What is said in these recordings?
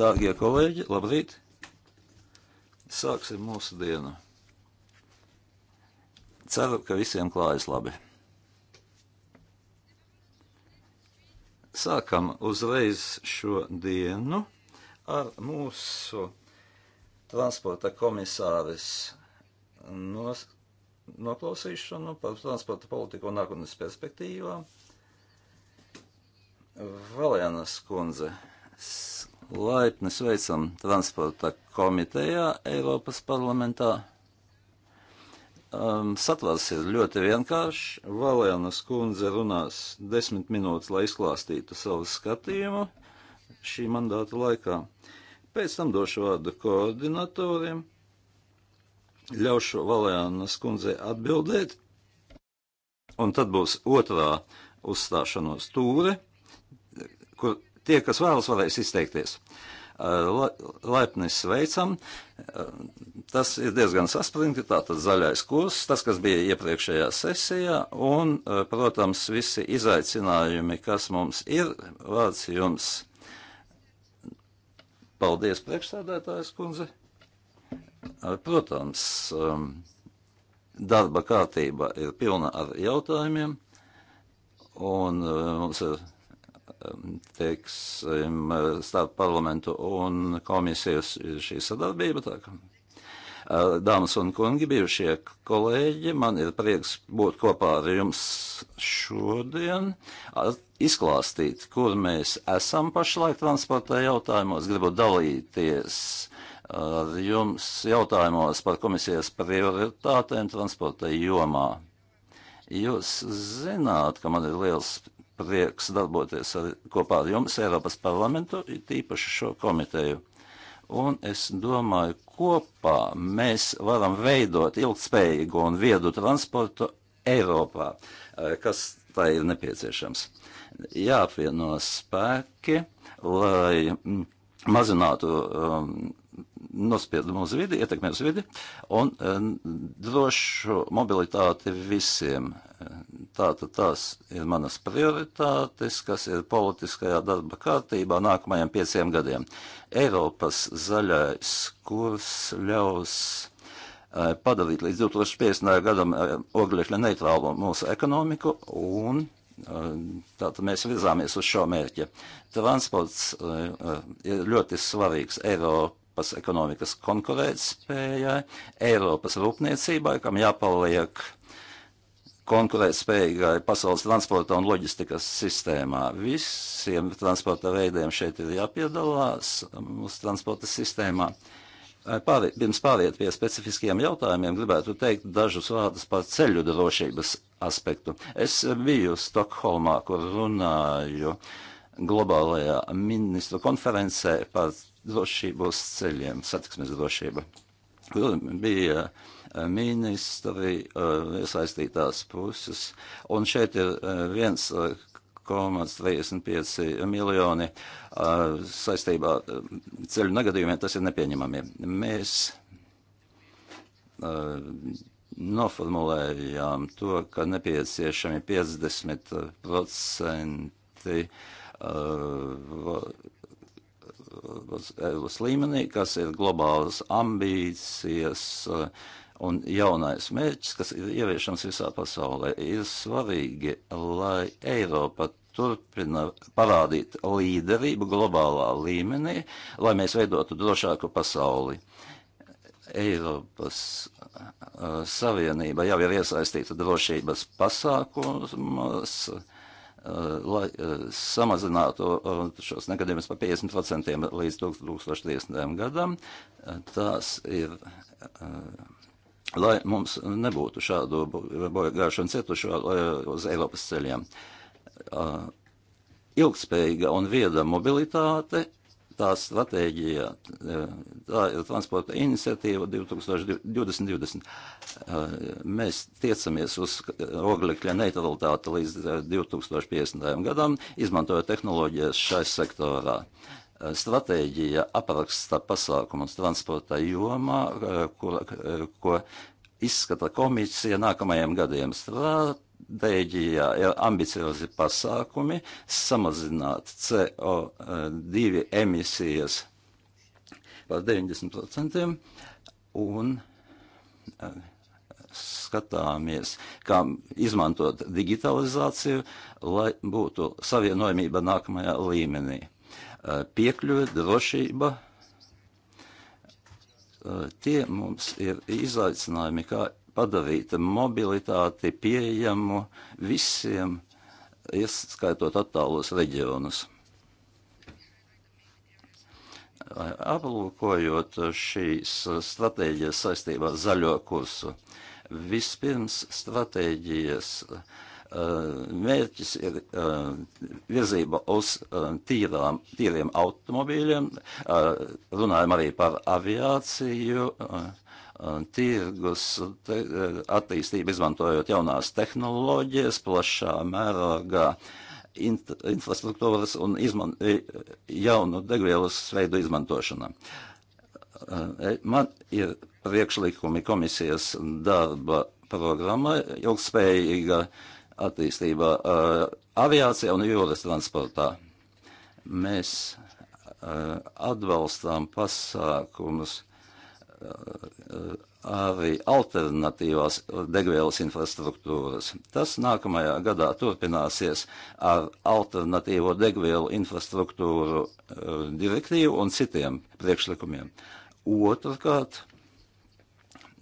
Dārgie kolēģi, labrīt! Sāksim mūsu dienu. Ceru, ka visiem klājas labi. Sākam uzreiz šo dienu ar mūsu transporta komisāres nos, noklausīšanu par transporta politiku un nākotnes perspektīvām. Valēnas kundze Laipni sveicam transporta komitejā Eiropas parlamentā. Um, satvars ir ļoti vienkāršs. Valēnas kundze runās desmit minūtes, lai izklāstītu savu skatījumu šī mandāta laikā. Pēc tam došu vārdu koordinatoriem, ļaušu Valēnas kundzei atbildēt, un tad būs otrā uzstāšanos tūre, kur tie, kas vēlas, varēs izteikties. Laipni sveicam. Tas ir diezgan saspringti, tātad zaļais kurs, tas, kas bija iepriekšējā sesijā, un, protams, visi izaicinājumi, kas mums ir, vārds jums. Paldies, priekšsēdētājs kundze. Protams, darba kārtība ir pilna ar jautājumiem, un mums ir teiksim, starp parlamentu un komisijas šī sadarbība. Tā, ka, Dāmas un kungi, bijušie kolēģi, man ir prieks būt kopā ar jums šodien, izklāstīt, kur mēs esam pašlaik transporta jautājumos. Gribu dalīties ar jums jautājumos par komisijas prioritātēm transporta jomā. Jūs zināt, ka man ir liels prieks darboties ar, kopā ar jums, Eiropas parlamentu, tīpaši šo komiteju. Un es domāju, kopā mēs varam veidot ilgspējīgu un viedu transportu Eiropā, eh, kas tā ir nepieciešams. Jāapvieno spēki, lai mm, mazinātu um, nospiedumu uz vidi, ietekmi uz vidi un eh, drošu mobilitāti visiem. Tātad tās ir manas prioritātes, kas ir politiskajā darba kārtībā nākamajiem pieciem gadiem. Eiropas zaļais kurs ļaus eh, padarīt līdz 2050. gadam eh, oglekļa neitrālu mūsu ekonomiku un Tātad mēs virzāmies uz šo mērķi. Transports ir ļoti svarīgs Eiropā Eiropas ekonomikas konkurētspējai, Eiropas rūpniecībai, kam jāpaliek konkurētspējīgai pasaules transporta un loģistikas sistēmā. Visiem transporta veidiem šeit ir jāpiedalās mūsu transporta sistēmā. Pāri, pirms pāriet pie specifiskiem jautājumiem, gribētu teikt dažus vārdus par ceļu drošības aspektu. Es biju Stokholmā, kur runāju globālajā ministru konferencē par drošību uz ceļiem, satiksmes drošība. Bija eh, ministri, eh, iesaistītās puses, un šeit ir eh, viens 1,35 miljoni saistībā ceļu negadījumiem. Tas ir nepieņemami. Mēs noformulējām to, ka nepieciešami 50% Eiropas līmenī, kas ir globālas ambīcijas eh, un jaunais mērķis, kas ir ieviešams visā pasaulē. Ir svarīgi, lai Eiropa turpina parādīt līderību globālā līmenī, lai mēs veidotu drošāku pasauli. Eiropas uh, Savienība jau ir iesaistīta drošības pasākumos. Uh, Uh, lai uh, samazinātu uh, šos negadījumus par 50% līdz 2030. gadam. Tas ir, lai mums nebūtu šādu bojagāšanu cietušo uz Eiropas ceļiem. Ilgspējīga un vieda mobilitāte tā stratēģija, e, tā ir transporta iniciatīva 2020. E, mēs tiecamies uz oglekļa neutralitāti līdz 2050. E, gadam, izmantojot tehnoloģijas šai sektorā. Stratēģija apraksta pasākumus transporta jomā, kur, ko izskata komisija nākamajiem gadiem. Strat Beļģijā ir ambiciozi pasākumi samazināt CO2 emisijas par 90% un e, skatāmies, kā izmantot digitalizāciju, lai būtu savienojumība nākamajā līmenī. E, piekļuve, drošība, e, tie mums ir izaicinājumi, kā padarīt mobilitāti pieejamu visiem, ieskaitot attālos reģionus. Aplūkojot šīs stratēģijas saistībā ar zaļo kursu, vispirms stratēģijas eh, mērķis ir eh, virzība uz eh, tīrām, tīriem automobīļiem, runājam arī par aviāciju tirgus te, eh, attīstību, izmantojot jaunās tehnoloģijas, plašā mērogā int, infrastruktūras un izman, jaunu degvielas veidu izmantošana. Eh, eh, man ir priekšlikumi komisijas darba programma ilgspējīga attīstība aviācijā un jūras transportā. Mēs atbalstām pasākumus arī alternatīvās degvielas infrastruktūras. Tas nākamajā gadā turpināsies ar alternatīvo degvielu infrastruktūru eh, direktīvu un citiem priekšlikumiem. Otrkārt,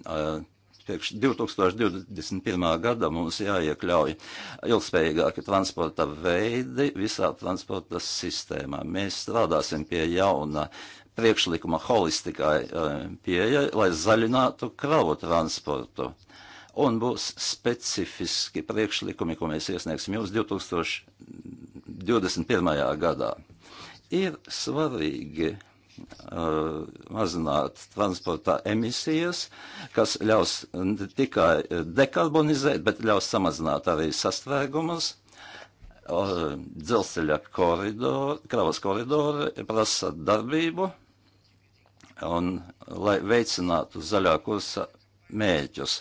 eh, priekš 2021. gada mums jāiekļauj ilgspējīgāki transporta veidi visā transporta sistēmā. Mēs strādāsim pie jauna uh, priekšlikuma holistikai eh, pieeja, lai zaļinātu kravu transportu. Un būs specifiski priekšlikumi, ko mēs iesniegsim jums 2021. gadā. Ir svarīgi Uh, mazināt transportā emisijas, kas ļaus ne tikai dekarbonizēt, bet ļaus samazināt arī sastrēgumus. Uh, dzelzceļa koridori, kravas koridori prasa darbību, un lai veicinātu zaļā kursa mēģus.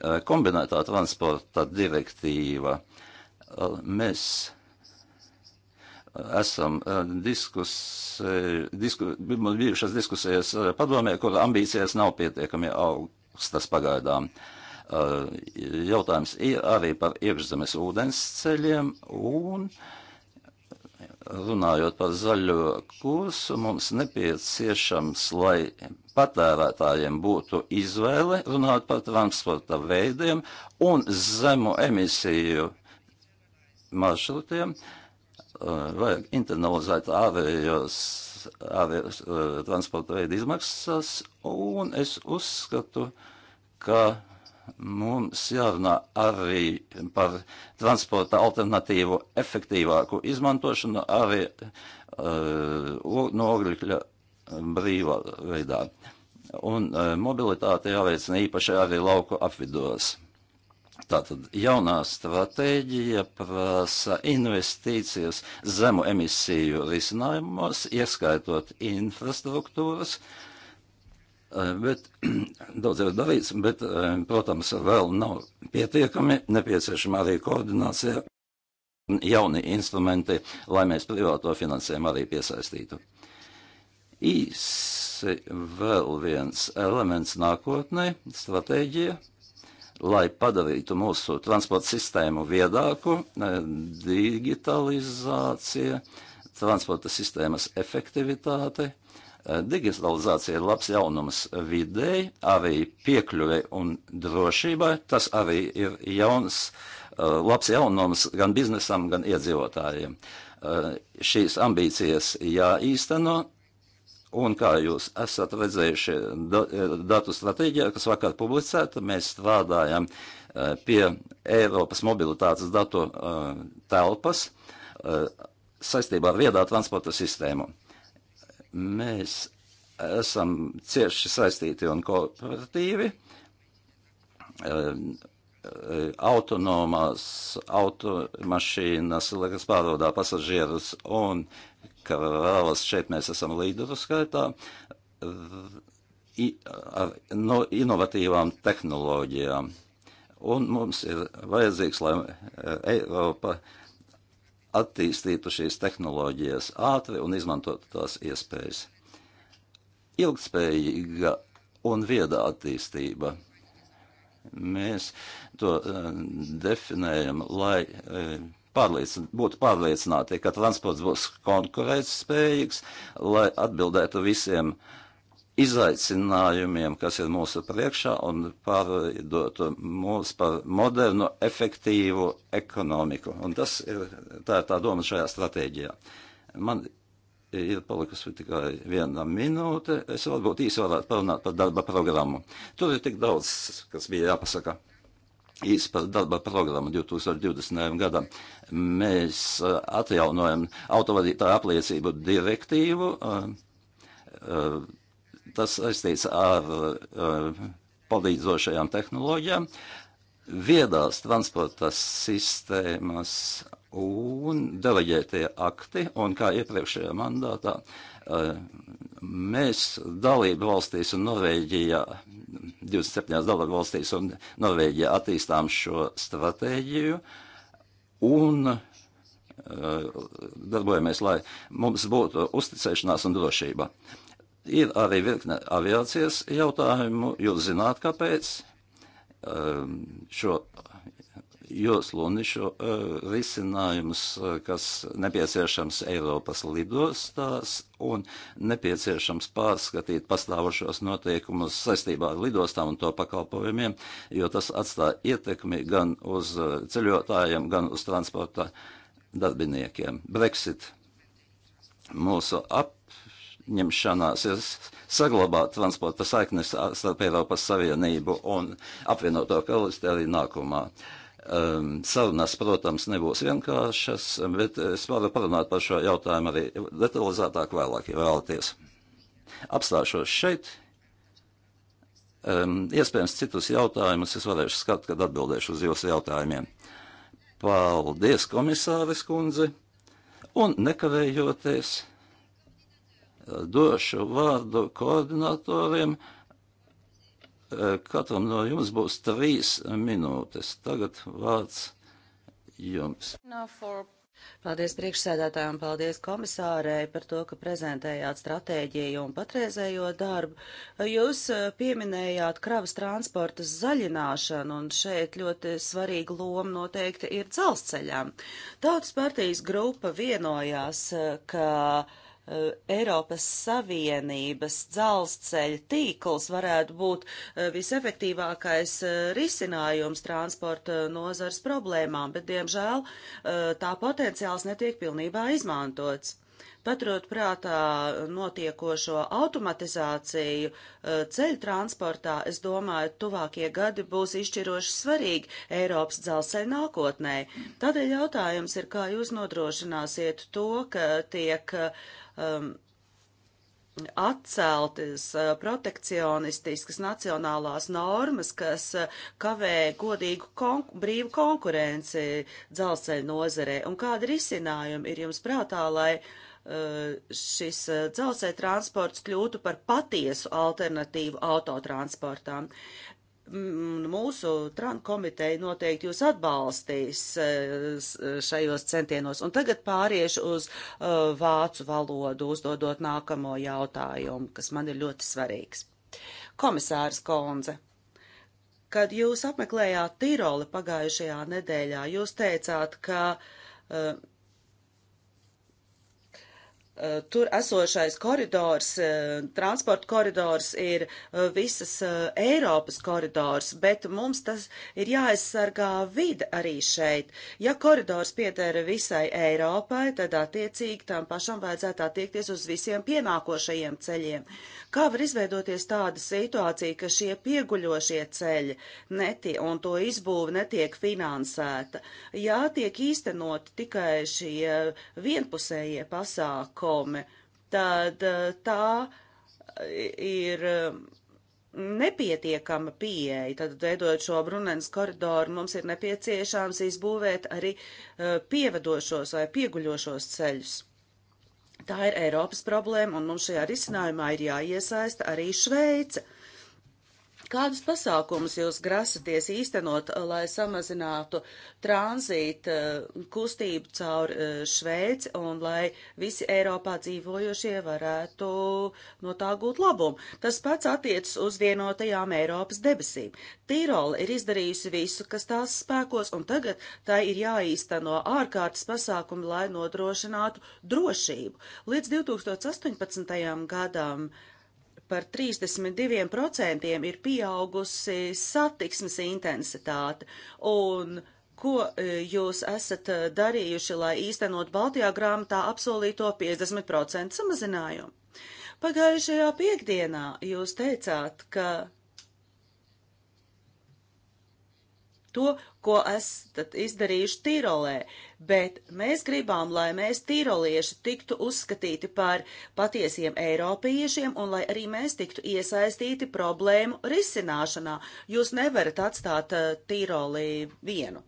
Eh, kombinētā transporta direktīva eh, mēs eh, esam diskus, disku, bijušas diskusijas padomē, kur ambīcijas nav pietiekami augstas pagaidām. Jautājums ir arī par iekšzemes ūdens ceļiem un uh, runājot par zaļo kursu, mums nepieciešams, lai patērētājiem būtu izvēle runāt par transporta veidiem un zemu emisiju maršrutiem. Eh, vajag internalizēt ārējos, ārējos eh, transporta veidu izmaksas, un es uzskatu, ka Mums jārunā arī par transporta alternatīvu efektīvāku izmantošanu, arī uh, no ogļu brīvā veidā. Un uh, mobilitāte jāveicina īpaši arī lauku apvidos. Tātad jaunā stratēģija prasa investīcijas zemu emisiju risinājumos, ieskaitot infrastruktūras, uh, Eh, bet daudz jau darīts, bet, eh, protams, vēl nav pietiekami nepieciešama arī koordinācija jauni instrumenti, lai mēs privāto finansējumu arī piesaistītu. Īsi vēl viens elements nākotnē - stratēģija, lai padarītu mūsu transporta sistēmu viedāku, eh, digitalizācija, transporta sistēmas efektivitāte Eh, digitalizācija ir labs jaunums videi, avī piekļuvei un drošībai. Tas avī ir jauns, eh, labs jaunums gan biznesam, gan iedzīvotājiem. Eh, šīs ambīcijas jāīsteno. Un kā jūs esat redzējuši datu stratēģijā, kas vakar publicēta, mēs strādājam pie Eiropas mobilitātes datu telpas saistībā ar viedā transporta sistēmu. Mēs esam cieši saistīti un kooperatīvi. Autonomās automašīnas, kas pārvadā pasažierus un kravas, šeit mēs esam līderu skaitā, ar no, inovatīvām tehnoloģijām. Un mums ir vajadzīgs, lai Eiropa. Uh, attīstītu šīs tehnoloģijas ātri un izmantotu tās iespējas. Ilgtspējīga un vieda attīstība. Mēs to uh, definējam, lai uh, e, pārliecin, būtu pārliecināti, ka transports būs konkurētspējīgs, lai atbildētu visiem uh, izaicinājumiem, kas ir mūsu priekšā, un pārdot mūs par modernu, efektīvu ekonomiku. Un tas ir tā, ir tā doma šajā stratēģijā. Man ir palikusi tikai viena minūte. Es varbūt īsi varētu parunāt par darba programmu. Tur ir tik daudz, kas bija jāpasaka. Īsi par darba programmu 2020. gadam. Mēs uh, atjaunojam autovadītāju apliecību direktīvu. Uh, uh, Tas saistīts ar uh, palīdzošajām tehnoloģijām, viedās transporta sistēmas un deleģētie akti, un kā iepriekšējā mandātā uh, mēs dalību valstīs un Norvēģijā, 27 dalību valstīs un Norvēģijā attīstām šo stratēģiju un eh, darbojamies, lai mums būtu uzticēšanās un drošība. Ir arī virkne aviācijas jautājumu. Jūs zināt, kāpēc ehm, šo joslu un šo eh, risinājumus, eh, kas nepieciešams Eiropas lidostās un nepieciešams pārskatīt pastāvošos noteikumus saistībā ar lidostām un to pakalpojumiem, jo tas atstāja ietekmi gan uz eh, ceļotājiem, gan uz transporta darbiniekiem. Brexit mūsu ap apņemšanās ir saglabāt transporta saiknes starp Eiropas Savienību un apvienoto karalisti arī nākamā. Um, sarunas, protams, nebūs vienkāršas, bet es varu parunāt par šo jautājumu arī detalizētāk vēlāk, ja vēlaties. Apstāšos šeit. Um, iespējams, citus jautājumus es varēšu skart, kad atbildēšu uz jūsu jautājumiem. Paldies, komisāris kundze, un nekavējoties došu vārdu koordinatoriem. Katram no jums būs trīs minūtes. Tagad vārds jums. Paldies priekšsēdētājiem, paldies komisārei par to, ka prezentējāt stratēģiju un patreizējo darbu. Jūs eh, pieminējāt kravas transporta zaļināšanu un šeit ļoti svarīga loma noteikti ir dzelzceļām. Tautas partijas grupa vienojās, eh, ka uh, E, Eiropas Savienības dzelzceļa tīkls varētu būt e, visefektīvākais e, risinājums transporta nozars problēmām, bet, diemžēl, tā potenciāls netiek pilnībā izmantots. Paturot prātā notiekošo automatizāciju ceļu transportā, es domāju, tuvākie gadi būs izšķiroši svarīgi Eiropas dzelzceļa nākotnē. Tādēļ jautājums ir, kā jūs nodrošināsiet to, ka tiek uh, um, atceltas uh, protekcionistiskas nacionālās normas, kas uh, kavē godīgu kon brīvu konkurenci dzelzceļa nozarē. Un kādi risinājumi ir jums prātā, lai uh, šis uh, dzelzceļa transports kļūtu par patiesu alternatīvu autotransportām? mūsu Trump komiteja noteikti jūs atbalstīs e, šajos centienos. Un tagad pāriešu uz e, vācu valodu, uzdodot nākamo jautājumu, kas man ir ļoti svarīgs. Komisārs Konze. Kad jūs apmeklējāt Tīroli pagājušajā nedēļā, jūs teicāt, ka uh, Eh, tur esošais koridors, eh, transporta koridors ir eh, visas Eiropas koridors, bet mums tas ir jāaizsargā vide arī šeit. Ja koridors piedara visai Eiropai, tad attiecīgi tam pašam vajadzētu attiekties uz visiem pienākošajiem ceļiem. Kā var izveidoties tāda situācija, ka šie pieguļošie ceļi netie, un to izbūve netiek finansēta? Jā, tiek īstenoti tikai šie vienpusējie pasākumi likumi, tad eh, tā eh, ir eh, nepietiekama pieeja. Tad, veidojot šo Brunens koridoru, mums ir nepieciešams izbūvēt arī pievedošos vai pieguļošos ceļus. Tā ir Eiropas problēma, un mums šajā risinājumā ir jāiesaista arī Šveice. Uh, Kādus pasākumus jūs grasaties īstenot, eh, lai samazinātu tranzīta eh, kustību caur eh, Šveici un lai visi Eiropā dzīvojošie varētu no tā gūt labumu? Tas pats attiecas uz vienotajām Eiropas debesīm. Tīrola ir izdarījusi visu, kas tās spēkos, un tagad tā ir jāīsteno ārkārtas pasākumi, lai nodrošinātu drošību. Līdz 2018. gadam par 32% ir pieaugusi satiksmes intensitāte. Un ko e, jūs esat e, darījuši, lai īstenot Baltijā grāmatā apsolīto 50% samazinājumu? Pagājušajā piekdienā jūs teicāt, ka to, ko esat izdarījuši Tirolē, uh, bet mēs gribam, lai mēs tīrolieši tiktu uzskatīti par patiesiem eiropiešiem un lai arī mēs tiktu iesaistīti problēmu risināšanā. Jūs nevarat atstāt eh, tīrolī vienu.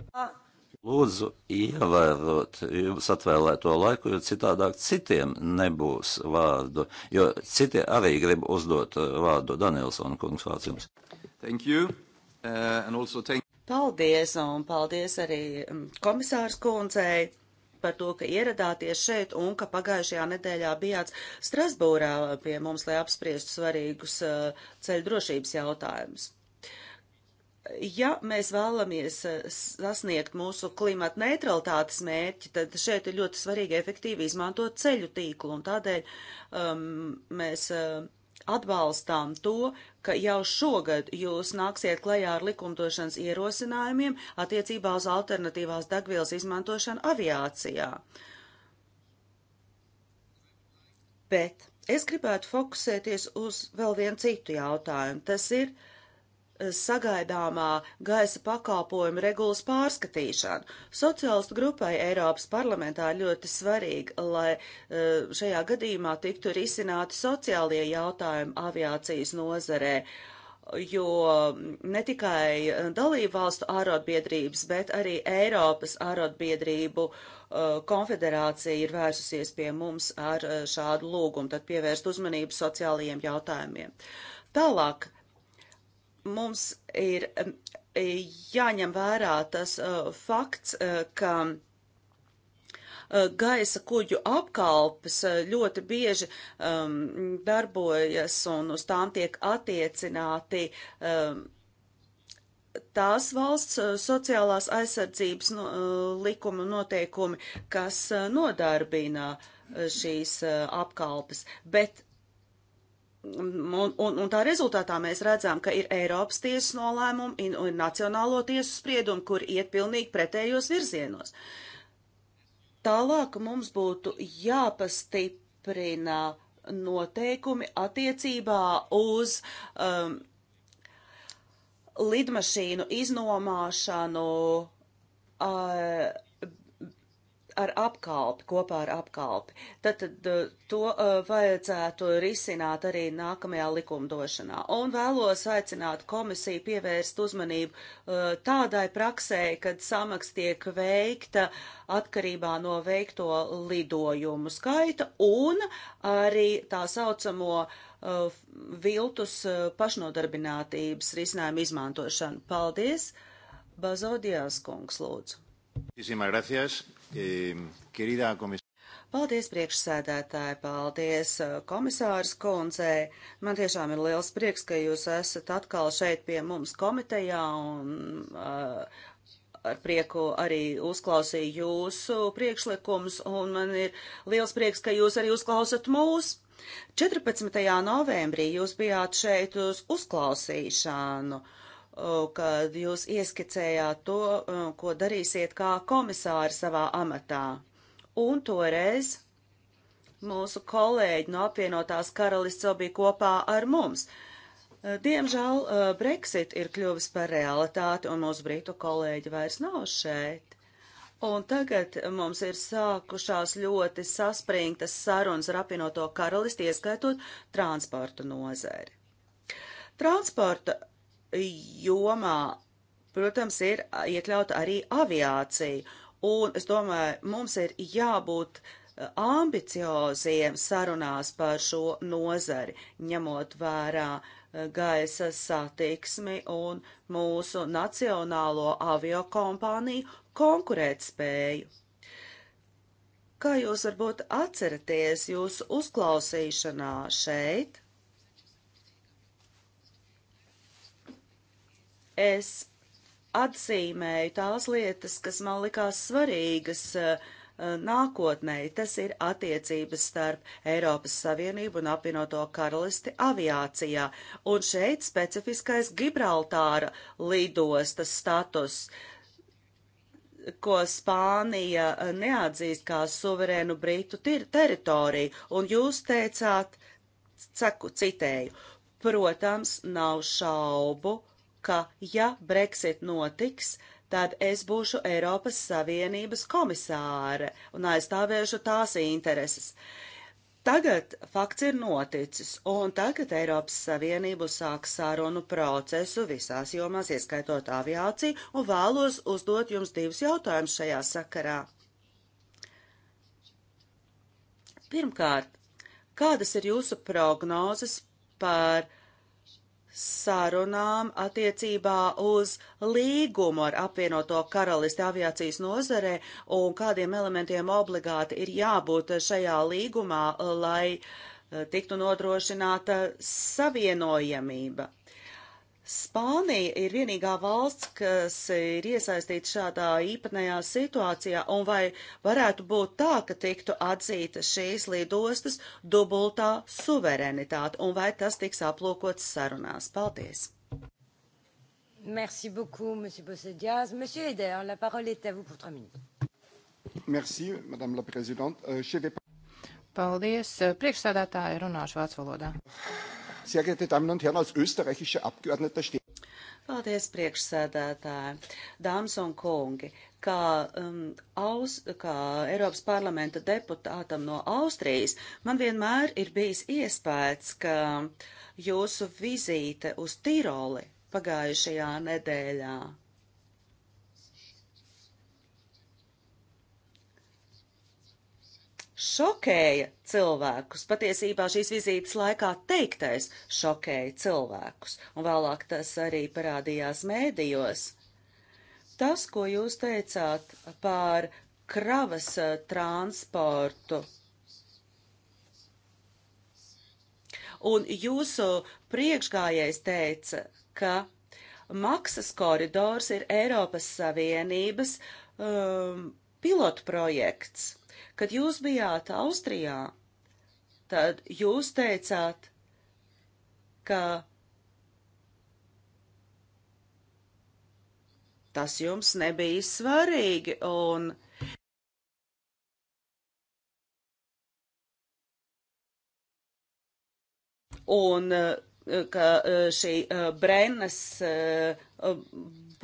Lūdzu, ievērot jums atvēlēto laiku, jo citādāk citiem nebūs vārdu, jo citi arī grib uzdot eh, vārdu. Danielsona kungs, vārds jums. Thank you. Uh, and also thank Paldies, un paldies arī mm, komisārs kundzei par to, ka ieradāties šeit un ka pagājušajā nedēļā bijāt Strasbūrā pie mums, lai apspriestu svarīgus eh, ceļu drošības jautājumus. Ja mēs vēlamies eh, sasniegt mūsu klimata neutralitātes mērķi, tad šeit ir ļoti svarīgi efektīvi izmantot ceļu tīklu, un tādēļ um, mēs uh, atbalstām to, ka jau šogad jūs nāksiet klajā ar likumdošanas ierosinājumiem attiecībā uz alternatīvās degvielas izmantošanu aviācijā. Bet es gribētu fokusēties uz vēl vienu citu jautājumu. Tas ir uh, sagaidāmā gaisa pakalpojuma regulas pārskatīšanu. Sociālistu grupai Eiropas parlamentā ļoti svarīgi, lai eh, šajā gadījumā tiktu risināti sociālie jautājumi aviācijas nozarē jo ne tikai dalību valstu ārotbiedrības, bet arī Eiropas ārotbiedrību eh, konfederācija ir vērsusies pie mums ar eh, šādu lūgumu, tad pievērst uzmanību sociālajiem jautājumiem. Tālāk mums ir jāņem vērā tas e, fakts, e, ka e, gaisa kuģu apkalpes ļoti bieži um, darbojas un uz tām tiek attiecināti um, tās valsts sociālās aizsardzības no, likuma noteikumi, kas nodarbina šīs apkalpes, bet Un, un, un tā rezultātā mēs redzam, ka ir Eiropas tiesas nolēmumi un, un Nacionālo tiesu spriedumi, kur iet pilnīgi pretējos virzienos. Tālāk mums būtu jāpastiprina noteikumi attiecībā uz um, lidmašīnu iznomāšanu uh, ar apkalpi, kopā ar apkalpi. Tad, tad eh, to uh, vajadzētu risināt arī nākamajā likumdošanā. Un vēlos aicināt komisiju pievērst uzmanību uh, tādai praksē, kad samaks tiek veikta atkarībā no veikto lidojumu skaita un arī tā saucamo uh, viltus pašnodarbinātības risinājumu izmantošanu. Paldies! Bazodijās kungs lūdzu. Muchísimas gracias. Querida komisija. Paldies priekšsēdētāji, paldies eh, komisārs Kundzē. Man tiešām ir liels prieks, ka jūs esat atkal šeit pie mums komitejā un uh, ar prieku arī uzklausīju jūsu priekšlikumus un man ir liels prieks, ka jūs arī uzklausat mūs. 14. novembrī jūs bijāt šeit uz uzklausīšanu. Uh, kad jūs ieskicējāt to, ko darīsiet kā komisāri savā amatā. Un toreiz mūsu kolēģi no apvienotās karalists jau bija kopā ar mums. Diemžēl Brexit ir kļuvis par realitāti, un mūsu brītu kolēģi vairs nav šeit. Un tagad mums ir sākušās ļoti saspringtas sarunas ar apvienoto karalisti, ieskaitot transportu nozari. Transporta jomā, protams, ir iekļauta arī aviācija. Un es domāju, mums ir jābūt eh, ambicioziem sarunās par šo nozari, ņemot vērā eh, gaisa satiksmi un mūsu nacionālo aviokompāniju konkurētspēju. Kā jūs varbūt atceraties jūsu uzklausīšanā šeit, es atzīmēju tās lietas, kas man likās svarīgas uh, nākotnē. Tas ir attiecības starp Eiropas Savienību un apvienoto karalisti aviācijā. Un šeit specifiskais Gibraltāra lidostas status ko Spānija uh, neatzīst kā suverēnu Britu teritoriju, un jūs teicāt, ceku citēju, protams, nav šaubu, ka ja Brexit notiks, tad es būšu Eiropas Savienības komisāre un aizstāvēšu tās intereses. Tagad fakts ir noticis, un tagad Eiropas Savienību sāks sarunu procesu visās jomās, ieskaitot aviāciju, un vēlos uzdot jums divus jautājumus šajā sakarā. Pirmkārt, kādas ir jūsu prognozes par sarunām attiecībā uz līgumu ar apvienoto karalisti aviācijas nozarē un kādiem elementiem obligāti ir jābūt šajā līgumā, lai eh, tiktu nodrošināta savienojamība. Spānija ir vienīgā valsts, kas ir iesaistīta šādā īpatnējā situācijā, un vai varētu būt tā, ka tiktu atzīta šīs lidostas dubultā suverenitāte, un vai tas tiks aplūkots sarunās? Paldies! Merci beaucoup, Monsieur Bossediaz. Monsieur Eder, la parole est à vous pour trois minutes. Merci, Madame la Présidente. Euh, vais... Paldies. Priekšsēdētāji runāšu vācu valodā. Sehr geehrte Damen und Herren, als österreichischer Abgeordneter steht. Paldies, priekšsēdētāji, dāmas un kungi. Kā, um, aus, kā Eiropas parlamenta deputātam no Austrijas, man vienmēr ir bijis iespējas, ka jūsu vizīte uz Tiroli pagājušajā nedēļā šokēja cilvēkus. Patiesībā šīs vizītes laikā teiktais šokēja cilvēkus, un vēlāk tas arī parādījās mēdījos. Tas, ko jūs teicāt par kravas eh, transportu un jūsu priekšgājējs teica, ka maksas koridors ir Eiropas Savienības um, pilotprojekts. Kad jūs bijāt Austrijā, tad jūs teicāt, ka tas jums nebija svarīgi un un eh, ka eh, šī eh, Brennas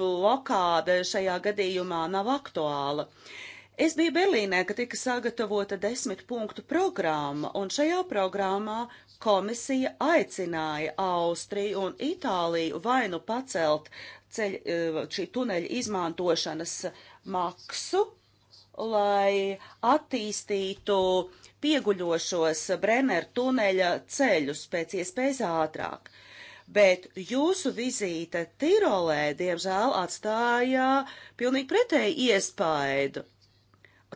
blokāde šajā gadījumā nav aktuāla. Uh, Es biju Berlīnē, kad tika sagatavota desmit punktu programma, un šajā programmā komisija aicināja Austriju un Itāliju vainu pacelt ceļ, eh, šī tuneļa izmantošanas maksu, lai attīstītu pieguļošos Brenner tuneļa ceļus pēc iespējas ātrāk. Bet jūsu vizīte Tirolē, diemžēl, atstāja pilnīgi pretēju iespaidu.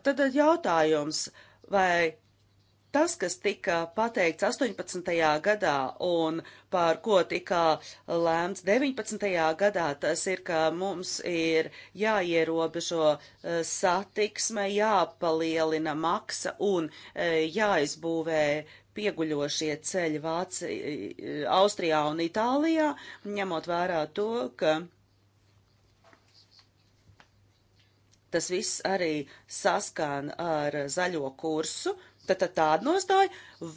Tad jautājums, vai tas, kas tika pateikts 18. gadā un par ko tika lēmts 19. gadā, tas ir, ka mums ir jāierobežo eh, satiksme, jāpalielina maksa un eh, jāizbūvē pieguļošie ceļi Vācijā, Austrijā un Itālijā, ņemot vērā to, ka tas viss arī saskana ar zaļo kursu, tad, tad tāda nostāja,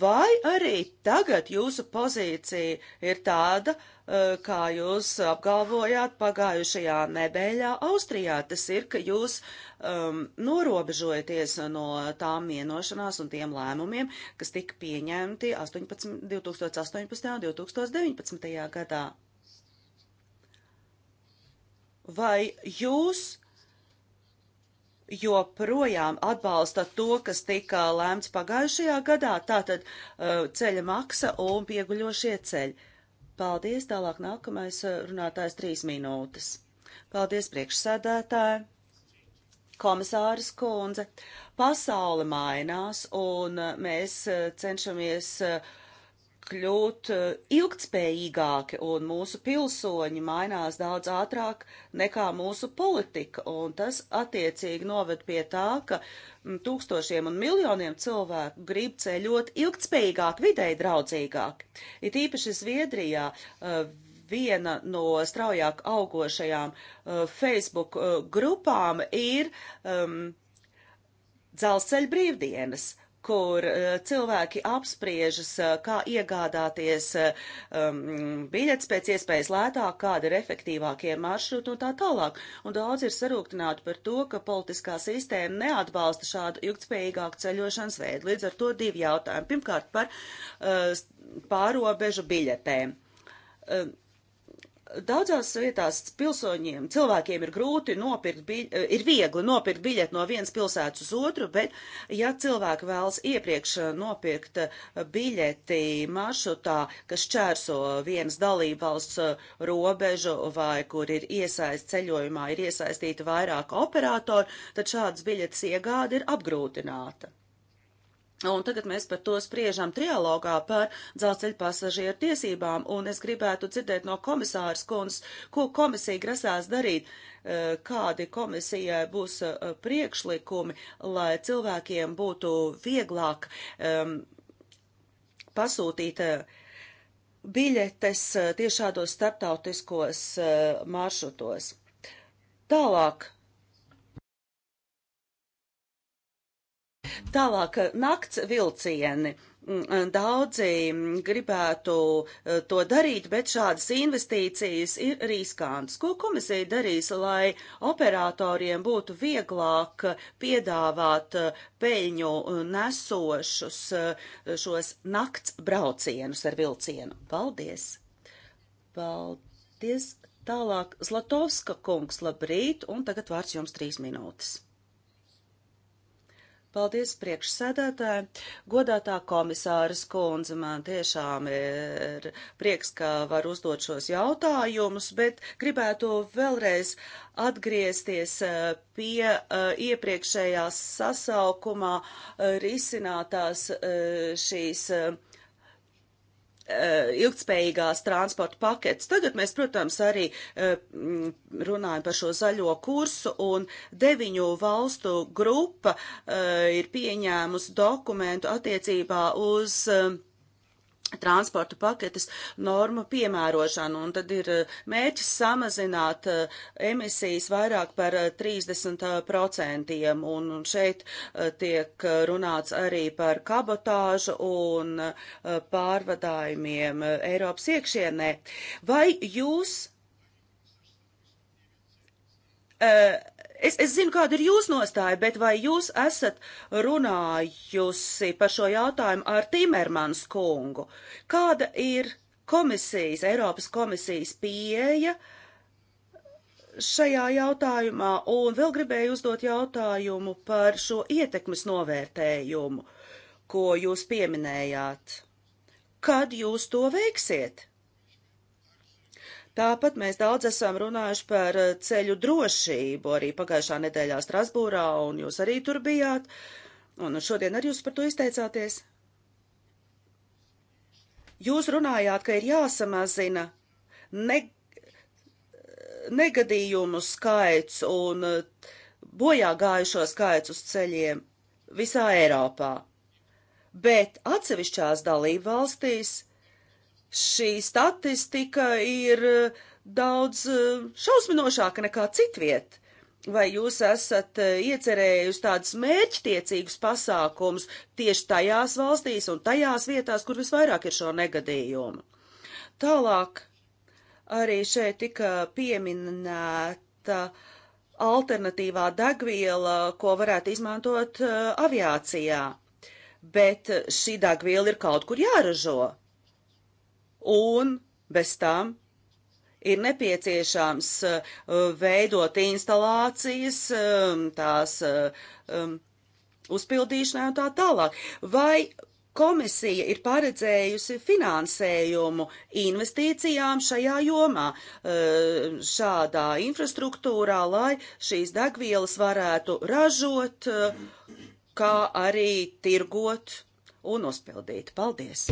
vai arī tagad jūsu pozīcija ir tāda, eh, kā jūs apgalvojāt pagājušajā nedēļā Austrijā. Tas ir, ka jūs um, norobežojaties no tām vienošanās un tiem lēmumiem, kas tika pieņemti 18, 2018. un 2019. gadā. Vai jūs joprojām atbalsta to, kas tika lēmts pagājušajā gadā, tātad uh, ceļa maksa un pieguļošie ceļi. Paldies, tālāk nākamais uh, runātājs trīs minūtes. Paldies, priekšsēdētāji, komisāras kundze. Pasaule mainās un uh, mēs cenšamies uh, kļūt eh, ilgtspējīgāki, un mūsu pilsoņi mainās daudz ātrāk nekā mūsu politika, un tas attiecīgi noved pie tā, ka mm, tūkstošiem un miljoniem cilvēku grib ceļot ilgtspējīgāk, videi draudzīgāk. It īpaši Zviedrijā eh, viena no straujāk augošajām eh, Facebook grupām ir um, dzelzceļa brīvdienas, kur eh, cilvēki apspriežas, eh, kā iegādāties eh, um, biļetes pēc iespējas lētāk, kādi ir efektīvākie maršruti un tā tālāk. Un daudz ir sarūktināti par to, ka politiskā sistēma neatbalsta šādu ilgtspējīgāku ceļošanas veidu. Līdz ar to divi jautājumi. Pirmkārt par uh, pārobežu biļetēm. Uh, Daudzās vietās pilsoņiem, cilvēkiem ir grūti nopirkt, biļ, eh, ir viegli nopirkt biļeti no vienas pilsētas uz otru, bet ja cilvēki vēlas iepriekš eh, nopirkt eh, biļeti maršrutā, kas čērso vienas dalībvalsts robežu vai kur ir iesaist ceļojumā, ir iesaistīti vairāk operatori, tad šādas biļetes iegāde ir apgrūtināta. Un tagad mēs par to spriežam trialogā par dzelzceļa pasažieru tiesībām, un es gribētu dzirdēt no komisāras kundas, ko komisija grasās darīt, e, kādi komisijai būs e, priekšlikumi, lai cilvēkiem būtu vieglāk um, pasūtīt e, biļetes tieši šādos starptautiskos maršrutos. Tālāk Tālāk, nakts vilcieni. Mm, mm, daudzi mm, gribētu e, to darīt, bet šādas investīcijas ir riskantas. Ko komisija darīs, lai operatoriem būtu vieglāk piedāvāt e, peļņu nesošus e, šos nakts braucienus ar vilcienu? Paldies! Paldies! Tālāk Zlatovska kungs, labrīt, un tagad vārds jums trīs minūtes. Paldies priekšsēdētāji. Godātā komisāras kundze, man tiešām ir prieks, ka var uzdot šos jautājumus, bet gribētu vēlreiz atgriezties eh, pie uh, eh, iepriekšējās sasaukumā uh, risinātās uh, šīs. Uh, Eh, ilgtspējīgās transporta pakets. Tagad mēs, protams, arī eh, runājam par šo zaļo kursu, un deviņu valstu grupa eh, ir pieņēmusi dokumentu attiecībā uz transporta paketes normu piemērošanu, un tad ir eh, mērķis samazināt eh, emisijas vairāk par 30%, eh, un šeit tiek runāts arī par kabotāžu un pārvadājumiem Eiropas iekšienē. Vai jūs uh, Es, es zinu, kāda ir jūsu nostāja, bet vai jūs esat runājusi par šo jautājumu ar Timermans kungu? Kāda ir komisijas, Eiropas komisijas pieeja šajā jautājumā? Un vēl gribēju uzdot jautājumu par šo ietekmes novērtējumu, ko jūs pieminējāt. Kad jūs to veiksiet? Tāpat mēs daudz esam runājuši par eh, ceļu drošību arī pagājušā nedēļā Strasbūrā, un jūs arī tur bijāt, un šodien arī jūs par to izteicāties. Jūs runājāt, ka ir jāsamazina ne, negadījumu skaits un eh, bojā gājušo skaits uz ceļiem visā Eiropā, bet atsevišķās dalību valstīs šī statistika ir eh, daudz eh, šausminošāka nekā citviet. Vai jūs esat eh, iecerējusi tādus mērķtiecīgus pasākumus tieši tajās valstīs un tajās vietās, kur visvairāk ir šo negadījumu? Tālāk arī šeit tika pieminēta alternatīvā degviela, ko varētu izmantot aviācijā, bet šī degviela ir kaut kur jāražo un bez tam ir nepieciešams eh, veidot instalācijas, eh, tās eh, uzpildīšanai un tā tālāk. Vai komisija ir paredzējusi finansējumu investīcijām šajā jomā, šādā infrastruktūrā, lai šīs degvielas varētu ražot, kā arī tirgot un uzpildīt? Paldies!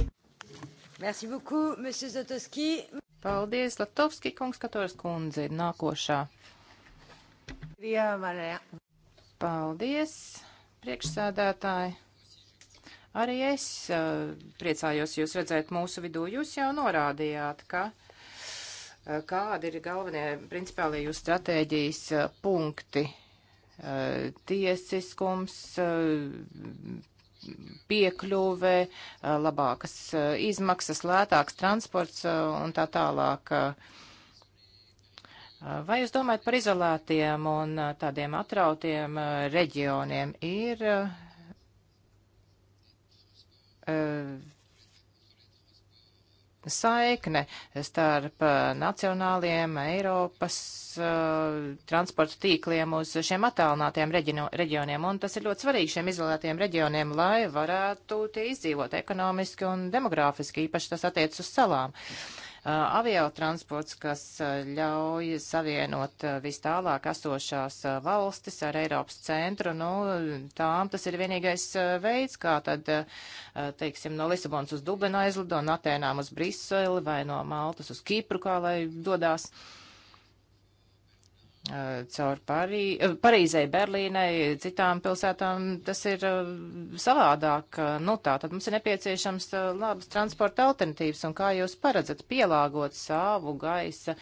Merci beaucoup, monsieur Zotoski. Paldies, Latovski kungs, Katoras kundze ir nākošā. Jā, manē. Paldies, priekšsēdētāji. Arī es uh, priecājos jūs redzēt mūsu vidū. Jūs jau norādījāt, ka uh, kādi ir galvenie principālie jūsu stratēģijas uh, punkti tiesiskums, piekļuve, labākas izmaksas, lētāks transports un tā tālāk. Vai jūs domājat par izolētiem un tādiem atrautiem reģioniem? Ir saikne starp uh, nacionāliem Eiropas uh, transporta tīkliem uz šiem attālinātajiem reģino, reģioniem, un tas ir ļoti svarīgi šiem izolētiem reģioniem, lai varētu tie izdzīvot ekonomiski un demografiski, īpaši tas attiec uz salām. Uh, Uh, aviotransports, kas uh, ļauj savienot uh, vis tālāk esošās valstis ar Eiropas centru. Nu, tām tas ir vienīgais veids, kā tad, teiksim, no Lisabonas uz Dublinu aizlido, no Atēnām uz Briseli vai no Maltas uz Kipru, kā lai dodās. Uh, Eh, caur Parī, eh, Parīzei, Berlīnai, citām pilsētām tas ir eh, savādāk. Nu tā, tad mums ir nepieciešams labas transporta alternatīvas un kā jūs paredzat pielāgot savu gaisa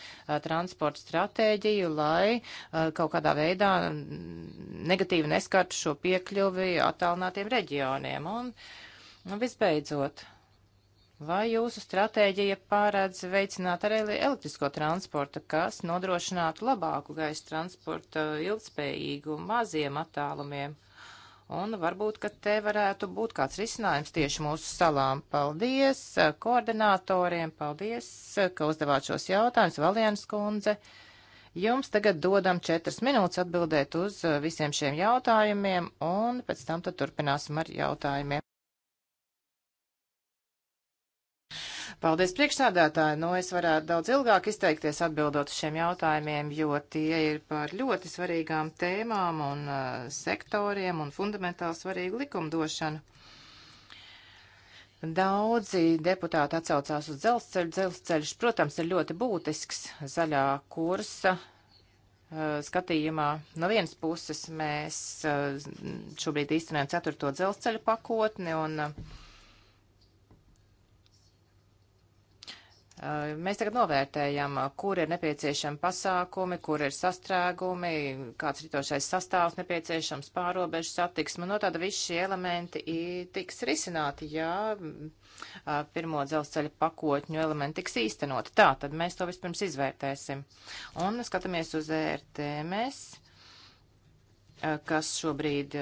transporta stratēģiju, lai kaut kādā veidā mm, negatīvi neskartu šo piekļuvi attālinātiem reģioniem. Un, un visbeidzot Vai jūsu stratēģija pārēdz veicināt arī elektrisko transportu, kas nodrošinātu labāku gaisa transporta ilgspējīgu maziem attālumiem? Un varbūt, ka te varētu būt kāds risinājums tieši mūsu salām. Paldies eh, koordinatoriem, paldies, eh, ka uzdevāt šos jautājumus, Valienas kundze. Jums tagad dodam četras minūtes atbildēt uz eh, visiem šiem jautājumiem, un pēc tam tad turpināsim ar jautājumiem. Paldies priekšsādātāji. Nu, es varētu daudz ilgāk izteikties atbildot uz šiem jautājumiem, jo tie ir par ļoti svarīgām tēmām un uh, sektoriem un fundamentāli svarīgu likumdošanu. Daudzi deputāti atsaucās uz dzelzceļu. Dzelzceļš, protams, ir ļoti būtisks zaļā kursa uh, skatījumā. No vienas puses mēs uh, šobrīd īstenojam ceturto dzelzceļu pakotni un uh, Eh, mēs tagad novērtējam, eh, kur ir nepieciešami pasākumi, kur ir sastrēgumi, kāds ritošais sastāvs nepieciešams, pārobežu satiksme. No tāda visi šie elementi tiks risināti, ja mm, eh, pirmo dzelzceļa pakotņu elementi tiks īstenoti. Tā, tad mēs to vispirms izvērtēsim. Un skatāmies uz ērtēmēs e kas šobrīd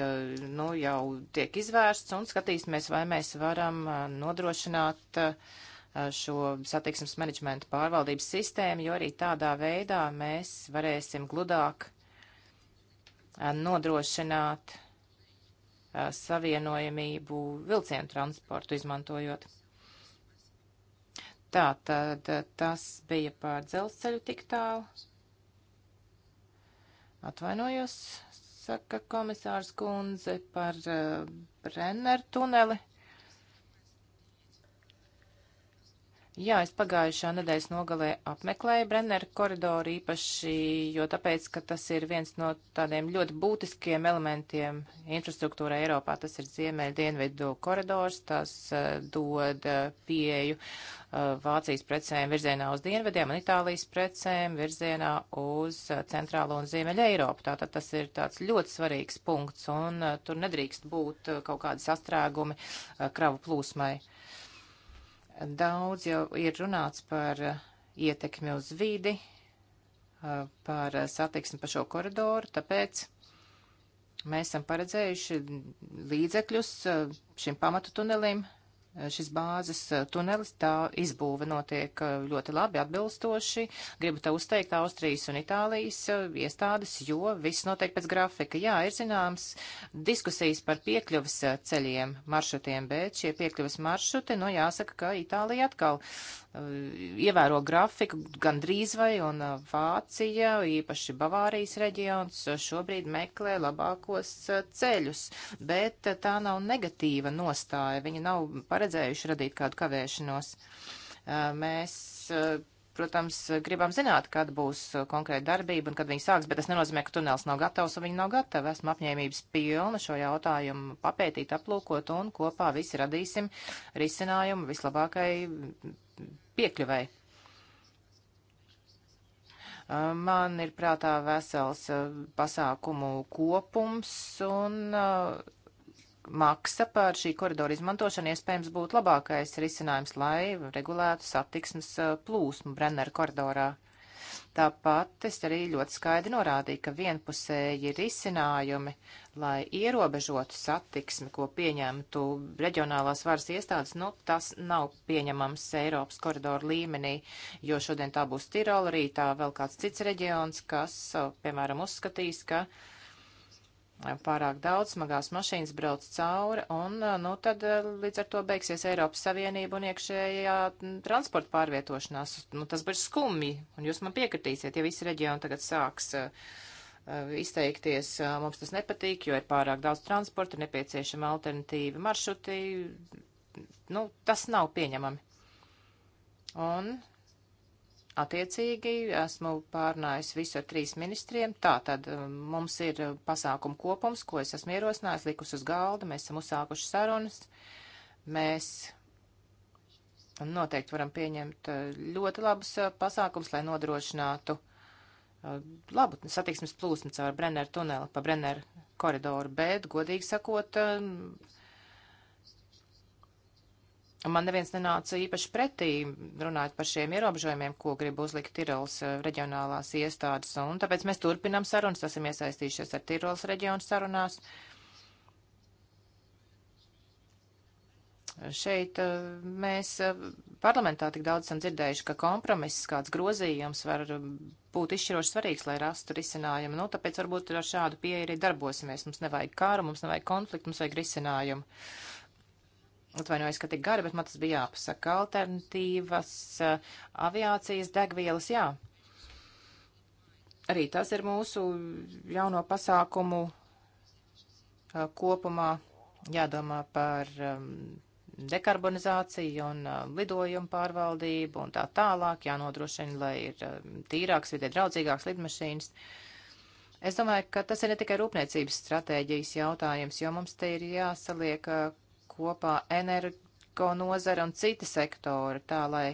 nu, jau tiek izvērsts, un skatīsimies, vai mēs varam nodrošināt uh, Eh, šo satiksmes menedžmentu pārvaldības sistēmu, jo arī tādā veidā mēs varēsim gludāk eh, nodrošināt eh, savienojamību vilcienu transportu izmantojot. Tā tad tas bija pār dzelzceļu tik tālu. Atvainojos, saka komisārs kundze par uh, Brenner tuneli. Jā, es pagājušā nedēļas nogalē apmeklēju Brenneru koridoru īpaši, jo tāpēc, ka tas ir viens no tādiem ļoti būtiskiem elementiem infrastruktūrā Eiropā. Tas ir ziemeļa dienvidu koridors, tas uh, dod eh, pieeju uh, Vācijas precēm virzienā uz dienvediem un Itālijas precēm virzienā uz uh, centrālo un ziemeļa Eiropu. Tātad tas ir tāds ļoti svarīgs punkts un uh, tur nedrīkst būt uh, kaut kādi sastrēgumi uh, kravu plūsmai. Uh, Daudz jau ir runāts par uh, ietekmi uz vidi, uh, par uh, satiksmi pa šo koridoru, tāpēc mēs esam paredzējuši līdzekļus šim pamatu tunelim šis bāzes eh, tunelis, tā izbūve notiek eh, ļoti labi atbilstoši. Gribu te uzteikt Austrijas un Itālijas eh, iestādes, jo viss notiek pēc grafika. Jā, ir zināms diskusijas par piekļuvas ceļiem, maršrutiem, bet šie piekļuvas maršruti, nu jāsaka, ka Itālija atkal Uh, ievēro grafiku gandrīz vai, un uh, Vācija, īpaši Bavārijas reģions, uh, šobrīd meklē labākos ceļus, bet tā nav negatīva nostāja, viņi nav paredzējuši radīt kādu kavēšanos. Mēs protams, gribam zināt, kad būs konkrēta darbība un kad viņi sāks, bet tas nenozīmē, ka tunels nav gatavs un viņi nav gatavi. Esmu apņēmības pilna šo jautājumu papētīt, aplūkot un kopā visi radīsim risinājumu vislabākai piekļuvai. Man ir prātā vesels pasākumu kopums un maksa par šī koridora izmantošanu iespējams būtu labākais risinājums, lai regulētu satiksmes plūsmu Brennera koridorā. Tāpat es arī ļoti skaidri norādīju, ka vienpusēji risinājumi, lai ierobežotu satiksmi, ko pieņemtu reģionālās varas iestādes, nu, tas nav pieņemams Eiropas koridoru līmenī, jo šodien tā būs Tirola, rītā vēl kāds cits reģions, kas, piemēram, uzskatīs, ka uh, pārāk daudz, smagās mašīnas brauc cauri, un eh, nu, tad eh, līdz ar to beigsies Eiropas Savienība un iekšējā mm, transporta pārvietošanās. Nu, tas būs skumji, un jūs man piekritīsiet, ja visi reģioni tagad sāks uh, izteikties, uh, mums tas nepatīk, jo ir pārāk daudz transporta, nepieciešama alternatīva maršruti. Nu, tas nav pieņemami. Un Attiecīgi esmu pārnājis visu ar trīs ministriem. Tā tad um, mums ir uh, pasākumu kopums, ko es esmu ierosinājis, likus uz galda, mēs esam uzsākuši sarunas. Mēs noteikti varam pieņemt uh, ļoti labus uh, pasākums, lai nodrošinātu labu satiksmes plūsmu caur Brenner tuneli pa Brenner koridoru, bet, godīgi sakot, um, Man neviens nenāca īpaši pretī runāt par šiem ierobežojumiem, ko grib uzlikt Tirols eh, reģionālās iestādes, un tāpēc mēs turpinam sarunas, esam iesaistījušies ar Tirols reģionu sarunās. Šeit eh, mēs eh, parlamentā tik daudz esam dzirdējuši, ka kompromiss, kāds grozījums var būt izšķiroši svarīgs, lai rastu risinājumu. Nu, tāpēc varbūt ar šādu pieeju arī darbosimies. Mums nevajag kāru, mums nevajag konfliktu, mums vajag risinājumu. Atvainojos, ka tik gara, bet man tas bija jāpasaka. Alternatīvas eh, aviācijas degvielas, jā. Arī tas ir mūsu jauno pasākumu eh, kopumā jādomā par um, dekarbonizāciju un um, lidojumu pārvaldību un tā tālāk, jānodrošina, lai ir um, tīrāks, vidē draudzīgāks lidmašīnas. Es domāju, ka tas ir ne tikai rūpniecības stratēģijas jautājums, jo mums te ir jāsaliek uh, kopā energo nozara un citi sektori, tā lai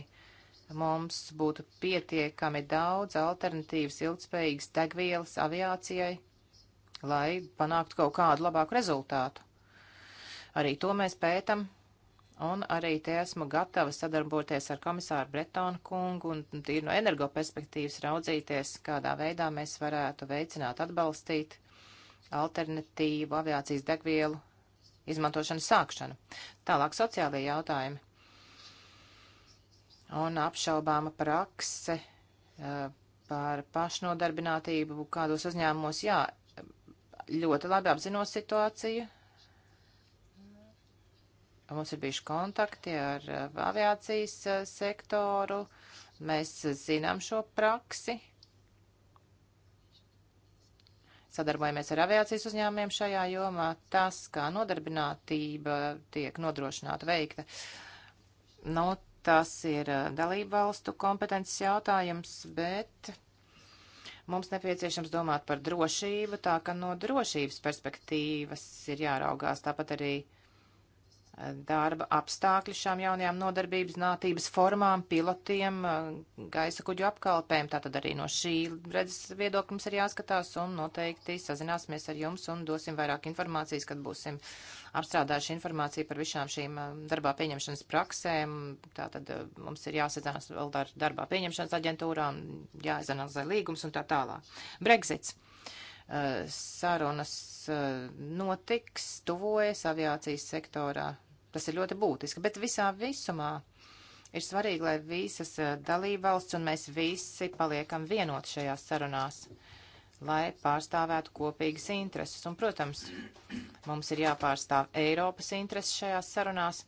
mums būtu pietiekami daudz alternatīvas ilgspējīgas degvielas aviācijai, lai panāktu kaut kādu labāku rezultātu. Arī to mēs pētam, un arī te esmu gatava sadarboties ar komisāru Bretonu kungu un tīri no energo perspektīvas raudzīties, kādā veidā mēs varētu veicināt, atbalstīt alternatīvu aviācijas degvielu izmantošanas sākšanu. Tālāk sociālajie jautājumi un apšaubāma prakse eh, par pašnodarbinātību kādos uzņēmumos. Jā, ļoti labi apzinos situāciju. Mums ir bijuši kontakti ar eh, aviācijas eh, sektoru. Mēs zinām šo praksi. Sadarbojamies ar aviācijas uzņēmumiem šajā jomā. Tas, kā nodarbinātība tiek nodrošināta veikta, nu, tas ir eh, dalību valstu kompetences jautājums, bet mums nepieciešams domāt par drošību, tā ka no drošības perspektīvas ir jāraugās tāpat arī darba apstākļi šām jaunajām nodarbības nātības formām, pilotiem, gaisa kuģu apkalpēm. Tātad arī no šī redzes viedokļa mums ir jāskatās un noteikti sazināsimies ar jums un dosim vairāk informācijas, kad būsim apstrādājuši informāciju par visām šīm darbā pieņemšanas praksēm. Tātad mums ir jāsazinās vēl ar darbā pieņemšanas aģentūrām, jāizanalizē līgums un tā tālāk. Brexits sarunas notiks, tuvojas aviācijas sektorā Tas ir ļoti būtiski, bet visā visumā ir svarīgi, lai visas eh, dalībvalsts un mēs visi paliekam vienot šajās sarunās, lai pārstāvētu kopīgas intereses. Un, protams, mums ir jāpārstāv Eiropas intereses šajās sarunās.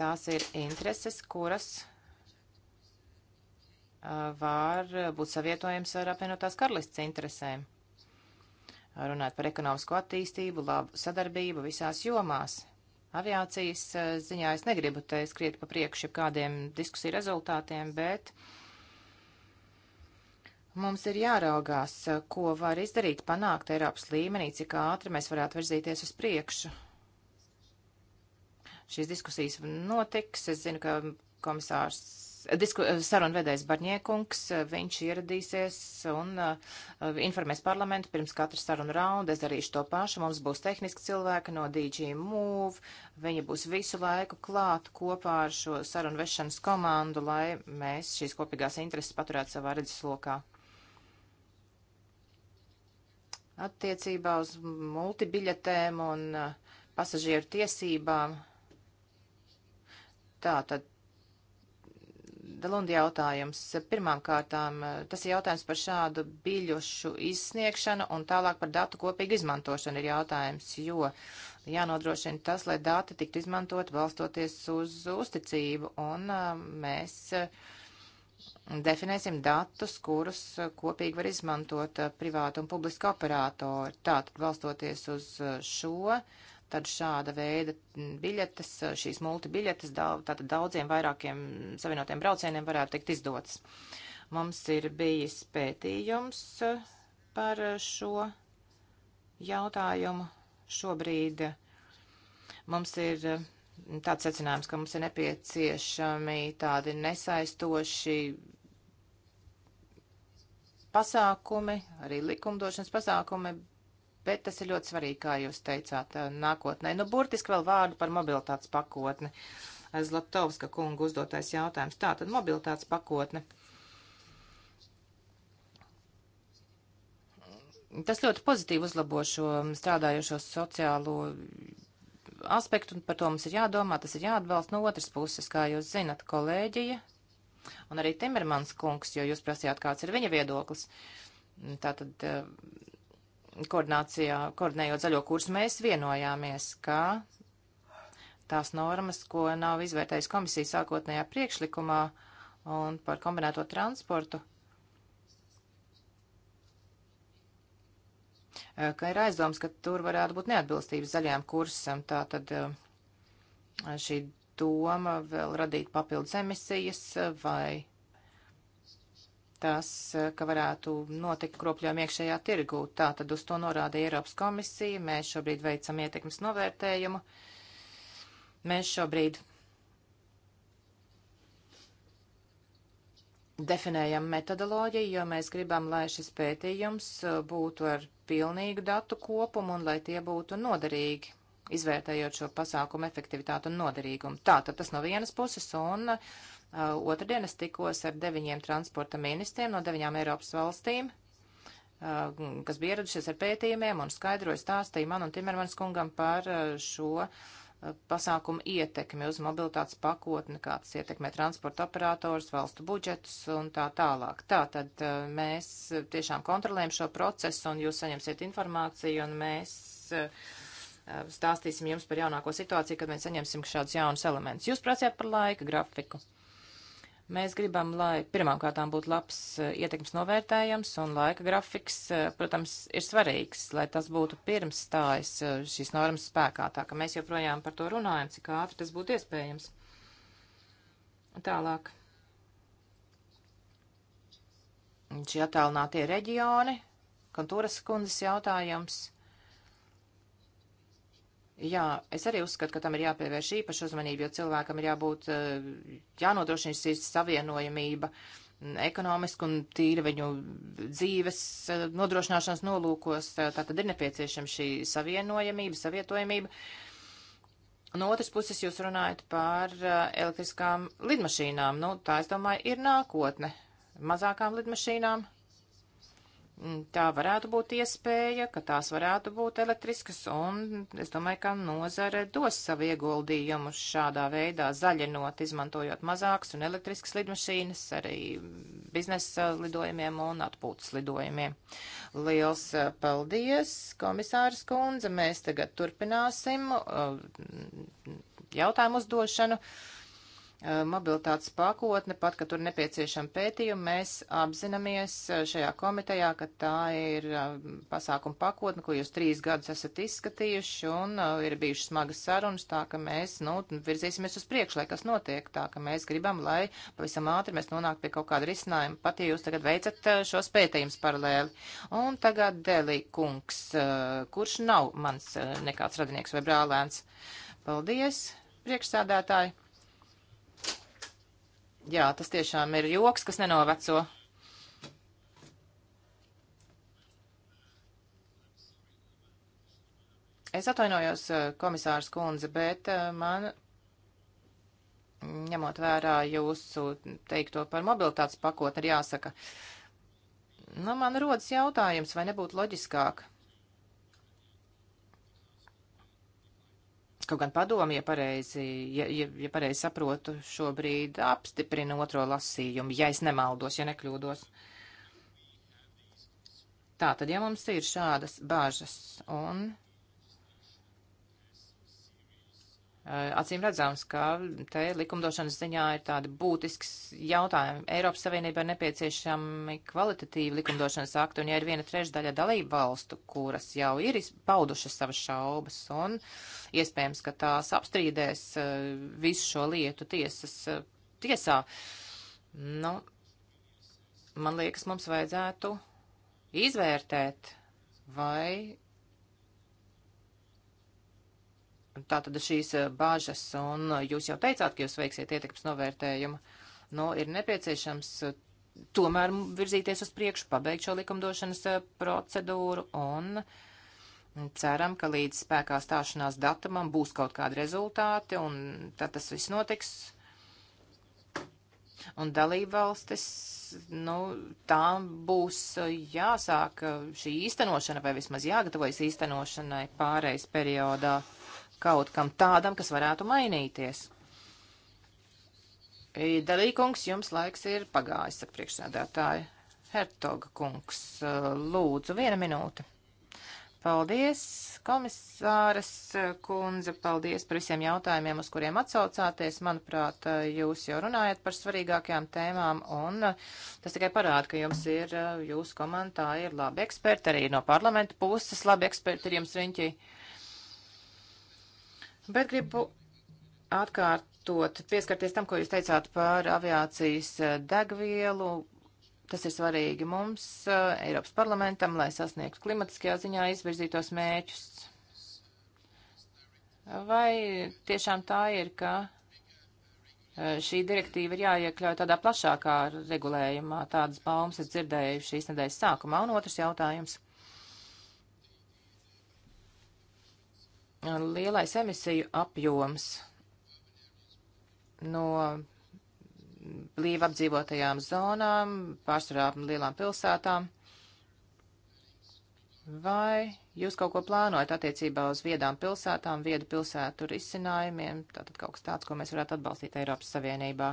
Tās ir intereses, kuras eh, var būt savietojams ar apvienotās karalists interesēm. Runāt par ekonomisko attīstību, labu sadarbību visās jomās, Aviācijas eh, ziņā es negribu te skriet pa priekšu kādiem diskusiju rezultātiem, bet mums ir jāraugās, eh, ko var izdarīt, panākt Eiropas līmenī, cik ātri mēs varētu virzīties uz priekšu šīs diskusijas notiks. Es zinu, ka komisārs disku, sarunvedējs Barņiekungs, viņš ieradīsies un uh, informēs parlamentu pirms katras sarunu raunda. Es darīšu to pašu. Mums būs tehniski cilvēki no DG Move. Viņi būs visu laiku klāt kopā ar šo sarunu vešanas komandu, lai mēs šīs kopīgās intereses paturētu savā redzeslokā. Attiecībā uz multibiļetēm un uh, pasažieru tiesībām. Tā tad Dalunda jautājums. Pirmām kārtām, eh, tas ir jautājums par šādu biļušu izsniegšanu un tālāk par datu kopīgu izmantošanu ir jautājums, jo jānodrošina tas, lai dati tiktu izmantot valstoties uz uzticību un eh, mēs eh, definēsim datus, kurus kopīgi var izmantot privāti un publiski operatori. Tātad valstoties uz šo tad šāda veida biļetes, šīs multibiļetes, tātad daudziem vairākiem savienotiem braucieniem varētu tikt izdotas. Mums ir bijis pētījums eh, par šo jautājumu. Šobrīd mums ir eh, tāds secinājums, ka mums ir nepieciešami tādi nesaistoši pasākumi, arī likumdošanas pasākumi, bet tas ir ļoti svarīgi, kā jūs teicāt, eh, nākotnē. Nu, burtiski vēl vārdu par mobilitātes pakotni. Zlatovska kunga uzdotais jautājums. Tā tad mobilitātes pakotne. Tas ļoti pozitīvi uzlabo šo strādājošo sociālo aspektu, un par to mums ir jādomā, tas ir jāatbalsta no otras puses, kā jūs zinat, kolēģija un arī Timermans kungs, jo jūs prasījāt, kāds ir viņa viedoklis. Tātad eh, koordinācijā, koordinējot zaļo kursu, mēs vienojāmies, ka tās normas, ko nav izvērtējusi komisija sākotnējā priekšlikumā un par kombinēto transportu, eh, ka ir aizdoms, ka tur varētu būt neatbilstības zaļajām kursam. Tā tad eh, šī doma vēl radīt papildus emisijas eh, vai tas, ka varētu notikt kropļojumi iekšējā tirgū. Tā tad uz to norāda Eiropas komisija. Mēs šobrīd veicam ietekmes novērtējumu. Mēs šobrīd definējam metodoloģiju, jo mēs gribam, lai šis pētījums būtu ar pilnīgu datu kopumu un lai tie būtu noderīgi, izvērtējot šo pasākumu efektivitātu un noderīgumu. Tā tad tas no vienas puses un uh, Uh, Otradien es tikos ar deviņiem transporta ministriem no deviņām Eiropas valstīm, uh, kas bija ieradušies ar pētījumiem un skaidroju stāstīju man un Timermans kungam par uh, šo pasākumu ietekmi uz mobilitātes pakotni, kā tas ietekmē transporta operators, valstu budžetus un tā tālāk. Tā tad mēs tiešām kontrolējam šo procesu un jūs saņemsiet informāciju un mēs stāstīsim jums par jaunāko situāciju, kad mēs saņemsim šādus jaunus elementus. Jūs prasījāt par laika grafiku. Mēs gribam, lai pirmkārtām būtu labs eh, ietekmes novērtējums un laika grafiks, eh, protams, ir svarīgs, lai tas būtu pirms stājas eh, šīs normas spēkā, tā ka mēs joprojām par to runājam, cik ātri tas būtu iespējams. Tālāk. Šie attālinātie reģioni, kontūras kundzes jautājums. Jā, es arī uzskatu, ka tam ir jāpievērš īpaša uzmanība, jo cilvēkam ir jābūt, eh, jānodrošina šī savienojamība mm, ekonomiski un tīri viņu dzīves eh, nodrošināšanas nolūkos. Eh, tā tad ir nepieciešama šī savienojamība, savietojamība. No otras puses, jūs runājat par elektriskām lidmašīnām. Nu, tā, es domāju, ir nākotne mazākām lidmašīnām, Mm, tā varētu būt iespēja, ka tās varētu būt elektriskas, un es domāju, ka nozare dos savu ieguldījumu šādā veidā zaļinot, izmantojot mazākas un elektriskas lidmašīnas, arī biznesa lidojumiem un atpūtas lidojumiem. Liels eh, paldies, komisārs kundze, mēs tagad turpināsim eh, jautājumu uzdošanu. Uh, Eh, mobilitātes pakotne, pat, ka tur nepieciešama pētījuma, mēs apzināmies eh, šajā komitejā, ka tā ir eh, pasākuma pakotne, ko jūs trīs gadus esat izskatījuši, un ir bijušas smagas sarunas, tā ka mēs, nu, virzīsimies uz priekšu, lai kas notiek, tā ka mēs gribam, lai pavisam ātri mēs nonāktu pie kaut kāda risinājuma, pat ja jūs tagad veicat šos pētījumus paralēli. Un tagad Delī kungs, kurš nav mans nekāds radinieks vai brālēns. Paldies, priekšsādātāji! Jā, tas tiešām ir joks, kas nenoveco. Es atvainojos, eh, komisārs kundze, bet eh, man, ņemot vērā jūsu teikto par mobilitātes pakotni, ir jāsaka, nu, man rodas jautājums, vai nebūtu loģiskāk Kaut gan padomi, ja pareizi, ja, ja, ja pareizi saprotu, šobrīd apstiprina otro lasījumu, ja es nemaldos, ja nekļūdos. Tā tad, ja mums ir šādas bāžas un Eh, acīm redzams, ka te likumdošanas ziņā ir tāda būtisks jautājums. Eiropas Savienībā ir nepieciešami kvalitatīvi likumdošanas akti, un ja ir viena trešdaļa dalību valstu, kuras jau ir paudušas savas šaubas, un iespējams, ka tās apstrīdēs eh, visu šo lietu tiesas eh, tiesā, nu, man liekas, mums vajadzētu izvērtēt, vai Tātad šīs eh, bāžas, un eh, jūs jau teicāt, ka jūs veiksiet ietekmes novērtējumu, nu, ir nepieciešams eh, tomēr virzīties uz priekšu, pabeigt šo likumdošanas procedūru, un mm, ceram, ka līdz spēkā stāšanās datumam būs kaut kādi rezultāti, un tad tas viss notiks. Un dalībvalstis, nu, tām būs jāsāk šī īstenošana, vai vismaz jāgatavojas īstenošanai pārejas periodā kaut kam tādam, kas varētu mainīties. Dalīkungs, jums laiks ir pagājis, saka priekšsēdētāji. Hertoga kungs, uh, lūdzu, viena minūte. Paldies, komisāras uh, kundze, paldies par visiem jautājumiem, uz kuriem atsaucāties. Manuprāt, uh, jūs jau runājat par svarīgākajām tēmām, un tas tikai parāda, ka jums ir, jūsu komandā ir labi eksperti, arī no parlamenta puses labi eksperti ir jums riņķi. Uh, Bet gribu atkārtot, pieskarties tam, ko jūs teicāt par aviācijas eh, degvielu. Tas ir svarīgi mums, eh, Eiropas parlamentam, lai sasniegtu klimatiskajā ziņā izvirzītos mēķus. Vai tiešām tā ir, ka eh, šī direktīva ir jāiekļauj tādā plašākā regulējumā? Tādas baumas es dzirdēju šīs nedēļas sākumā. Un otrs jautājums. lielais emisiju apjoms no blīvi apdzīvotajām zonām, pārsvarā lielām pilsētām. Vai jūs kaut ko plānojat attiecībā uz viedām pilsētām, viedu pilsētu risinājumiem? Tātad kaut kas tāds, ko mēs varētu atbalstīt Eiropas Savienībā.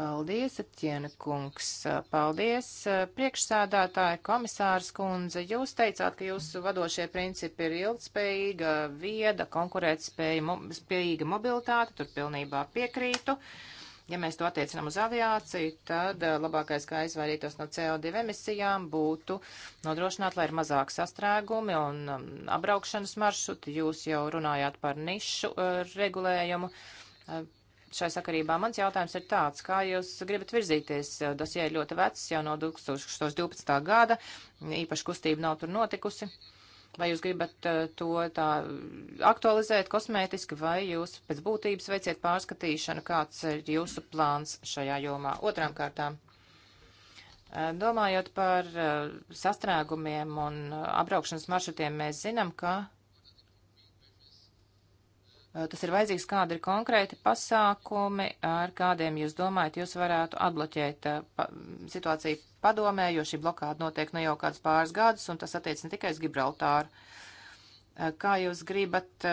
Paldies, Aptiena kungs. Paldies, priekšsādātāja komisārs kundze. Jūs teicāt, ka jūsu vadošie principi ir ilgspējīga, vieda, konkurētspējīga mobilitāte. Tur pilnībā piekrītu. Ja mēs to attiecinām uz aviāciju, tad eh, labākais, kā izvairītos no CO2 emisijām, būtu nodrošināt, lai ir mazāk sastrēgumi un um, apbraukšanas maršruti. Jūs jau runājāt par nišu eh, regulējumu eh, Šai sakarībā mans jautājums ir tāds, kā jūs gribat virzīties? Dosie ir ļoti vecs, jau no 2012. gada, īpaši kustība nav tur notikusi. Vai jūs gribat to tā aktualizēt kosmētiski, vai jūs pēc būtības veiciet pārskatīšanu, kāds ir jūsu plāns šajā jomā? Otrām kārtām, domājot par sastrēgumiem un apbraukšanas maršrutiem, mēs zinām, ka Eh, tas ir vajadzīgs, kādi ir konkrēti pasākumi, ar kādiem jūs domājat, jūs varētu atbloķēt eh, pa, situāciju padomē, jo šī blokāda notiek ne nu jau kāds pāris gadus, un tas attiec ne tikai uz Gibraltāru. Eh, kā jūs gribat,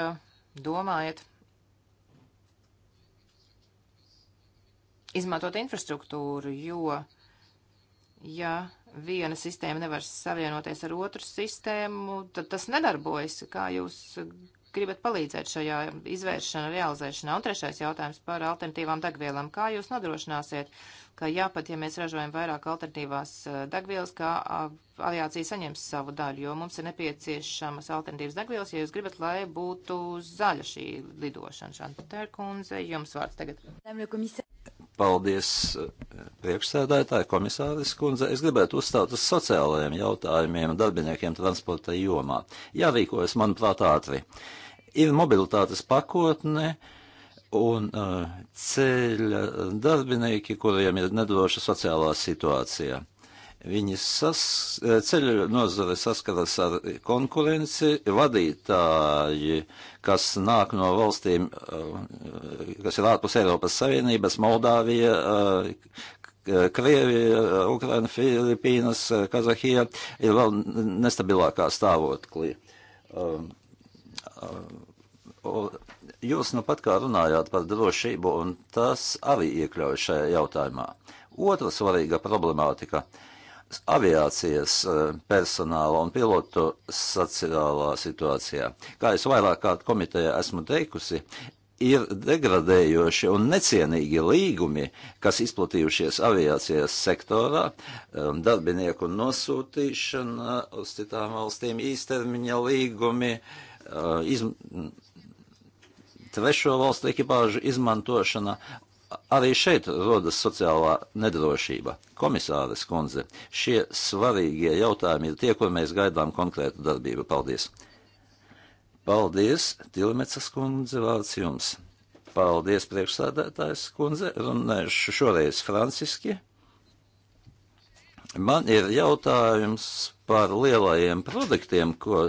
domājat, izmantot infrastruktūru, jo, ja viena sistēma nevar savienoties ar otru sistēmu, tad tas nedarbojas. Kā jūs gribat palīdzēt šajā izvēršanā, realizēšanā? Un trešais jautājums par alternatīvām degvielām. Kā jūs nodrošināsiet ka jā, pat ja mēs ražojam vairāk alternatīvās eh, degvielas, kā aviācija saņems savu daļu, jo mums ir nepieciešamas alternatīvas degvielas, ja jūs gribat, lai būtu zaļa šī lidošana. Šanta Terkundze, jums vārds tagad. Paldies, eh, priekšsēdētāji, komisāris kundze. Es gribētu uzstāt uz sociālajiem jautājumiem darbiniekiem transporta jomā. Jārīkojas, manuprāt, ātri. Ir mobilitātes pakotne, uh, un uh, ceļa uh, darbinieki, kuriem ir nedroša sociālā situācija. Viņi sas, uh, ceļu nozare saskaras ar konkurenci, vadītāji, kas nāk no valstīm, uh, kas ir ārpus Eiropas Savienības, Moldāvija, uh, Krievija, Ukraina, Filipīnas, uh, Kazahija ir vēl nestabilākā stāvoklī. Um, um, Jūs nu pat kā runājāt par drošību, un tas arī iekļauj šajā jautājumā. Otra svarīga problemātika - aviācijas e, personāla un pilotu sociālā situācijā. Kā es vairāk kārt komitejā esmu teikusi, ir degradējoši un necienīgi līgumi, kas izplatījušies aviācijas sektorā, e, darbinieku nosūtīšana uz citām valstīm, īstermiņa līgumi, e, iz, trešo valstu ekipāžu izmantošana. Arī šeit rodas sociālā nedrošība. Komisāres kundze, šie svarīgie jautājumi ir tie, kur mēs gaidām konkrētu darbību. Paldies! Paldies, Tilmecas kundze, vārds jums! Paldies, priekšsādātājs kundze, runāšu šoreiz franciski. Man ir jautājums par lielajiem produktiem, ko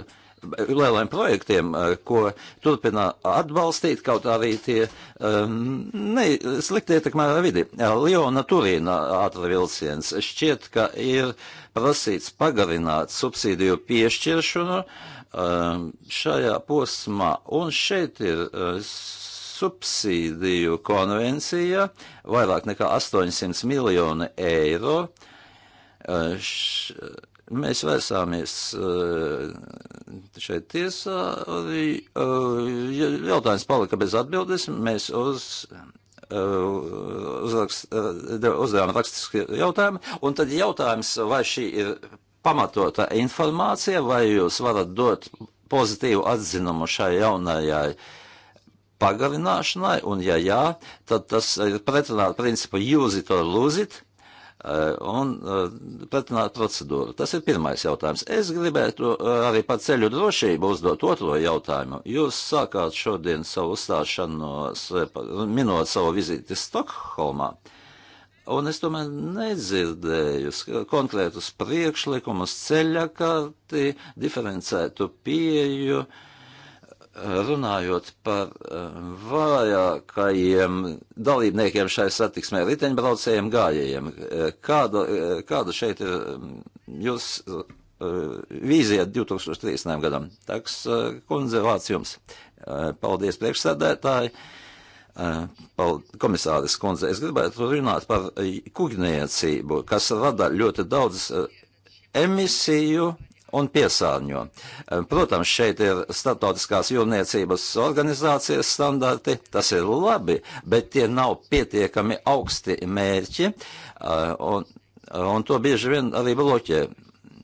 lieliem projektiem, eh, ko turpina atbalstīt, kaut arī tie um, ne, slikti ietekmē vidi. Eh, Liona Turīna ātra vilciens šķiet, ka ir prasīts pagarināt subsīdiju piešķiršanu um, šajā posmā, un šeit ir uh, subsīdiju konvencija, vairāk nekā 800 miljoni eiro. Uh, š, Mēs vērsāmies eh, šeit tiesā, arī eh, jautājums palika bez atbildes. Mēs uz, eh, uzrakst, uzdevām rakstisku jautājumu, un tad jautājums, vai šī ir pamatota informācija, vai jūs varat dot pozitīvu atzinumu šai jaunajai pagarināšanai, un ja jā, tad tas ir pretrunā ar principu use it or lose it Eh, un eh, pretināt procedūru. Tas ir pirmais jautājums. Es gribētu eh, arī par ceļu drošību uzdot otro jautājumu. Jūs sākāt šodien savu uzstāšanos, minot savu vizīti Stokholmā. Un es tomēr nedzirdēju konkrētus priekšlikumus ceļakārti, diferencētu pieju. Uh, runājot par eh, vājākajiem dalībniekiem šai satiksmē, riteņbraucējiem, gājējiem, kāda, eh, kāda eh, šeit ir jūs vīzija 2030. gadam? Taks, kundze, vārds jums. Paldies, priekšsēdētāji. Paldies, komisāris kundze, es gribētu runāt par kuģniecību, kas rada ļoti daudz emisiju un piesārņo. Eh, protams, šeit ir starptautiskās jūrniecības organizācijas standarti, tas ir labi, bet tie nav pietiekami augsti mērķi, eh, un, un to bieži vien arī bloķē.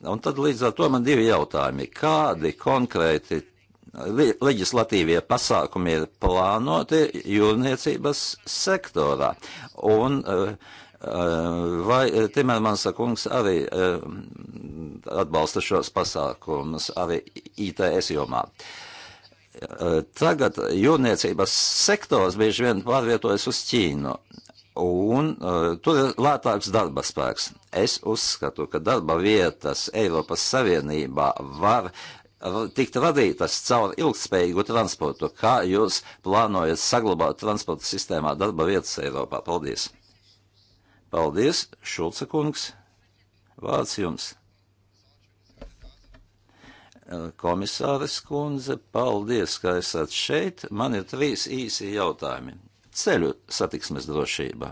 Un tad līdz ar to man divi jautājumi. Kādi konkrēti leģislatīvie pasākumi ir plānoti jūrniecības sektorā? Un, uh, Vai Timermansa kungs arī atbalsta šos pasākumus arī ITS jomā. Tagad jūrniecības sektors bieži vien pārvietojas uz Ķīnu, un uh, tur ir lētāks darba spēks. Es uzskatu, ka darba vietas Eiropas Savienībā var tikt radītas caur ilgspējīgu transportu. Kā jūs plānojat saglabāt transporta sistēmā darba vietas Eiropā? Paldies! Paldies, Šulca kungs! Vārds jums! Eh, komisāres kundze, paldies, ka esat šeit. Man ir trīs īsi jautājumi. Ceļu satiksmes drošība.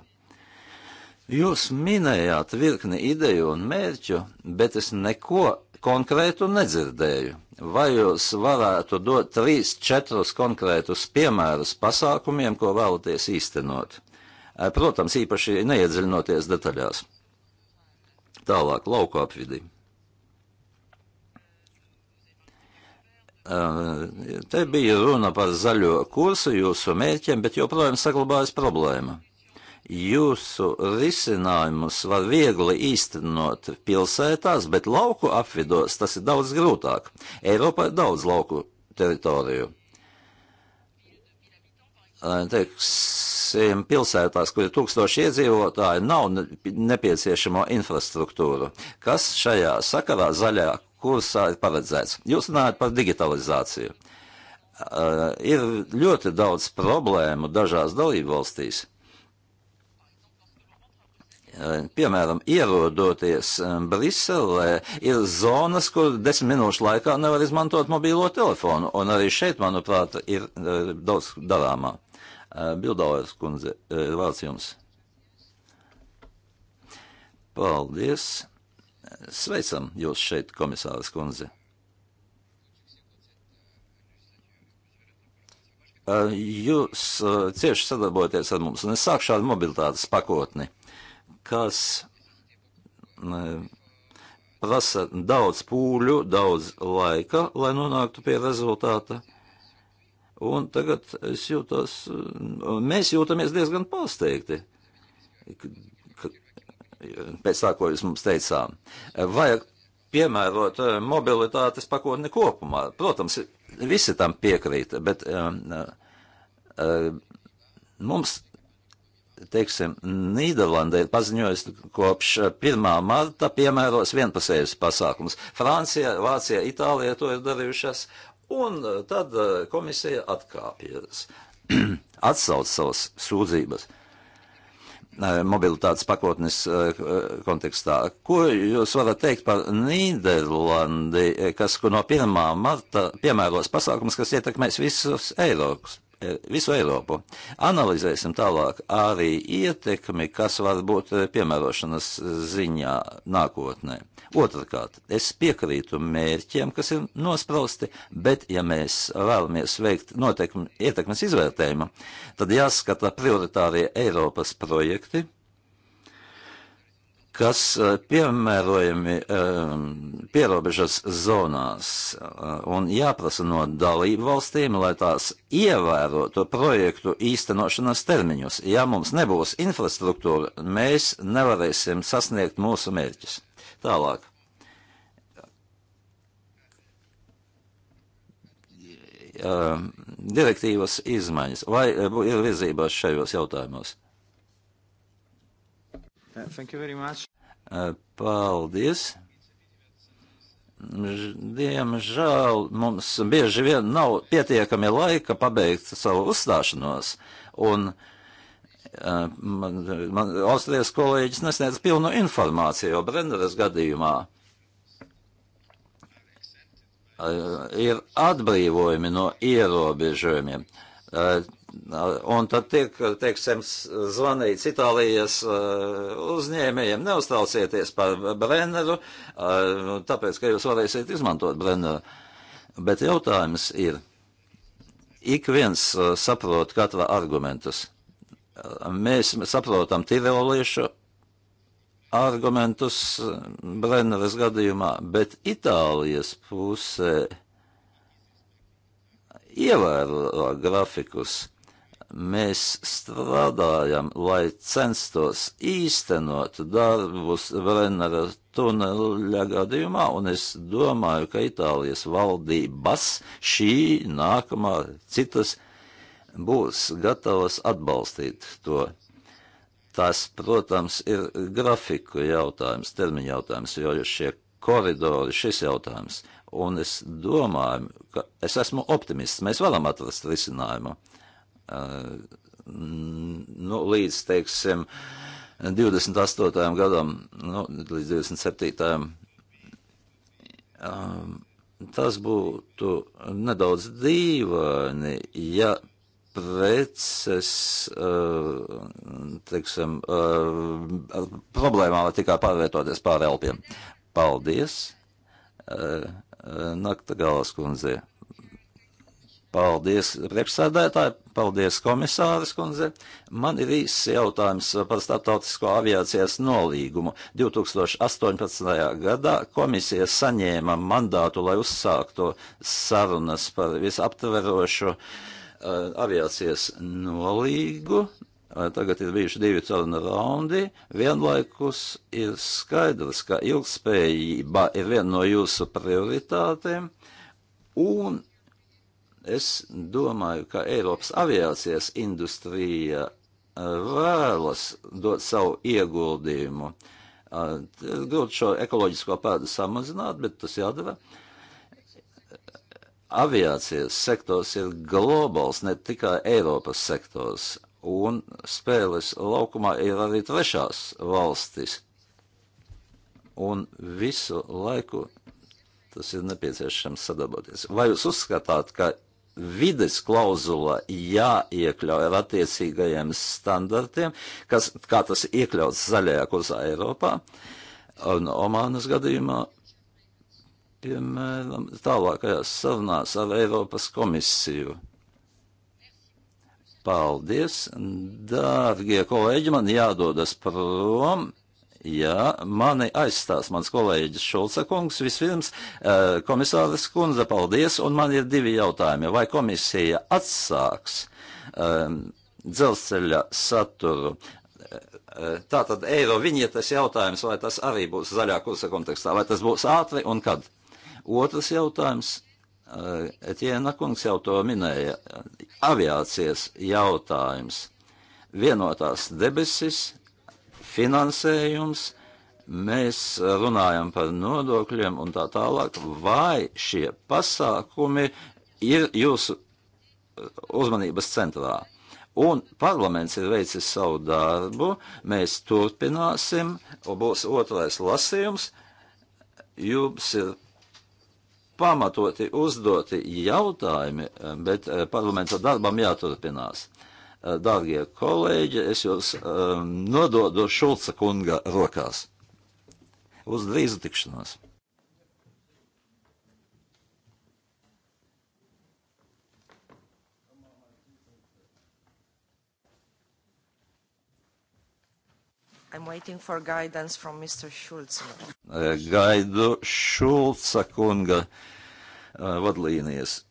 Jūs minējāt virkni ideju un mērķu, bet es neko konkrētu nedzirdēju. Vai jūs varētu dot trīs, četrus konkrētus piemērus pasākumiem, ko vēlaties īstenot? Eh, protams, īpaši neiedziļinoties detaļās. Tālāk, lauku apvidī. Te bija runa par zaļo kursu jūsu mērķiem, bet joprojām saglabājas problēma. Jūsu risinājumus var viegli īstenot pilsētās, bet lauku apvidos tas ir daudz grūtāk. Eiropā ir daudz lauku teritoriju. Teiksim, pilsētās, kur ir tūkstoši iedzīvotāji, nav nepieciešamo infrastruktūru. Kas šajā sakarā zaļāk kursā ir paredzēts. Jūs runājat par digitalizāciju. Uh, ir ļoti daudz problēmu dažās dalību valstīs. Uh, piemēram, ierodoties Briselē, ir zonas, kur desmit minūšu laikā nevar izmantot mobīlo telefonu, un arī šeit, manuprāt, ir uh, daudz darāmā. Bildaujas kundze, vārds jums. Paldies! Sveicam jūs šeit, komisāras kundze. Jūs cieši sadarbojaties ar mums, un es sākšu ar mobilitātes pakotni, kas prasa daudz pūļu, daudz laika, lai nonāktu pie rezultāta. Un tagad es jūtos, mēs jūtamies diezgan pārsteigti, pēc tā, ko jūs mums teicām. Vajag piemērot eh, mobilitātes pakotni kopumā. Protams, visi tam piekrīt, bet um, um, mums, teiksim, Nīderlanda ir paziņojusi kopš 1. marta piemēros vienpusējus pasākumus. Francija, Vācija, Itālija to ir darījušas, un tad komisija atkāpjas, atsauc savas sūdzības. Uh, Eh, mobilitātes pakotnes eh, kontekstā. Ko jūs varat teikt par Nīderlandi, eh, kas no 1. marta piemēros pasākums, kas ietekmēs visus Eiropas E, visu Eiropu. Analizēsim tālāk arī ietekmi, kas var būt e, piemērošanas ziņā nākotnē. Otrakārt, es piekrītu mērķiem, kas ir nosprausti, bet ja mēs vēlamies veikt noteikumu ietekmes izvērtējumu, tad jāskata prioritārie Eiropas projekti kas eh, piemērojami eh, pierobežas zonās eh, un jāprasa no dalību valstīm, lai tās ievērotu projektu īstenošanas termiņus. Ja mums nebūs infrastruktūra, mēs nevarēsim sasniegt mūsu mērķus. Tālāk. Direktīvas izmaiņas. Vai ir virzībās šajos jautājumos? Uh, thank you very much. Uh, paldies. Diemžēl mums bieži vien nav pietiekami laika pabeigt savu uzstāšanos, un uh, man, man Austrijas kolēģis nesniedz pilnu informāciju Brenderes gadījumā. Ir atbrīvojumi no ierobežojumiem Un tad tiek, teiksim, zvanīts Itālijas uh, uzņēmējiem, neuztraucieties par Brenneru, uh, tāpēc, ka jūs varēsiet izmantot Brenneru. Bet jautājums ir, ik viens uh, saprot katra argumentus. Mēs saprotam tiroliešu argumentus Brenneres gadījumā, bet Itālijas pusē ievēro grafikus Mēs strādājam, lai censtos īstenot darbus Brennera tuneļa gadījumā, un es domāju, ka Itālijas valdības šī nākamā citas būs gatavas atbalstīt to. Tas, protams, ir grafiku jautājums, termiņa jautājums, jo šie koridori, šis jautājums. Un es domāju, ka es esmu optimists. Mēs varam atrast risinājumu nu, līdz, teiksim, 28. gadam, nu, līdz 27. Tas būtu nedaudz dīvaini, ja preces, teiksim, problēmā var tikai pārvietoties pāri elpiem. Paldies! Nakta galas kundzei! Paldies, priekšsēdētāji, paldies, komisāris kundze. Man ir īsts jautājums par starptautisko aviācijas nolīgumu. 2018. gadā komisija saņēma mandātu, lai uzsāktu sarunas par visaptverošu uh, eh, aviācijas nolīgu. Eh, tagad ir bijuši divi sarunu raundi. Vienlaikus ir skaidrs, ka ilgspējība ir viena no jūsu prioritātēm, un Es domāju, ka Eiropas aviācijas industrija eh, vēlas dot savu ieguldījumu. Ir eh, grūti šo ekoloģisko pēdu samazināt, bet tas jādara. Aviācijas sektors ir globāls, ne tikai Eiropas sektors, un spēles laukumā ir arī trešās valstis. Un visu laiku tas ir nepieciešams sadarboties. Vai jūs uzskatāt, ka vides klauzula jāiekļauj ar attiecīgajiem standartiem, kas, kā tas iekļauts zaļajā kursā Eiropā un Omānas gadījumā, piemēram, tālākajās sarunās ar Eiropas komisiju. Paldies, dārgie kolēģi, man jādodas prom. Ja mani aizstās mans kolēģis Šulca kungs, vispirms eh, komisāris kundze, paldies, un man ir divi jautājumi. Vai komisija atsāks um, dzelzceļa saturu? Eh, eh, Tā tad eiro viņietes jautājums, vai tas arī būs zaļā kursa kontekstā, vai tas būs ātri un kad? Otrs jautājums. Etiena kungs jau to minēja. Aviācijas jautājums. Vienotās debesis finansējums, mēs runājam par nodokļiem un tā tālāk, vai šie pasākumi ir jūsu uh, uzmanības centrā. Un parlaments ir veicis savu darbu, mēs turpināsim, un būs otrais lasījums. Jums ir pamatoti uzdoti jautājumi, bet uh, parlamenta darbam jāturpinās. Eh, dārgie kolēģi, es jūs um, nododu Šulca kunga rokās. Uz drīzu tikšanos! I'm waiting for guidance from Mr. Schulz. Eh, gaidu Šulca kunga uh, vadlīnijas.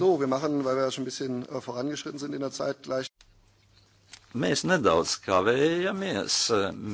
So, wir machen, weil wir ja schon ein bisschen äh, vorangeschritten sind in der Zeit, gleich. Mēs nedaudz kavējamies,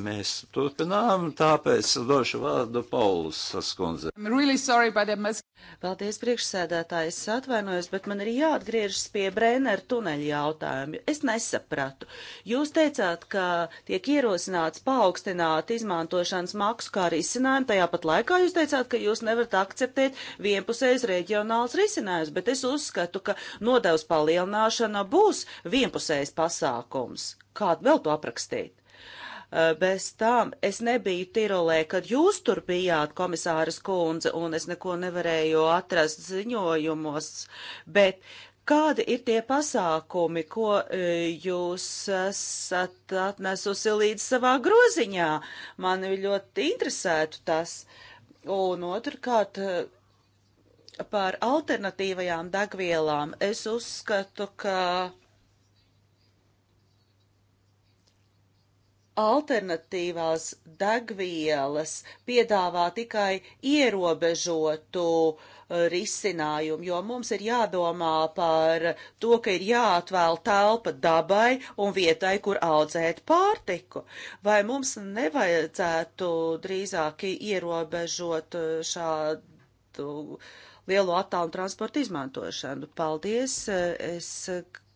mēs turpinām, tāpēc došu vārdu Paulus skundze. Really sorry, must... Paldies, priekšsēdētāji, es atvainojos, bet man ir jāatgriežas pie Brenner tuneļa jautājuma. Es nesapratu. Jūs teicāt, ka tiek ierosināts paaugstināt izmantošanas maksu kā risinājumu, tajā pat laikā jūs teicāt, ka jūs nevarat akceptēt vienpusējus reģionāls risinājumus, bet es uzskatu, ka nodevs palielināšana būs vienpusējs pasākums kā vēl to aprakstīt. Eh, bez tām es nebiju Tirolē, kad jūs tur bijāt, komisāras kundze, un es neko nevarēju atrast ziņojumos, bet Kādi ir tie pasākumi, ko eh, jūs esat atnesusi līdz savā groziņā? Man ļoti interesētu tas. Un otrkārt, eh, par alternatīvajām degvielām es uzskatu, ka alternatīvās degvielas piedāvā tikai ierobežotu uh, risinājumu, jo mums ir jādomā par to, ka ir jāatvēl telpa dabai un vietai, kur audzēt pārtiku. Vai mums nevajadzētu drīzāk ierobežot uh, šādu lielu attālu transportu izmantošanu? Paldies! Uh, es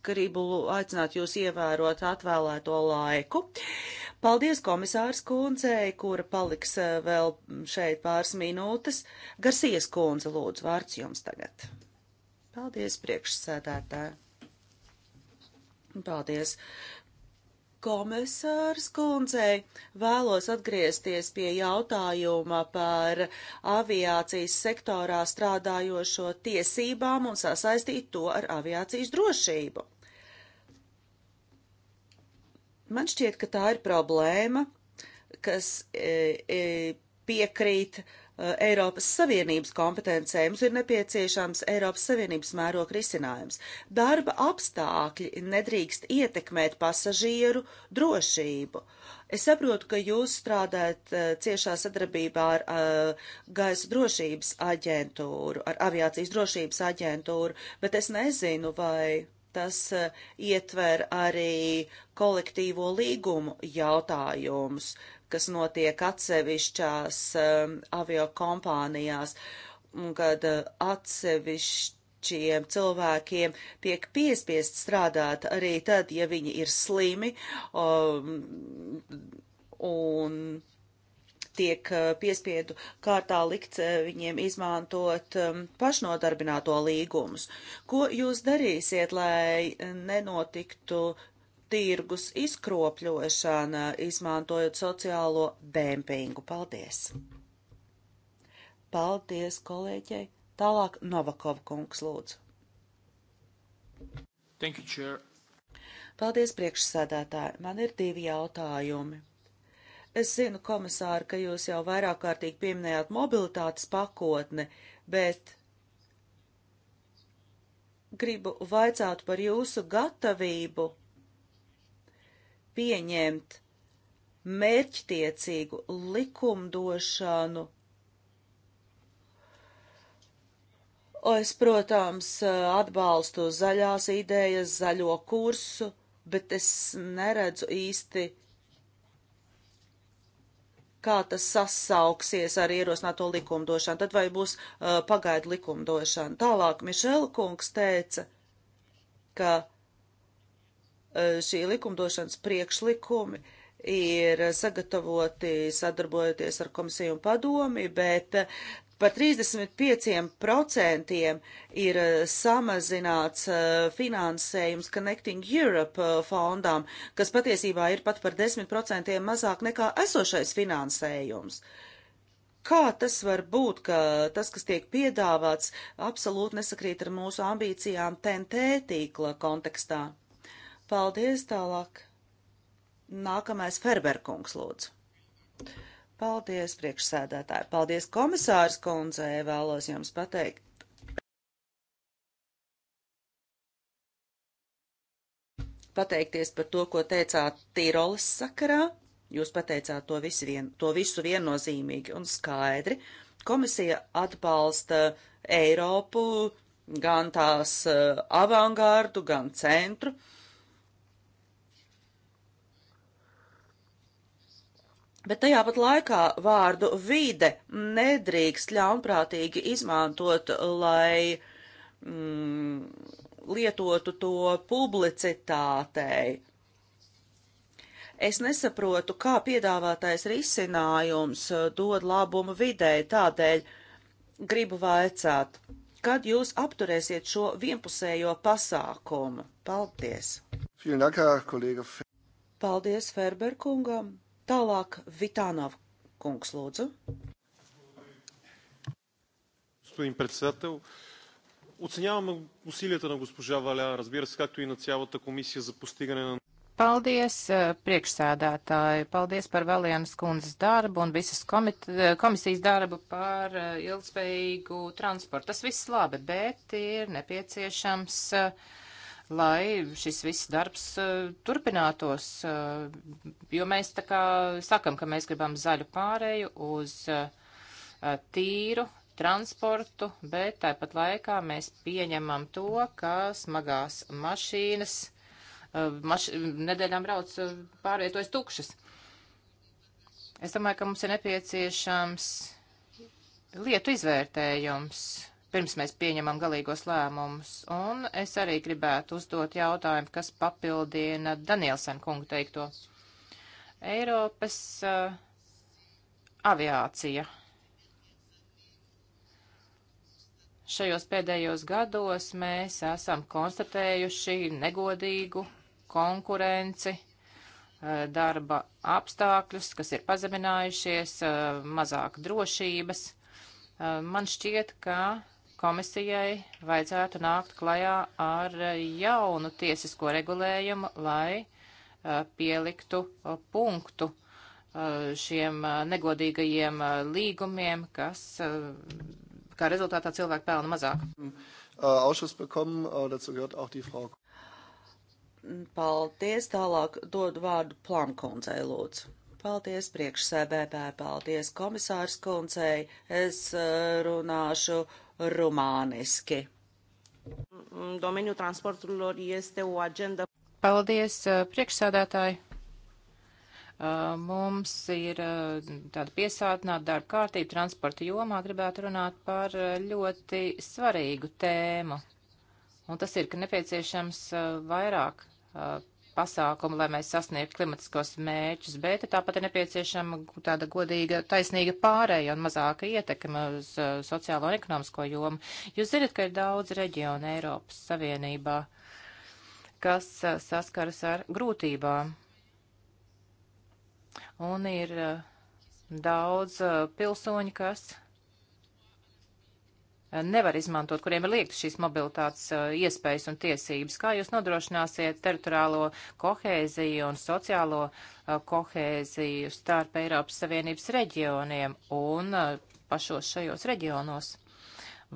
gribu aicināt jūs ievērot atvēlēto laiku. Paldies komisārs kundzei, kura paliks eh, vēl šeit pāris minūtes. Garsies kundze, lūdzu, vārds jums tagad. Paldies, priekšsēdētāji. Paldies. Komisārs kundzei vēlos atgriezties pie jautājuma par aviācijas sektorā strādājošo tiesībām un sasaistīt to ar aviācijas drošību. Man šķiet, ka tā ir problēma, kas e, e, piekrīt e, Eiropas Savienības kompetencē. Mums ir nepieciešams Eiropas Savienības mēroga risinājums. Darba apstākļi nedrīkst ietekmēt pasažieru drošību. Es saprotu, ka jūs strādājat uh, ciešā sadarbībā ar uh, gaisa drošības aģentūru, ar aviācijas drošības aģentūru, bet es nezinu, vai Tas eh, ietver arī kolektīvo līgumu jautājumus, kas notiek atsevišķās um, avio kompānijās, kad uh, atsevišķiem cilvēkiem tiek piespiest strādāt arī tad, ja viņi ir slimi um, un tiek eh, piespiedu kārtā likts eh, viņiem izmantot eh, pašnodarbināto līgumus. Ko jūs darīsiet, lai nenotiktu tirgus izkropļošana, izmantojot sociālo dempingu. Paldies! Paldies, kolēģei! Tālāk Novakov kungs lūdzu. Thank you, chair. Paldies, priekšsēdētāji. Man ir divi jautājumi. Es zinu, komisāri, ka jūs jau vairāk kārtīgi pieminējāt mobilitātes pakotne, bet gribu vaicāt par jūsu gatavību pieņemt mērķtiecīgu likumdošanu. Es, protams, atbalstu zaļās idejas, zaļo kursu, bet es neredzu īsti kā tas sasauksies ar ierosināto likumdošanu, tad vai būs uh, pagaidu likumdošana. Tālāk Mišela kungs teica, ka uh, šī likumdošanas priekšlikumi ir sagatavoti sadarbojoties ar komisiju un padomi, bet uh, Par 35% ir eh, samazināts eh, finansējums Connecting Europe eh, fondām, kas patiesībā ir pat par 10% mazāk nekā esošais finansējums. Kā tas var būt, ka tas, kas tiek piedāvāts, absolūti nesakrīt ar mūsu ambīcijām TNT tīkla kontekstā? Paldies tālāk. Nākamais Ferberkungs lūdzu. Paldies, priekšsēdētāji. Paldies, komisārs kundze. Vēlos jums pateikt. Pateikties par to, ko teicāt Tīrolas sakarā. Jūs pateicāt to, vien, to visu viennozīmīgi un skaidri. Komisija atbalsta Eiropu, gan tās eh, avangārdu, gan centru. Uh, Bet tajā pat laikā vārdu vide nedrīkst ļaunprātīgi izmantot, lai mm, lietotu to publicitātei. Es nesaprotu, kā piedāvātais risinājums uh, dod labumu videi, tādēļ gribu vaicāt, kad jūs apturēsiet šo vienpusējo pasākumu. Paldies! Paldies Ferberkungam! Tālāk Vitānov kungs lūdzu. Господин председател, оценявам усилията на госпожа Валя, разбира се, както и на цялата комисия за постигане на Paldies, priekšsēdētāji. Paldies par Valienas kundzes darbu un visas komit, e, komisijas darbu par e, ilgspējīgu transportu. Tas viss labi, bet ir nepieciešams uh, lai šis viss darbs uh, turpinātos, uh, jo mēs tā kā sakam, ka mēs gribam zaļu pārēju uz uh, tīru transportu, bet tāpat laikā mēs pieņemam to, ka smagās mašīnas maš nedēļām brauc pārvietojas tukšas. Es domāju, ka mums ir nepieciešams lietu izvērtējums pirms mēs pieņemam galīgos lēmumus. Un es arī gribētu uzdot jautājumu, kas papildina Danielsen kungu teikto. Eiropas uh, aviācija. Šajos pēdējos gados mēs esam konstatējuši negodīgu konkurenci uh, darba apstākļus, kas ir pazeminājušies, uh, mazāk drošības. Uh, man šķiet, ka komisijai vajadzētu nākt klajā ar jaunu tiesisko regulējumu, lai eh, pieliktu eh, punktu eh, šiem negodīgajiem līgumiem, kas kā rezultātā cilvēki pelna mazāk. Mm, mm, paldies, tālāk dod vārdu Plānkundzei, lūdzu. Paldies priekšsēdētāji, paldies komisārs kundzei. Es runāšu rumāniski. Domeniul transporturilor este o agenda. Paldies, uh, priekšsādātāji. Uh, mums ir uh, tāda piesātināta darba kārtība transporta jomā. Gribētu runāt par ļoti svarīgu tēmu. Un tas ir, ka nepieciešams vairāk pasākumu, lai mēs sasniegtu klimatiskos mērķus, bet tāpat ir nepieciešama tāda godīga, taisnīga pārēja un mazāka ietekme uz uh, sociālo un ekonomisko jomu. Jūs zinat, ka ir daudz reģionu Eiropas Savienībā, kas uh, saskaras ar grūtībām. Un ir uh, daudz uh, pilsoņi, kas nevar izmantot, kuriem ir liektas šīs mobilitātes uh, iespējas un tiesības. Kā jūs nodrošināsiet teritoriālo kohēziju un sociālo uh, kohēziju starp Eiropas Savienības reģioniem un uh, pašos šajos reģionos?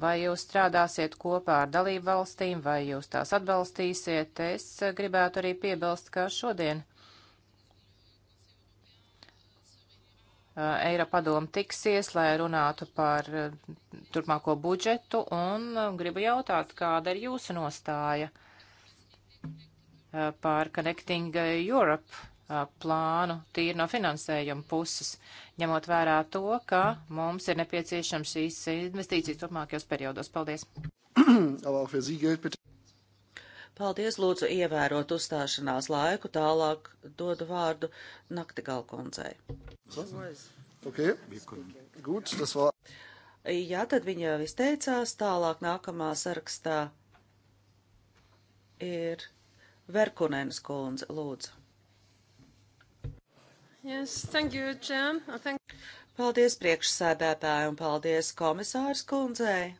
Vai jūs strādāsiet kopā ar dalību valstīm, vai jūs tās atbalstīsiet? Es gribētu arī piebilst, ka šodien Eh, Eiropadomu tiksies, lai runātu par eh, turpmāko budžetu, un eh, gribu jautāt, kāda ir jūsu nostāja par Connecting Europe plānu tīri no finansējuma puses, ņemot vērā to, ka mums ir nepieciešams šīs investīcijas turpmākajos periodos. Paldies! Paldies, lūdzu, ievērot uzstāšanās laiku. Tālāk dodu vārdu Naktigal kundzei. Okay. Gut, das war... Jā, tad viņa jau izteicās. Tālāk nākamā sarakstā ir Verkunēnas kundze, lūdzu. Yes, thank you, Jim. Oh, thank... Paldies priekšsēdētāju un paldies komisārs kundzei.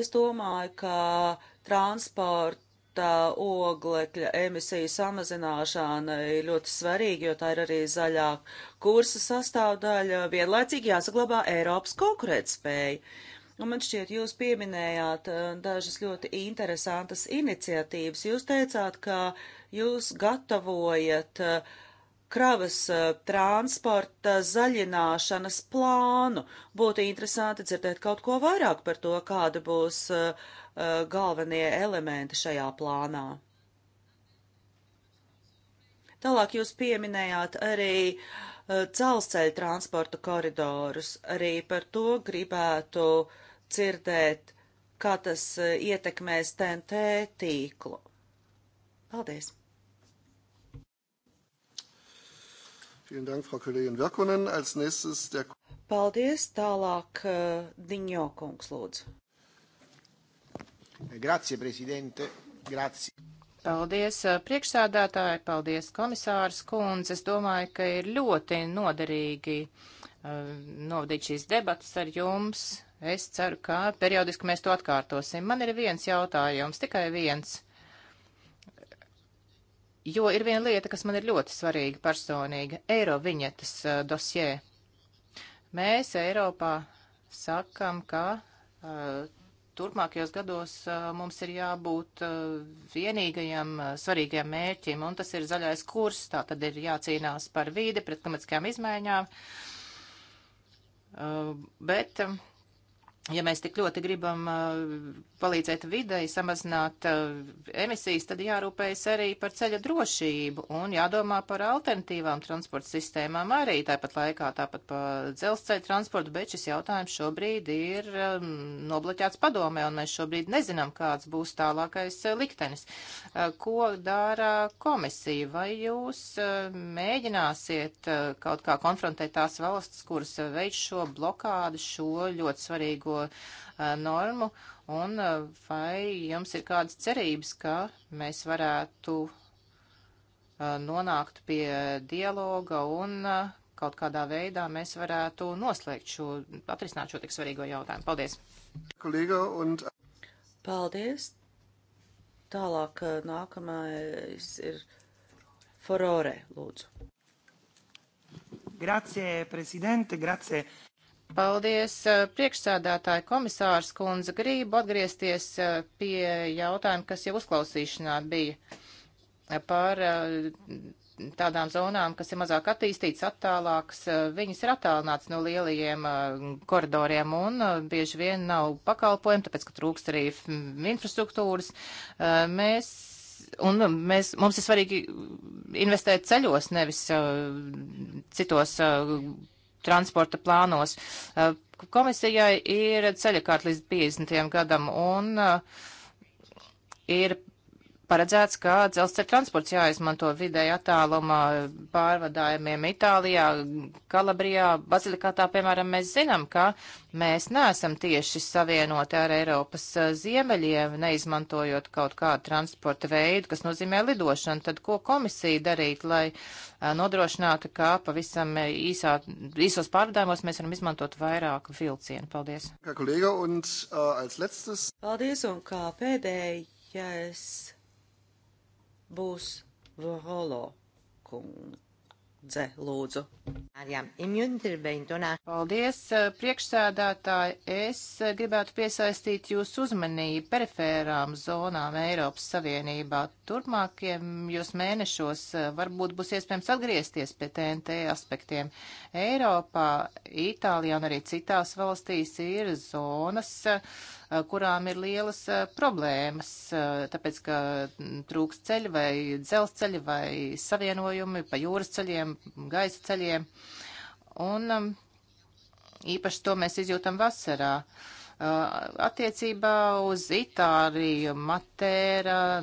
Es domāju, ka transporta oglekļa emisiju samazināšana ir ļoti svarīga, jo tā ir arī zaļā kursa sastāvdaļa. Vienlaicīgi jāsaglabā Eiropas konkurētspēja. Nu, man šķiet, jūs pieminējāt uh, dažas ļoti interesantas iniciatīvas. Jūs teicāt, ka jūs gatavojat uh, kravas uh, transporta zaļināšanas plānu. Būtu interesanti dzirdēt kaut ko vairāk par to, kāda būs Uh, galvenie elementi šajā plānā. Tālāk jūs pieminējāt arī uh, dzelzceļa transporta koridorus. Arī par to gribētu dzirdēt, kā tas uh, ietekmēs TNT tīklu. Paldies! Vielen Dank, Frau Kollegin Virkunen. Als nächstes der Paldies, tālāk Diņo kungs lūdzu. Eh, grazie, prezidente. Grazie. Paldies, eh, priekšsādātāji, paldies, komisārs Kunz. Es domāju, ka ir ļoti noderīgi eh, novadīt šīs debatas ar jums. Es ceru, ka periodiski mēs to atkārtosim. Man ir viens jautājums, tikai viens. Jo ir viena lieta, kas man ir ļoti svarīga personīga - eiro viņetas dosjē. Mēs Eiropā sakam, ka uh, turpmākajos gados mums ir jābūt vienīgajam svarīgajam mērķim, un tas ir zaļais kurs, tā tad ir jācīnās par vīdi, pret klimatiskajām izmaiņām, bet ja mēs tik ļoti gribam uh, palīdzēt videi, samazināt uh, emisijas, tad jārūpējas arī par ceļa drošību un jādomā par alternatīvām transporta sistēmām arī tāpat laikā, tāpat par dzelzceļa transportu, bet šis jautājums šobrīd ir um, nobloķēts padomē, un mēs šobrīd nezinām, kāds būs tālākais uh, liktenis. Ko dara komisija? Vai jūs mēģināsiet kaut kā konfrontēt tās valsts, kuras veids šo blokādu, šo ļoti svarīgo šo uh, normu, un uh, vai jums ir kādas cerības, ka mēs varētu uh, nonākt pie dialoga un uh, kaut kādā veidā mēs varētu noslēgt šo, atrisināt šo tik svarīgo jautājumu. Paldies! Kolīga un... Paldies! Tālāk uh, nākamais ir Forore, lūdzu. Grazie, prezidente, grazie. Paldies, priekšsādātāja komisārs kundze. Gribu atgriezties pie jautājuma, kas jau uzklausīšanā bija par tādām zonām, kas ir mazāk attīstītas, attālākas. Viņas ir attālināts no lielajiem koridoriem un bieži vien nav pakalpojumi, tāpēc, ka trūkst arī infrastruktūras. Mēs un nu, mēs, mums ir svarīgi investēt ceļos, nevis uh, citos uh, transporta plānos. Uh, komisijai ir ceļakārt līdz 50. gadam un uh, ir paredzēts, ka dzelzceļa transports jāizmanto vidēji attāluma pārvadājumiem Itālijā, Kalabrijā, Bazilikātā, piemēram, mēs zinām, ka mēs neesam tieši savienoti ar Eiropas uh, ziemeļiem, neizmantojot kaut kādu transporta veidu, kas nozīmē lidošanu. Tad ko komisija darīt, lai uh, nodrošinātu, ka pavisam uh, īsā, īsos pārvadājumos mēs varam izmantot vairāk vilcienu? Paldies! Kā kolēga, un, uh, Paldies, un kā pēdējais būs Volo kundze. Lūdzu. Paldies, priekšsēdētāji. Es gribētu piesaistīt jūsu uzmanību perifērām zonām Eiropas Savienībā. Turpmākiem jūs mēnešos eh, varbūt būs iespējams atgriezties pie TNT aspektiem. Eiropā, Itālijā un arī citās valstīs ir zonas, uh, Eh, kurām ir lielas eh, problēmas, eh, tāpēc, ka mm, trūks ceļi vai dzelzceļi vai savienojumi pa jūras ceļiem, gaisa ceļiem. Un mm, īpaši to mēs izjūtam vasarā. Uh, Uh, attiecībā uz Itāliju, Matēra,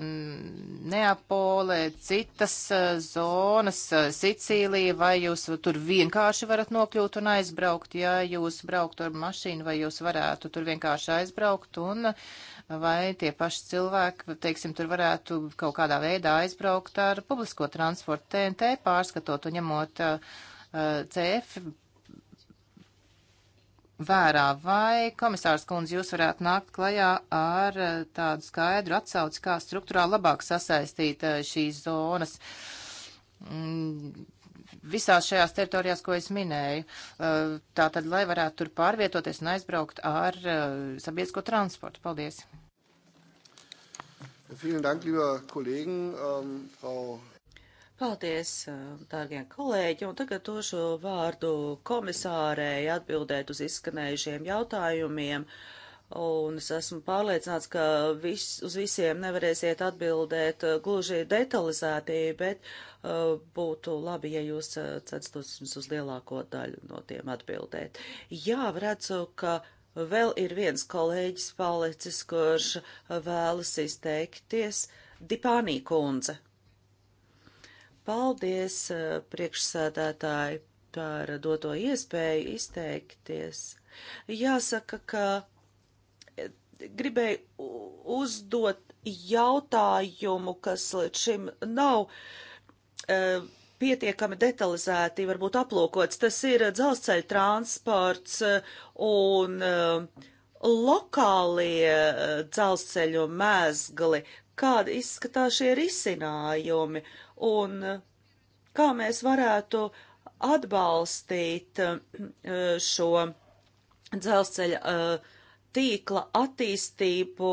Neapolē, citas uh, zonas, uh, Sicīlija, vai jūs tur vienkārši varat nokļūt un aizbraukt, ja jūs brauktu ar mašīnu, vai jūs varētu tur vienkārši aizbraukt un vai tie paši cilvēki, teiksim, tur varētu kaut kādā veidā aizbraukt ar publisko transportu TNT pārskatot un ņemot uh, CF vērā, vai komisārs kundze jūs varētu nākt klajā ar eh, tādu skaidru atsauci, kā struktūrāli labāk sasaistīt eh, šīs zonas mm, visās šajās teritorijās, ko es minēju. Eh, tā tad, lai varētu tur pārvietoties un aizbraukt ar sabiedrisko transportu. Paldies! Vielen Dank, lieber Kollegen, ähm, Frau Paldies, dārgie kolēģi, un tagad došu vārdu komisārei atbildēt uz izskanējušiem jautājumiem. Un es esmu pārliecināts, ka vis, uz visiem nevarēsiet atbildēt gluži detalizētī, bet uh, būtu labi, ja jūs censtos uz lielāko daļu no tiem atbildēt. Jā, redzu, ka vēl ir viens kolēģis palicis, kurš vēlas izteikties. Dipānī kundze. Paldies, eh, priekšsēdētāji, par doto iespēju izteikties. Jāsaka, ka eh, gribēju uzdot jautājumu, kas līdz šim nav eh, pietiekami detalizēti, varbūt aplūkots. Tas ir dzelzceļa transports un lokālie dzelzceļu mēzgli, kāda izskatās šie risinājumi un kā mēs varētu atbalstīt eh, šo dzelzceļa eh, tīkla attīstību.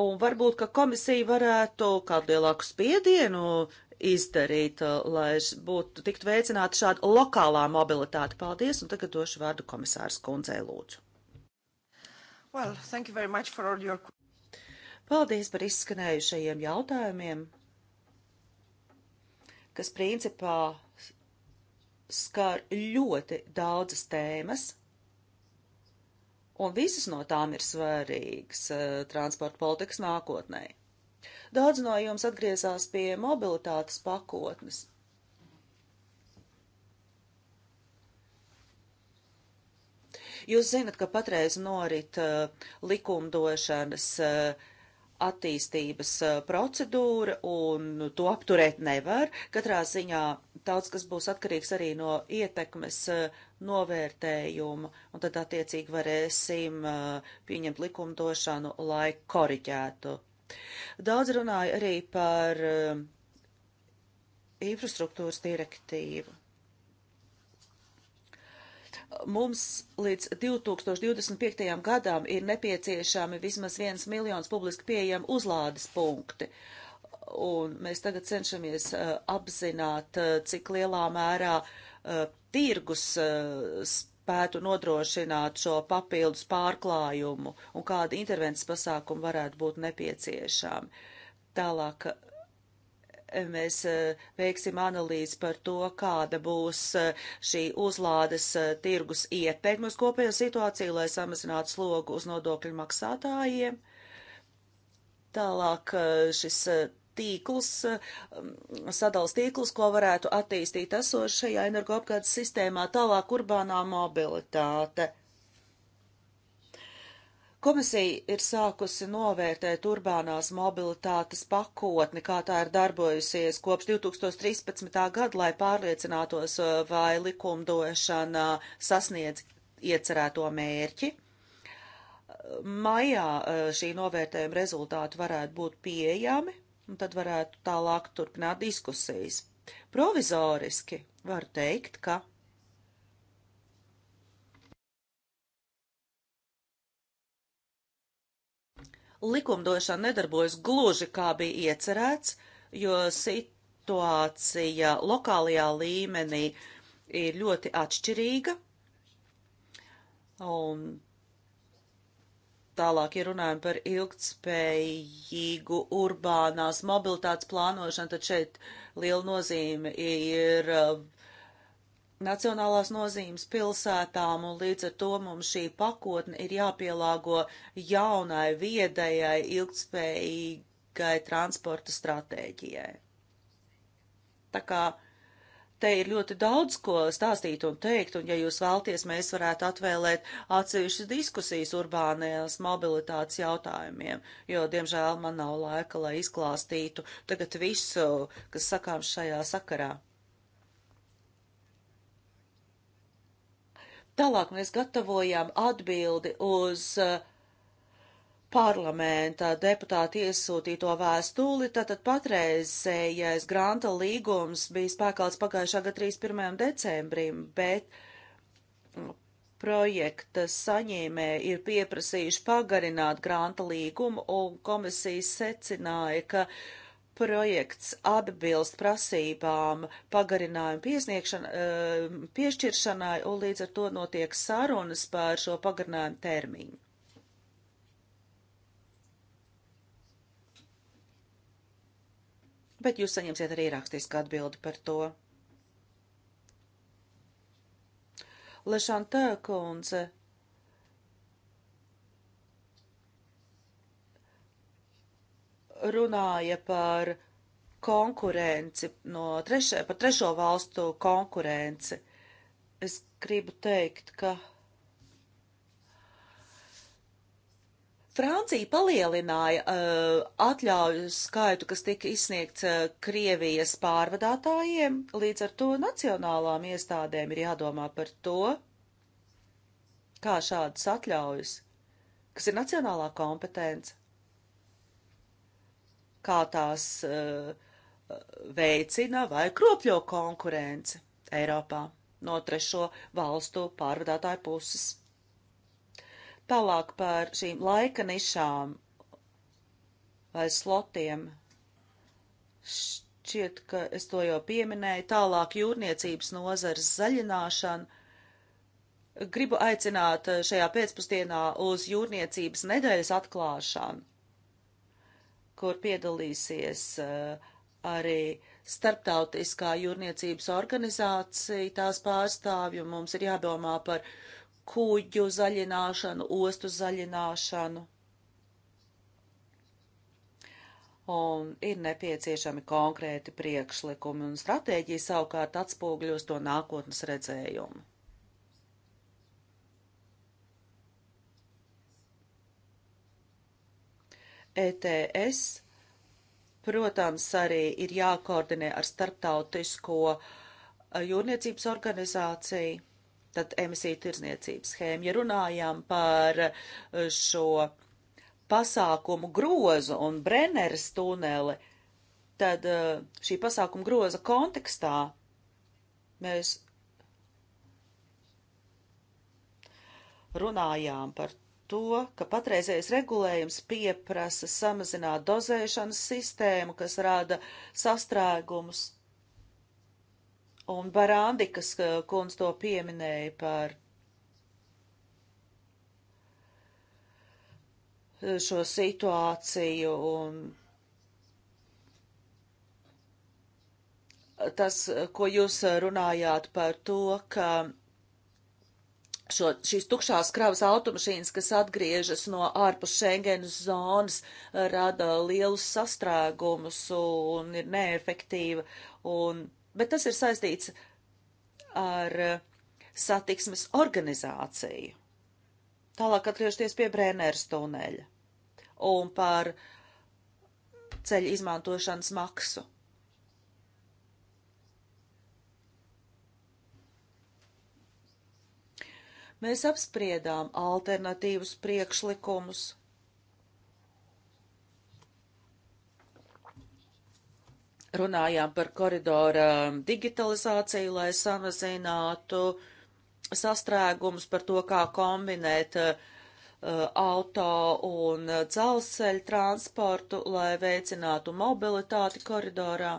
Un varbūt, ka komisija varētu kādu lielāku spiedienu izdarīt, eh, lai būtu tikt veicināta šāda lokālā mobilitāte. Paldies, un tagad došu vārdu komisārs kundzei lūdzu. Well, thank you very much for all your Paldies par izskanējušajiem jautājumiem, kas principā skar ļoti daudzas tēmas, un visas no tām ir svarīgas eh, transporta politikas nākotnē. Daudz no jums atgriezās pie mobilitātes pakotnes. Jūs zinat, ka patreiz norit eh, likumdošanas uh, attīstības eh, procedūra un to apturēt nevar. Katrā ziņā daudz kas būs atkarīgs arī no ietekmes eh, novērtējuma, un tad attiecīgi varēsim eh, pieņemt likumdošanu, lai koriģētu. Daudz runāja arī par infrastruktūras direktīvu mums līdz 2025. gadam ir nepieciešami vismaz viens miljons publiski pieejami uzlādes punkti. Un mēs tagad cenšamies uh, apzināt, uh, cik lielā mērā uh, tirgus uh, spētu nodrošināt šo papildus pārklājumu un kādi intervences pasākumi varētu būt nepieciešami. Tālāk mēs eh, veiksim analīzi par to, kāda būs eh, šī uzlādes eh, tirgus ietekme uz kopējo situāciju, lai samazinātu slogu uz nodokļu maksātājiem. Tālāk šis tīkls, sadals tīkls, ko varētu attīstīt esošajā energoapgādes sistēmā, tālāk urbānā mobilitāte. Komisija ir sākusi novērtēt urbānās mobilitātes pakotni, kā tā ir darbojusies kopš 2013. gada, lai pārliecinātos, eh, vai likumdošana sasniedz iecerēto mērķi. Maijā eh, šī novērtējuma rezultāti varētu būt pieejami, un tad varētu tālāk turpināt diskusijas. Provizoriski var teikt, ka likumdošana nedarbojas gluži kā bija iecerēts, jo situācija lokālajā līmenī ir ļoti atšķirīga. Un tālāk, ja runājam par ilgtspējīgu urbānās mobilitātes plānošanu, tad šeit liela nozīme ir nacionālās nozīmes pilsētām, un līdz ar to mums šī pakotne ir jāpielāgo jaunai, viedajai, ilgtspējīgai transporta stratēģijai. Tā kā te ir ļoti daudz ko stāstīt un teikt, un ja jūs vēlties, mēs varētu atvēlēt atsevišķas diskusijas urbānajās mobilitātes jautājumiem, jo, diemžēl, man nav laika, lai izklāstītu tagad visu, kas sakām šajā sakarā. Tālāk mēs gatavojām atbildi uz eh, parlamenta deputāti iesūtīto vēstuli, tātad patreizējais granta līgums bija spēkāts pagājušā gada 31. decembrim, bet mm, projekta saņēmē ir pieprasījuši pagarināt granta līgumu, un komisija secināja, ka uh, projekts atbilst prasībām pagarinājumu eh, piešķiršanai, un līdz ar to notiek sarunas par šo pagarinājumu termiņu. Bet jūs saņemsiet arī rakstisku atbildi par to. Lešantē kundze runāja par konkurenci, no trešē, par trešo valstu konkurenci. Es gribu teikt, ka Francija palielināja uh, atļauju skaitu, kas tika izsniegts uh, Krievijas pārvadātājiem, līdz ar to nacionālām iestādēm ir jādomā par to, kā šādas atļaujas, kas ir nacionālā kompetence, kā tās uh, veicina vai kropļo konkurenci Eiropā no trešo valstu pārvadātāju puses. Tālāk par šīm laika nišām vai slotiem. Šķiet, ka es to jau pieminēju. Tālāk jūrniecības nozars zaļināšana. Gribu aicināt eh, šajā pēcpusdienā uz jūrniecības nedēļas atklāšanu kur piedalīsies eh, arī starptautiskā jūrniecības organizācija, tās pārstāvju. Mums ir jādomā par kuģu zaļināšanu, ostu zaļināšanu. Un ir nepieciešami konkrēti priekšlikumi, un stratēģija savukārt atspūgļos to nākotnes redzējumu. ETS, protams, arī ir jākoordinē ar starptautisko uh, jūrniecības organizāciju, tad emisiju tirzniecības schēmu. Ja runājām par uh, šo pasākumu grozu un Brenneres tuneli, tad uh, šī pasākuma groza kontekstā mēs runājām par to, ka patreizējais regulējums pieprasa samazināt dozēšanas sistēmu, kas rada sastrēgumus. Un Barandikas kundz to pieminēja par šo situāciju un tas, ko jūs runājāt par to, ka šo, šīs tukšās kravas automašīnas, kas atgriežas no ārpus Schengenas zonas, rada lielus sastrēgumus un ir neefektīva. Un, bet tas ir saistīts ar uh, satiksmes organizāciju. Tālāk atgriežoties pie Brēnēras tuneļa un par ceļu izmantošanas maksu. Mēs apspriedām alternatīvus priekšlikumus. Runājām par koridora digitalizāciju, lai samazinātu sastrēgumus par to, kā kombinēt uh, auto un dzelzceļa transportu, lai veicinātu mobilitāti koridorā.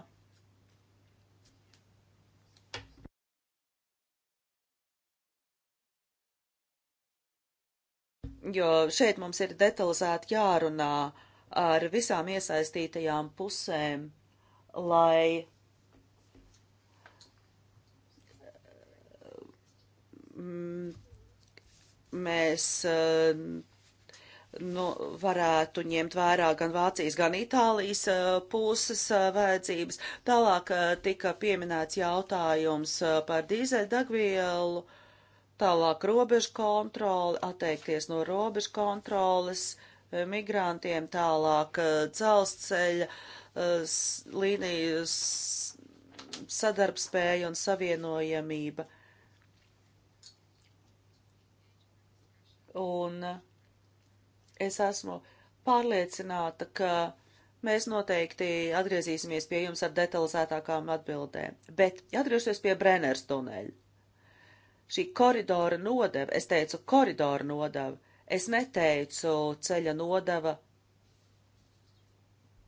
jo šeit mums ir detalizēti jārunā ar visām iesaistītajām pusēm, lai mm, mēs nu, varētu ņemt vērā gan Vācijas, gan Itālijas puses vajadzības. Tālāk tika pieminēts jautājums par dīzeļdagvielu Tālāk robežu kontroli, atteikties no robežu kontroles eh, migrantiem, tālāk eh, dzelzceļa eh, līnijas sadarbspēja un savienojamība. Un es esmu pārliecināta, ka mēs noteikti atgriezīsimies pie jums ar detalizētākām atbildēm. Bet atgriežoties pie Brenners tuneļa šī koridora nodeva, es teicu koridora nodeva, es neteicu ceļa nodeva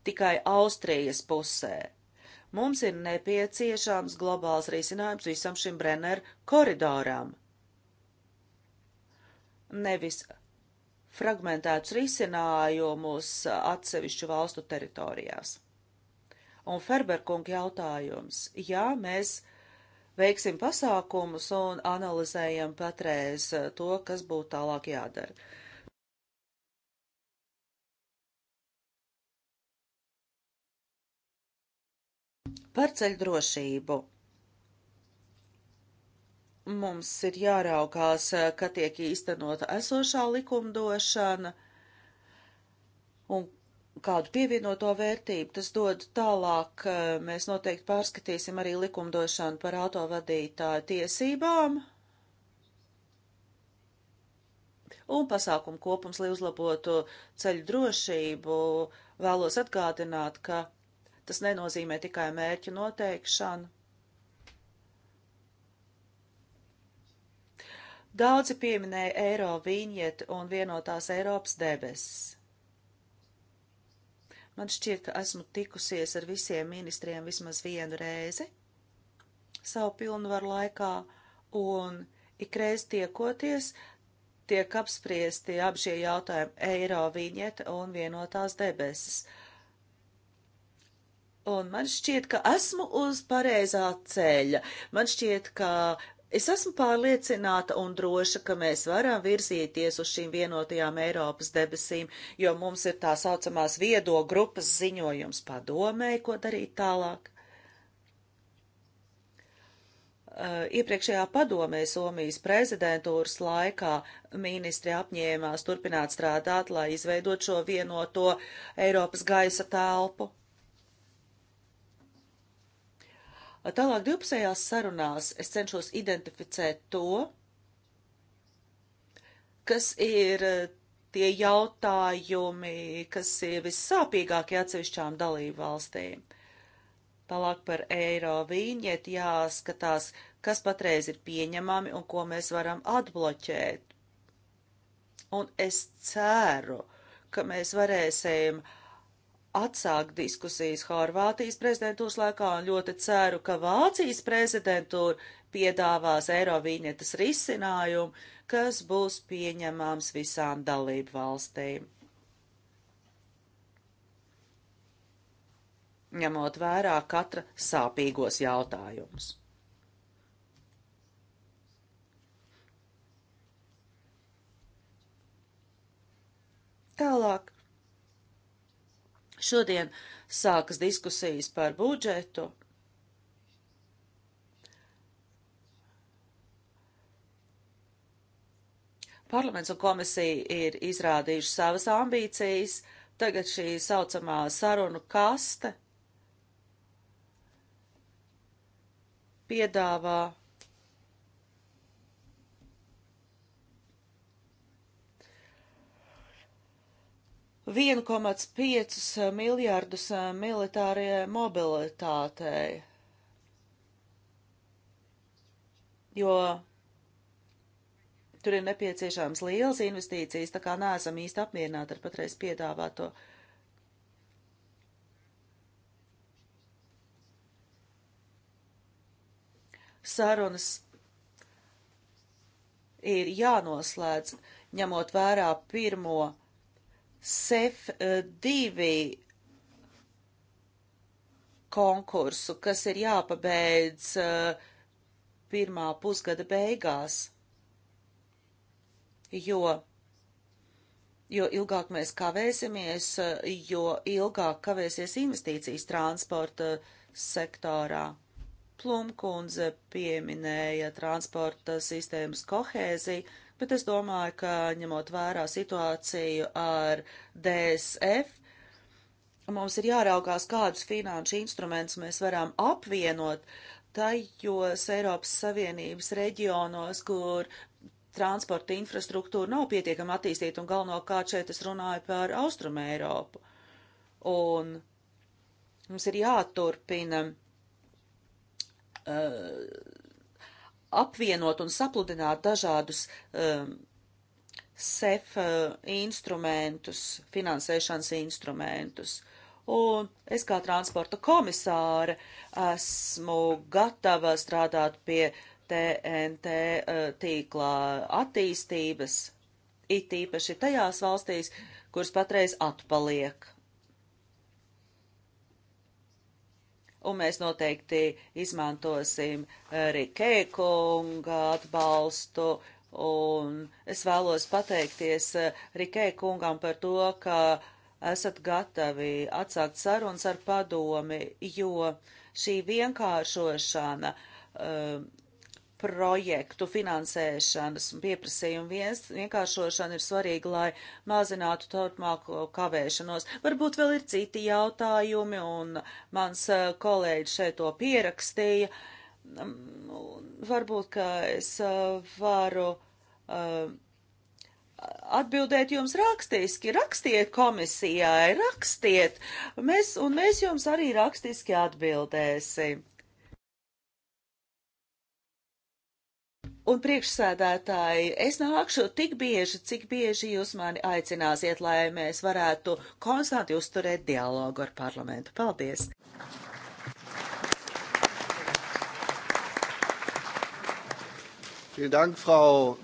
tikai Austrijas pusē. Mums ir nepieciešams globāls risinājums visam šim Brenner koridoram. Nevis fragmentētus risinājumus atsevišķu valstu teritorijās. Un Ferberkunga jautājums, ja mēs uh, veiksim pasākumus un analizējam patreiz eh, to, kas būtu tālāk jādara. Par ceļdrošību mums ir jāraukās, eh, ka tiek īstenota esošā likumdošana un kādu pievienoto vērtību tas dod tālāk. Eh, mēs noteikti pārskatīsim arī likumdošanu par autovadītāju tiesībām un pasākumu kopums, lai uzlabotu ceļu drošību. Vēlos atgādināt, ka tas nenozīmē tikai mērķu noteikšanu. Daudzi pieminēja eiro vīņieti un vienotās Eiropas debesis. Man šķiet, ka esmu tikusies ar visiem ministriem vismaz vienu reizi savu pilnvaru laikā, un ikreiz tiekoties tiek apspriesti abi šie jautājumi - eiro viņeta un vienotās debesis. Un man šķiet, ka esmu uz pareizā ceļa. Man šķiet, ka Es esmu pārliecināta un droša, ka mēs varam virzīties uz šīm vienotajām Eiropas debesīm, jo mums ir tā saucamās viedo grupas ziņojums padomē, ko darīt tālāk. Uh, iepriekšējā padomē Somijas prezidentūras laikā ministri apņēmās turpināt strādāt, lai izveidot šo vienoto Eiropas gaisa telpu. Tālāk divpusējās sarunās es cenšos identificēt to, kas ir eh, tie jautājumi, kas ir vissāpīgākie atsevišķām dalību valstīm. Tālāk par eiro vīņiet jāskatās, kas patreiz ir pieņemami un ko mēs varam atbloķēt. Un es ceru, ka mēs varēsim uh, atsākt diskusijas Horvātijas prezidentūras laikā un ļoti ceru, ka Vācijas prezidentūra piedāvās eirovīņetas risinājumu, kas būs pieņemams visām dalību valstīm. ņemot vērā katra sāpīgos jautājumus. Tālāk Šodien sākas diskusijas par budžetu. Parlaments un komisija ir izrādījuši savas ambīcijas. Tagad šī saucamā sarunu kaste piedāvā 1,5 eh, miljārdus eh, militārajai mobilitātei. Jo tur ir nepieciešams liels investīcijas, tā kā neesam īsti apmierināti ar patreiz piedāvāto. Sarunas ir jānoslēdz, ņemot vērā pirmo SEF 2 eh, konkursu, kas ir jāpabeidz eh, pirmā pusgada beigās, jo jo ilgāk mēs kavēsimies, eh, jo ilgāk kavēsies investīcijas transporta sektorā. Plumkundze pieminēja transporta sistēmas kohēziju bet es domāju, ka ņemot vērā situāciju ar DSF, mums ir jāraugās, kādus finanšu instrumentus mēs varam apvienot tajos Eiropas Savienības reģionos, kur transporta infrastruktūra nav pietiekami attīstīta, un galvenokārt šeit es runāju par Austrumu Eiropu. Un mums ir jāturpina uh, apvienot un sapludināt dažādus um, SEF uh, instrumentus, finansēšanas instrumentus. Un es kā transporta komisāra esmu gatava strādāt pie TNT uh, tīklā attīstības, it īpaši tajās valstīs, kuras patreiz atpaliek un mēs noteikti izmantosim Rikēkunga atbalstu. Un es vēlos pateikties eh, Rikē kungam par to, ka esat gatavi atsākt sarunas ar padomi, jo šī vienkāršošana uh, projektu finansēšanas pieprasījumu viens, vienkāršošana ir svarīga, lai mazinātu turpmāko kavēšanos. Varbūt vēl ir citi jautājumi, un mans eh, kolēģis šeit to pierakstīja. Mm, varbūt, ka es eh, varu eh, atbildēt jums rakstiski, rakstiet komisijai, rakstiet, mēs, un mēs jums arī rakstiski atbildēsim. un priekšsēdētāji, es nākšu tik bieži, cik bieži jūs mani aicināsiet, lai mēs varētu konstanti uzturēt dialogu ar parlamentu. Paldies! Dank, Frau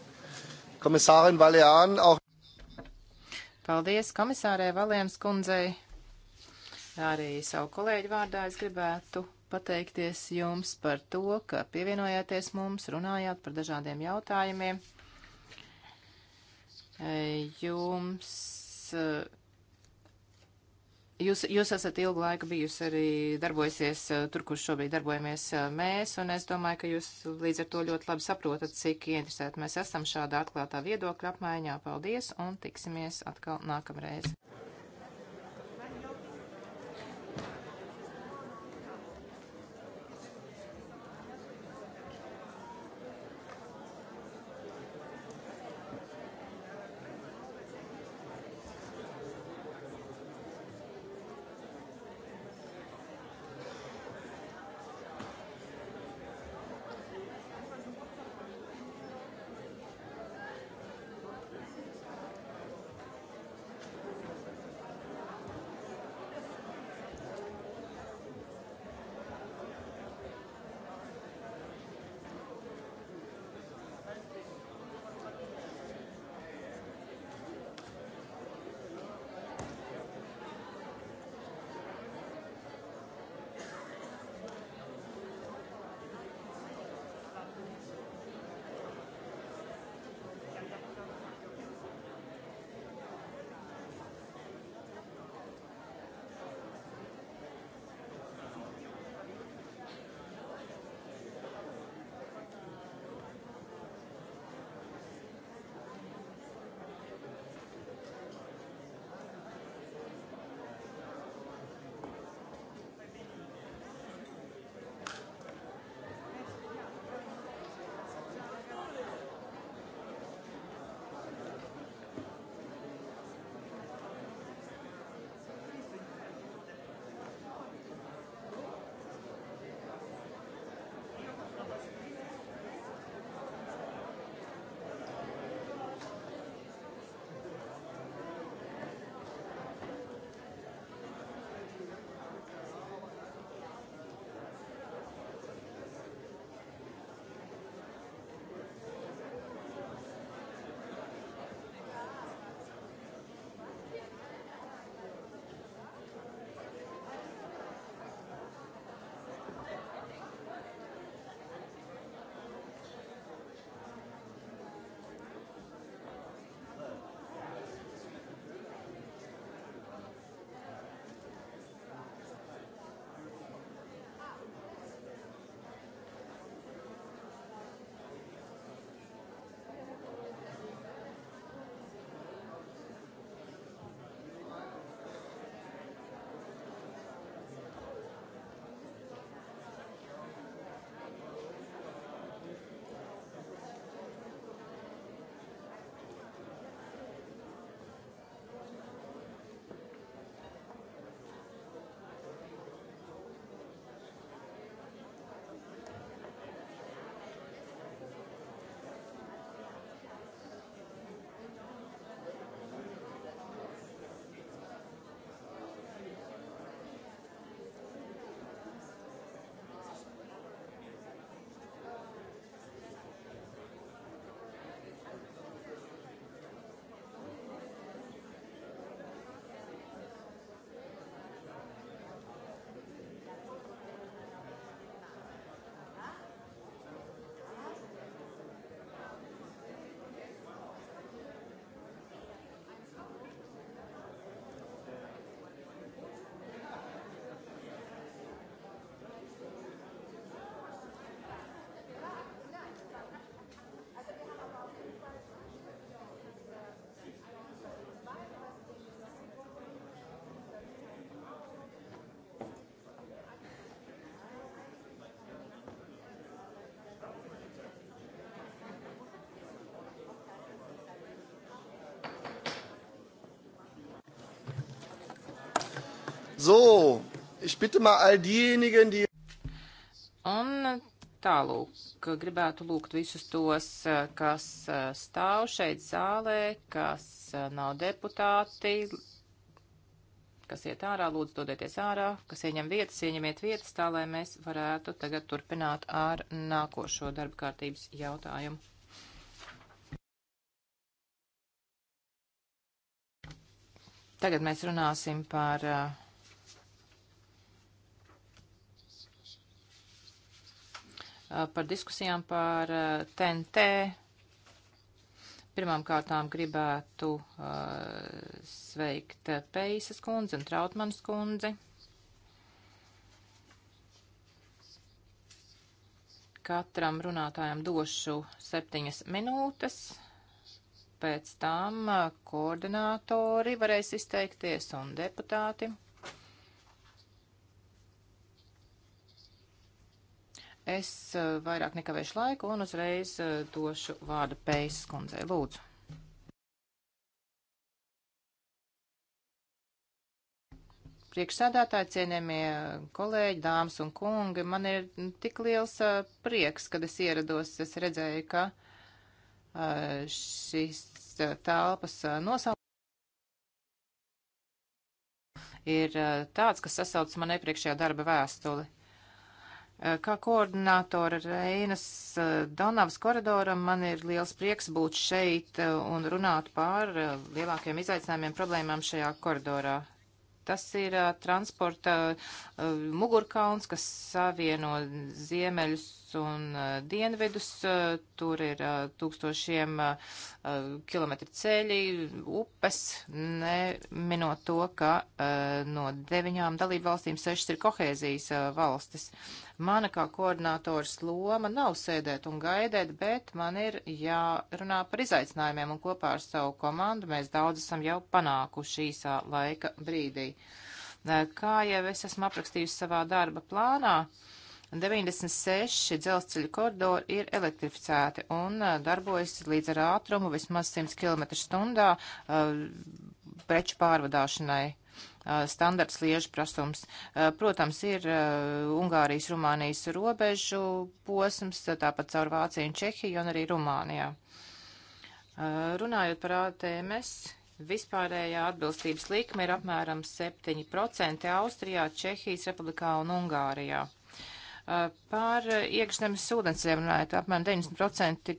Kommissarin Valian, auch Paldies komisārē Valēns kundzei. Arī savu kolēģu vārdā es gribētu pateikties jums par to, ka pievienojāties mums, runājāt par dažādiem jautājumiem. E, jums, e, jūs, jūs esat ilgu laiku bijusi arī darbojusies e, tur, kur šobrīd darbojamies mēs, un es domāju, ka jūs līdz ar to ļoti labi saprotat, cik interesēti mēs esam šādā atklātā viedokļa apmaiņā. Paldies, un tiksimies atkal nākamreiz. So, ich bitte mal all diejenigen, die. Un tālūk gribētu lūgt visus tos, eh, kas eh, stāv šeit zālē, kas eh, nav deputāti, kas iet ārā, lūdzu dodieties ārā, kas ieņem vietas, ieņemiet vietas, tā lai mēs varētu tagad turpināt ar nākošo darba kārtības jautājumu. Tagad mēs runāsim par uh, Eh, par diskusijām par TNT. Eh, Pirmām kārtām gribētu eh, sveikt Peisas kundzi un Trautmanas kundzi. Katram runātājam došu septiņas minūtes pēc tam koordinātori varēs izteikties un deputāti. Es eh, vairāk nekavēšu laiku un uzreiz eh, došu vārdu Pējas kundzei. Lūdzu. Priekšsēdētāji, cienījamie eh, kolēģi, dāmas un kungi, man ir mm, tik liels prieks, kad es ierados. Es redzēju, ka šīs telpas nosaukums ir tāds, kas sasauc man iepriekšējā darba vēstuli. Eh, kā koordinātora Reinas eh, Donavas koridoram man ir liels prieks būt šeit eh, un runāt pār lielākiem izaicinājumiem problēmām šajā koridorā. Tas ir uh, transporta uh, mugurkauns, kas savieno ziemeļus un uh, dienvidus. Tur ir tūkstošiem kilometru ceļi, upes, neminot to, ka no deviņām dalību valstīm sešas ir kohēzijas valstis. Mana kā koordinātors loma nav sēdēt un gaidēt, bet man ir jārunā par izaicinājumiem un kopā ar savu komandu mēs daudz esam jau panākuši īsā laika brīdī. Kā jau es esmu aprakstījusi savā darba plānā, 96 dzelzceļa koridori ir elektrificēti un eh, darbojas līdz ar ātrumu vismaz 100 km stundā eh, preču pārvadāšanai standarts liežu prasums. Protams, ir Ungārijas, Rumānijas robežu posms, tāpat caur Vāciju un Čehiju un arī Rumānijā. Runājot par ATMS, vispārējā atbilstības likme ir apmēram 7% Austrijā, Čehijas republikā un Ungārijā. Par iekšzemes ūdensiem runājot, apmēram 90%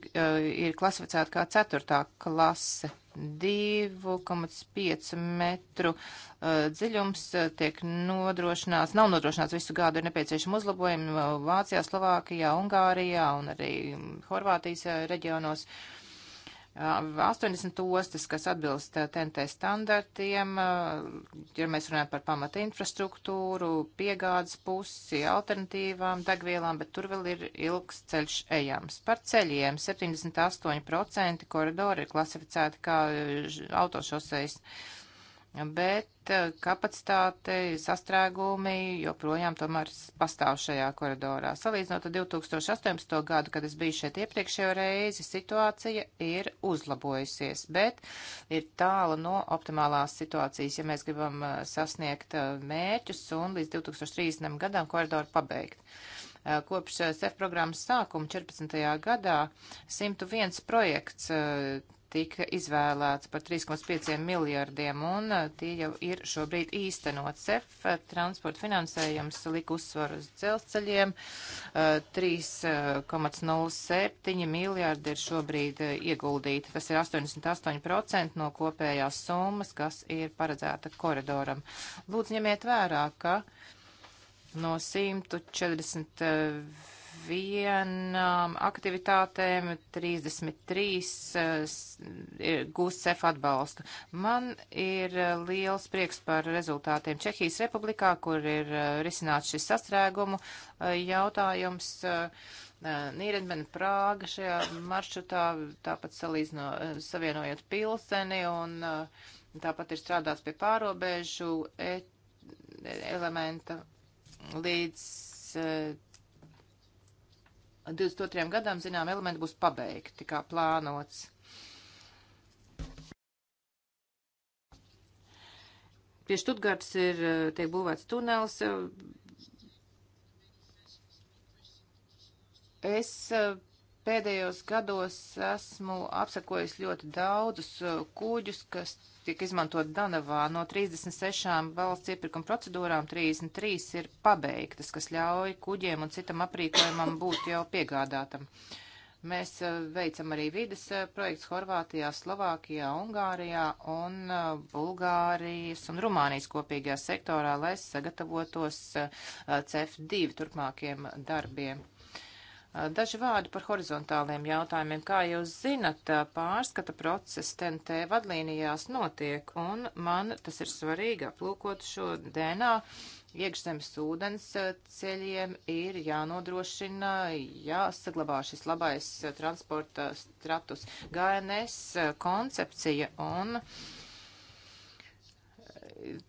ir klasificēta kā ceturtā klase 2,5 metru uh, dziļums uh, tiek nodrošināts, nav nodrošināts visu gadu, ir nepieciešama uzlabojuma Vācijā, Slovākijā, Ungārijā un arī Horvātijas uh, reģionos. Uh, 80 ostas, kas atbilst TNT standartiem, ja mēs runājam par pamata infrastruktūru, piegādes pusi, alternatīvām degvielām, bet tur vēl ir ilgs ceļš ejams. Par ceļiem 78% koridori ir klasificēti kā autošoseis. Uh, bet eh, kapacitāte, sastrēgumi joprojām tomēr pastāv šajā koridorā. Salīdzinot ar 2018. gadu, kad es biju šeit iepriekšējo reizi, situācija ir uzlabojusies, bet ir tālu no optimālās situācijas, ja mēs gribam eh, sasniegt eh, mērķus un līdz 2030. gadam koridoru pabeigt. Kopš SEF programmas sākuma 14. gadā 101 projekts tika izvēlēts par 3,5 miljardiem, un eh, tie jau ir šobrīd īstenot. CEF eh, transporta finansējums lika uzsvaru uz dzelzceļiem. 3,07 eh, miljardi ir šobrīd ieguldīti. Tas ir 88% no kopējās summas, kas ir paredzēta koridoram. Lūdzu, ņemiet vērā, ka no 140 vienām aktivitātēm 33 eh, gūst CEF atbalstu. Man ir eh, liels prieks par rezultātiem Čehijas republikā, kur ir eh, risināts šis sastrēgumu jautājums. Nīredmena Prāga šajā maršrutā, tāpat salīdzino, savienojot Pilseni un tāpat ir strādāts pie pārobežu e elementa līdz 22. gadam, zinām, elementi būs pabeigti, kā plānots. Pie Štutgārdas ir eh, tiek būvēts tunels. Es eh, Pēdējos gados esmu apsakojis ļoti daudzus uh, kuģus, kas tiek izmantot Danavā. No 36 valsts iepirkuma procedūrām 33 ir pabeigtas, kas ļauj kuģiem un citam aprīkojumam būt jau piegādātam. Mēs uh, veicam arī vides uh, projekts Horvātijā, Slovākijā, Ungārijā un Bulgārijas un Rumānijas kopīgajā sektorā, lai sagatavotos CEF2 turpmākiem darbiem. Daži vārdi par horizontāliem jautājumiem. Kā jūs zinat, pārskata process TNT vadlīnijās notiek, un man tas ir svarīgi aplūkot šo DNA. Iekšzemes ūdens e, ceļiem ir jānodrošina, jāsaglabā šis labais e, transporta e, stratus, GNS koncepcija un uh,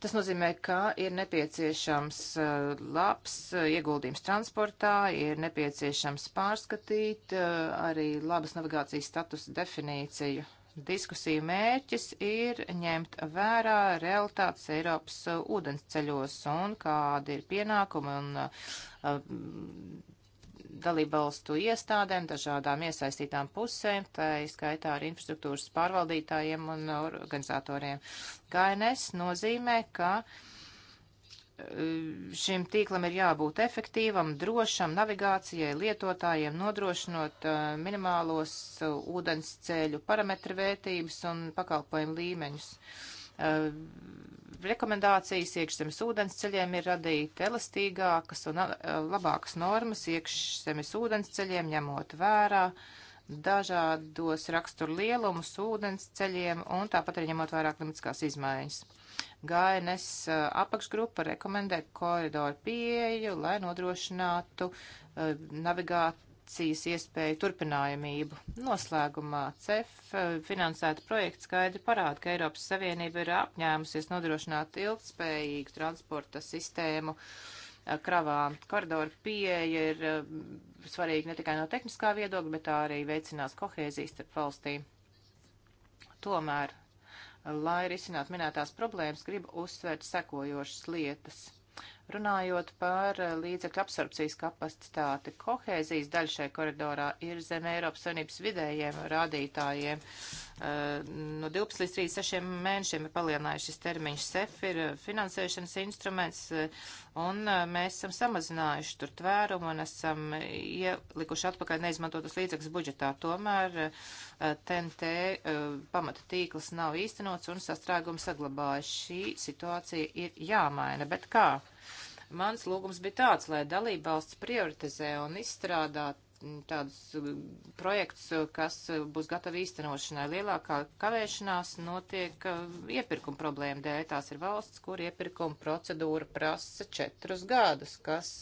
Tas nozīmē, ka ir nepieciešams uh, labs uh, ieguldījums transportā, ir nepieciešams pārskatīt uh, arī labas navigācijas statusa definīciju. Diskusiju mērķis ir ņemt vērā realitātes Eiropas ūdensceļos un kādi ir pienākumi un dalībvalstu iestādēm, dažādām iesaistītām pusēm, tā izskaitā ar infrastruktūras pārvaldītājiem un organizatoriem. KNS nozīmē, ka eh, šim tīklam ir jābūt efektīvam, drošam navigācijai, lietotājiem, nodrošinot uh, minimālos uh, eh, ūdens ceļu parametru vērtības un pakalpojumu līmeņus. Uh, Eh, rekomendācijas iekšzemes ūdens ceļiem ir radīt elastīgākas un eh, labākas normas iekšzemes ūdens ceļiem, ņemot vērā dažādos raksturu lielumus ūdens ceļiem un tāpat arī ņemot vērā klimatiskās izmaiņas. GNS eh, apakšgrupa rekomendē koridoru pieeju, lai nodrošinātu navigāt koordinācijas iespēju turpinājumību. Noslēgumā CEF eh, finansēta projekta skaidri parāda, ka Eiropas Savienība ir apņēmusies nodrošināt ilgspējīgu transporta sistēmu eh, kravām. Koridoru pieeja ir eh, svarīga ne tikai no tehniskā viedokļa, bet tā arī veicinās kohēzijas starp valstīm. Tomēr, lai risinātu minētās problēmas, gribu uzsvērt sekojošas lietas. Runājot par eh, līdzekļu absorpcijas kapacitāti, kohēzijas daļa šajā koridorā ir zem Eiropas Savienības vidējiem rādītājiem. Eh, no 12 līdz 36 mēnešiem ir palielinājušies termiņš SEF, ir eh, finansēšanas instruments, un mēs esam samazinājuši tur tvērumu un esam ielikuši atpakaļ neizmantotas līdzekļas budžetā. Tomēr TNT pamata tīkls nav īstenots un sastrēgums saglabājas. Šī situācija ir jāmaina, bet kā? Mans lūgums bija tāds, lai dalība valsts prioritizē un izstrādā tādus uh, projektus, uh, kas uh, būs gatavi īstenošanai. Lielākā kavēšanās notiek iepirkuma problēma dēļ. Tās ir valsts, kur iepirkuma procedūra prasa četrus gadus, kas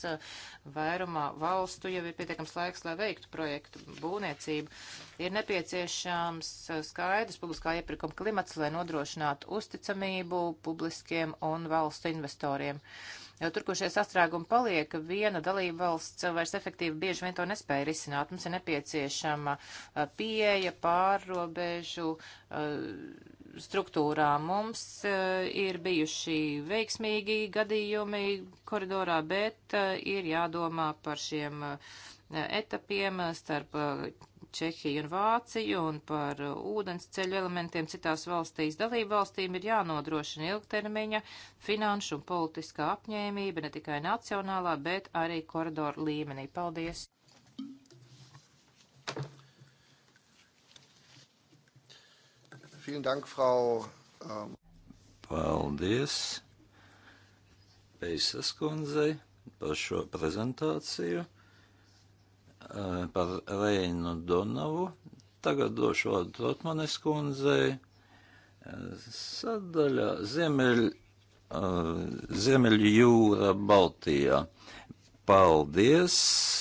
vairumā valstu jau ir pietiekams laiks, lai veiktu projektu būvniecību. Ir nepieciešams skaidrs publiskā iepirkuma klimats, lai nodrošinātu uzticamību publiskiem un valstu investoriem. Uh, Jo tur, kur šie sastrēgumi paliek, viena dalība valsts vairs efektīvi bieži vien to nespēja risināt. Mums ir nepieciešama pieeja pārrobežu struktūrām. Mums ir bijuši veiksmīgi gadījumi koridorā, bet ir jādomā par šiem. Uh, etapiem eh, starp eh, Čehiju un Vāciju un par eh, ūdens ceļu elementiem citās valstīs. Dalību valstīm ir jānodrošina ilgtermiņa finanšu un politiskā apņēmība ne tikai nacionālā, bet arī koridoru līmenī. Paldies! Vielen Dank, Frau. Um... Paldies, Peisas kundzei, par šo prezentāciju par Reinu Donavu. Tagad došu vārdu Trotmanes kundzei. Sadaļa Ziemeļ, Ziemeļ jūra Baltijā. Paldies!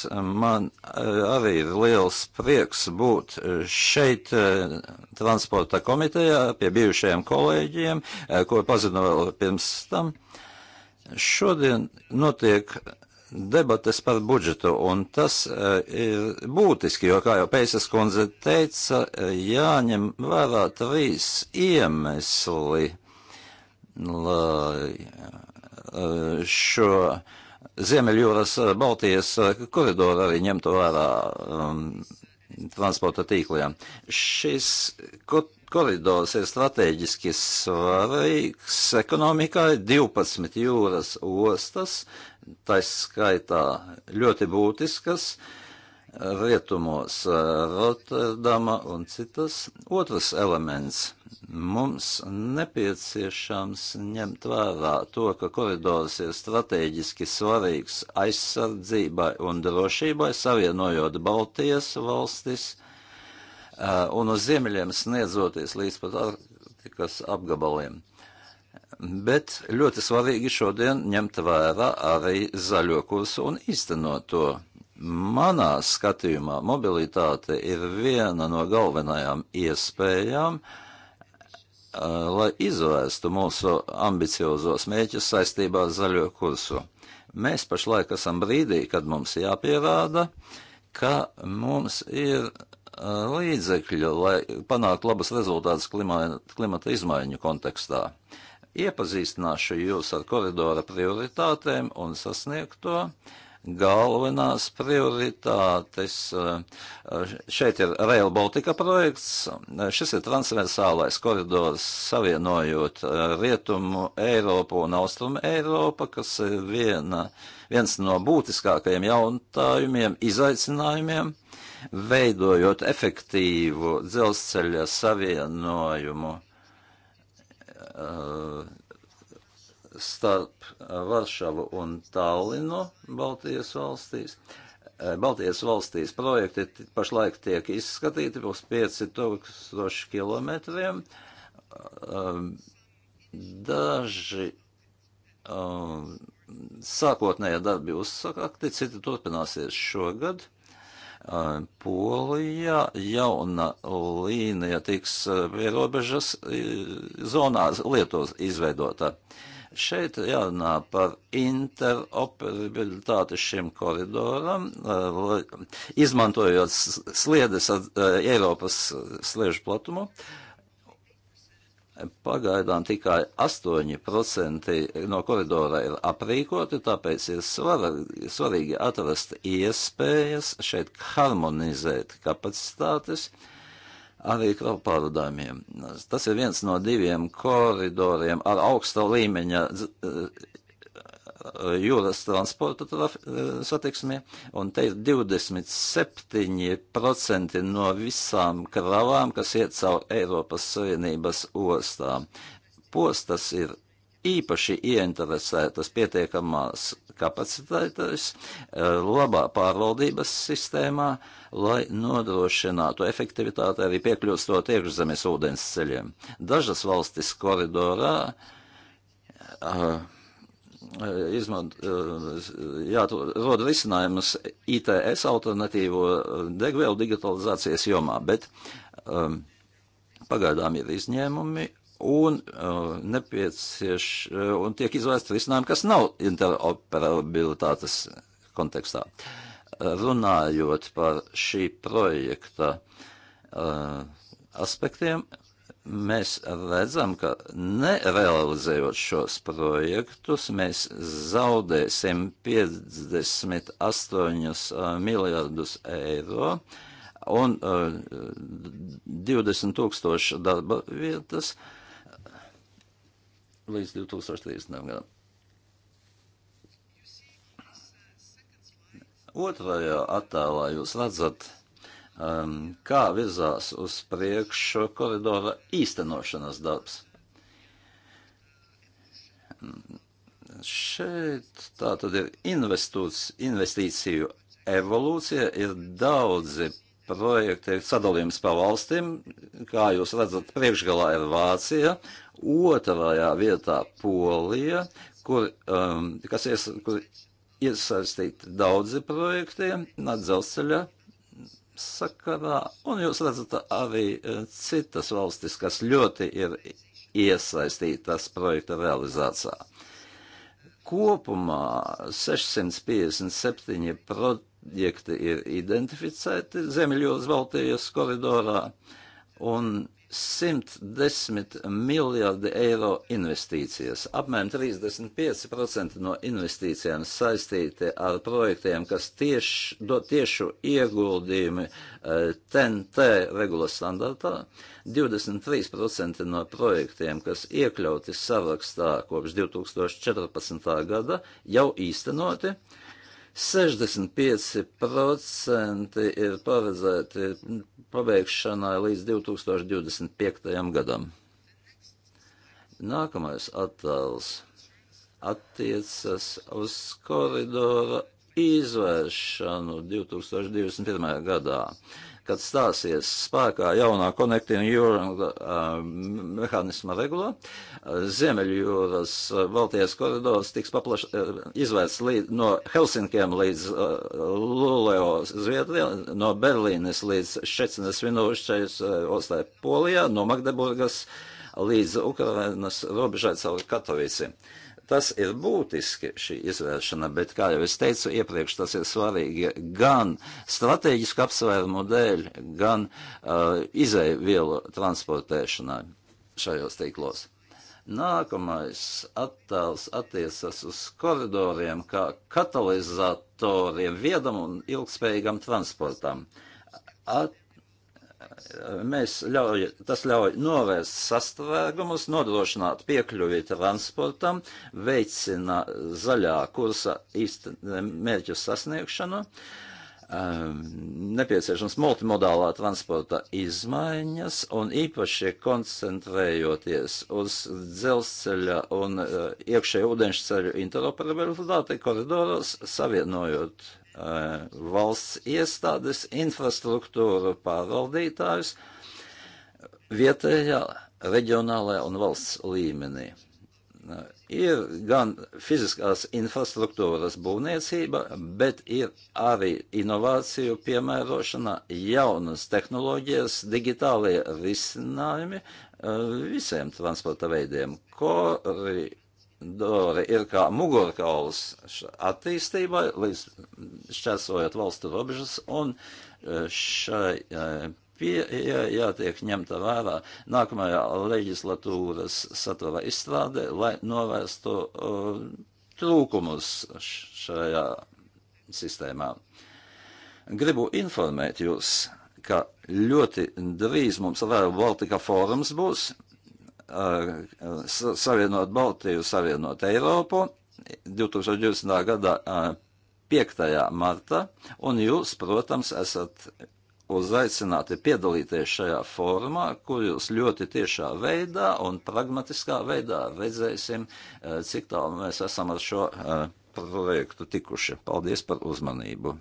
Man arī ir liels prieks būt šeit transporta komitejā pie bijušajiem kolēģiem, ko pazinu vēl pirms tam. Šodien notiek debates par budžetu, un tas uh, ir būtiski, jo, kā jau Pēcas kundze teica, e, jāņem vērā trīs iemesli, lai uh, šo Ziemeļjūras Baltijas koridoru arī ņemtu vērā um, transporta tīkliem. Šis koridors ir strateģiski svarīgs ekonomikai 12 jūras ostas, uh, taisa skaitā ļoti būtiskas rietumos eh, Rotterdama un citas. Otrs elements mums nepieciešams ņemt vērā to, ka koridors ir strateģiski svarīgs aizsardzībai un drošībai, savienojot Baltijas valstis eh, un uz ziemeļiem sniedzoties līdz pat Arktikas apgabaliem bet ļoti svarīgi šodien ņemt vērā arī zaļo kursu un īstenot to. Manā skatījumā mobilitāte ir viena no galvenajām iespējām, eh, lai izvērstu mūsu ambiciozos mēķus saistībā ar zaļo kursu. Mēs pašlaik esam brīdī, kad mums jāpierāda, ka mums ir eh, līdzekļi, lai panāktu labus rezultātus klimata, klimata izmaiņu kontekstā. Uh, Iepazīstināšu jūs ar koridora prioritātēm un sasniegto galvenās prioritātes. Eh, šeit ir Rail Baltica projekts. Šis ir transversālais koridors savienojot eh, Rietumu Eiropu un Austrumu Eiropu, kas ir viena, viens no būtiskākajiem jautājumiem, izaicinājumiem, veidojot efektīvu dzelzceļa savienojumu Uh, starp Varšavu un Tallinu Baltijas valstīs. Uh, Baltijas valstīs projekti pašlaik tiek izskatīti uz 5000 kilometriem. Um, daži um, sākotnējā darbi uzsakti, citi turpināsies šogad. Polijā jauna līnija tiks ierobežas zonās Lietuvas izveidota. Šeit jārunā par interoperabilitāti šim koridoram, izmantojot sliedes ar Eiropas sliežu platumu. Uh, Pagaidām tikai 8% no koridora ir aprīkoti, tāpēc ir svara, svarīgi atrast iespējas šeit harmonizēt kapacitātes arī pārvadājumiem. Tas ir viens no diviem koridoriem ar augsta līmeņa jūras transporta traf, e, satiksmē, un te ir 27% no visām kravām, kas iet caur Eiropas Savienības ostām. Postas ir īpaši ieinteresētas pietiekamās kapacitātes, e, labā pārvaldības sistēmā, lai nodrošinātu efektivitāti arī piekļūstot iekšzemes ūdens ceļiem. Dažas valstis koridorā uh, izmant, jārod risinājumus ITS alternatīvo degvielu digitalizācijas jomā, bet um, pagaidām ir izņēmumi un, uh, nepiecieš, un tiek izvērsti risinājumi, kas nav interoperabilitātes kontekstā. Runājot par šī projekta uh, aspektiem, mēs redzam, ka nerealizējot šos projektus, mēs zaudēsim 58 eh, miljardus eiro un 20 eh, tūkstoši darba vietas līdz 2030. gadam. Otrajā attēlā jūs redzat um, kā virzās uz priekšu koridora īstenošanas darbs. Šeit tā tad ir investīciju evolūcija, ir daudzi projekti, ir sadalījums pa valstīm, kā jūs redzat, priekšgalā ir Vācija, otrajā vietā Polija, kur, um, kas ies, kur iesaistīti daudzi projekti, dzelzceļa sakarā, un jūs redzat arī e, citas valstis, kas ļoti ir iesaistītas projekta realizācijā. Kopumā 657 projekti ir identificēti Zemļos Baltijas koridorā, un 110 miljardi eiro investīcijas. Apmēram 35% no investīcijām saistīti ar projektiem, kas tieši, dod tiešu ieguldījumi TNT eh, regulas standartā. 23% no projektiem, kas iekļauti sarakstā kopš 2014. gada, jau īstenoti. Uh, 65% ir paredzēti pabeigšanai līdz 2025. gadam. Nākamais attēls attiecas uz koridora izvēršanu 2021. gadā kad stāsies spēkā jaunā Connecting Europe uh, mehānisma regulā, uh, Ziemeļjūras uh, Baltijas koridors tiks paplaš, uh, izvērts līd, no Helsinkiem līdz uh, Luleo Zviedrijā, no Berlīnes līdz Šecinas Vinovišķais uh, ostai Polijā, no Magdeburgas līdz Ukrainas robežai caur Katoviciem. Uh, Tas ir būtiski šī izvēršana, bet, kā jau es teicu iepriekš, tas ir svarīgi gan strateģisku apsvērumu dēļ, gan uh, izēju vielu transportēšanai šajos tīklos. Nākamais attēls attiecas uz koridoriem kā katalizatoriem viedam un ilgspējīgam transportam. At mēs ļauj, tas ļauj novērst sastrēgumus, nodrošināt piekļuvi transportam, veicina zaļā kursa īsta mērķu sasniegšanu. Um, nepieciešams multimodālā transporta izmaiņas un īpaši koncentrējoties uz dzelzceļa un uh, iekšēju ūdenšceļu interoperabilitāti koridoros, savienojot Uh, valsts iestādes, infrastruktūru pārvaldītājus vietējā, reģionālajā un valsts līmenī. Uh, ir gan fiziskās infrastruktūras būvniecība, bet ir arī inovāciju piemērošana, jaunas tehnoloģijas, digitālie risinājumi uh, visiem transporta veidiem, kori koridori ir kā mugurkauls attīstībai, līdz šķērsojot valstu robežas, un e, šai e, pieeja jātiek ņemta vērā nākamajā leģislatūras satura izstrādē, lai novērstu uh, trūkumus šajā sistēmā. Gribu informēt jūs, ka ļoti drīz mums vēl Baltika fórums būs, Uh, savienot Baltiju, savienot Eiropu 2020. gada 5. Uh, marta, un jūs, protams, esat uzaicināti piedalīties šajā formā, kur jūs ļoti tiešā veidā un pragmatiskā veidā redzēsim, uh, cik tālu mēs esam ar šo projektu tikuši. Paldies par uzmanību!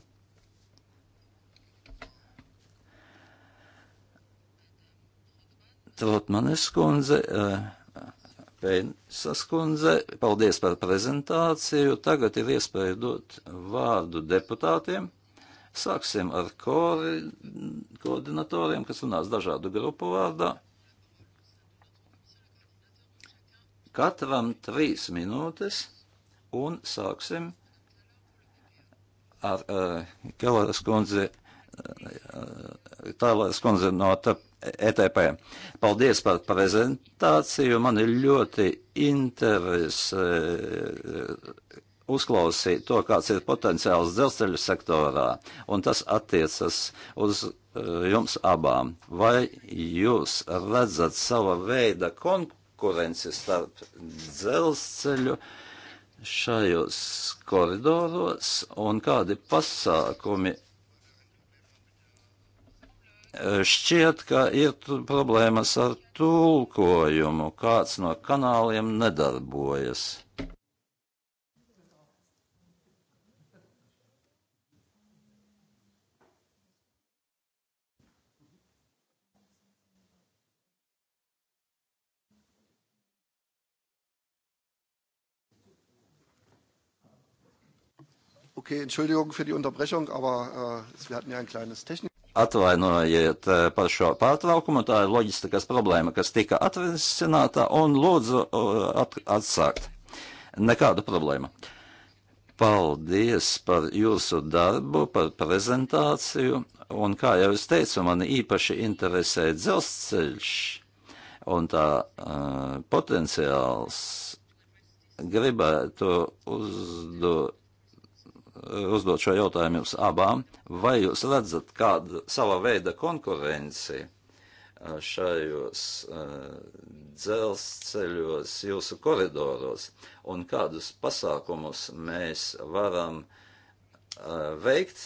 Lotmanes kundze, eh, Pēnsas kundze, paldies par prezentāciju. Tagad ir iespēja dot vārdu deputātiem. Sāksim ar koori, koordinatoriem, kas runās dažādu grupu vārdā. Katram trīs minūtes un sāksim ar uh, Kelleres kundzi, uh, Tālēras kundzi no TAP ETP. Paldies par prezentāciju. Man ir ļoti interesi e, uzklausīt to, kāds ir potenciāls dzelzceļu sektorā, un tas attiecas uz e, jums abām. Vai jūs redzat sava veida konkurenci starp dzelzceļu? šajos koridoros un kādi pasākumi Šķiet, ka ir problēmas ar tulkojumu. Kāds no kanāliem nedarbojas. Okay, Entschuldigung für die Unterbrechung, aber äh, wir hatten ja ein kleines Technik. Atvainojiet eh, par šo pārtraukumu, tā ir loģistikas problēma, kas tika atrisināta un lūdzu eh, at atsākt. Nekāda problēma. Paldies par jūsu darbu, par prezentāciju, un kā jau es teicu, mani īpaši interesē dzelzceļš un tā uh, potenciāls. Gribētu uzdot uzdot šo jautājumu jums abām. Vai jūs redzat kādu sava veida konkurenci šajos dzelzceļos, jūsu koridoros, un kādus pasākumus mēs varam veikt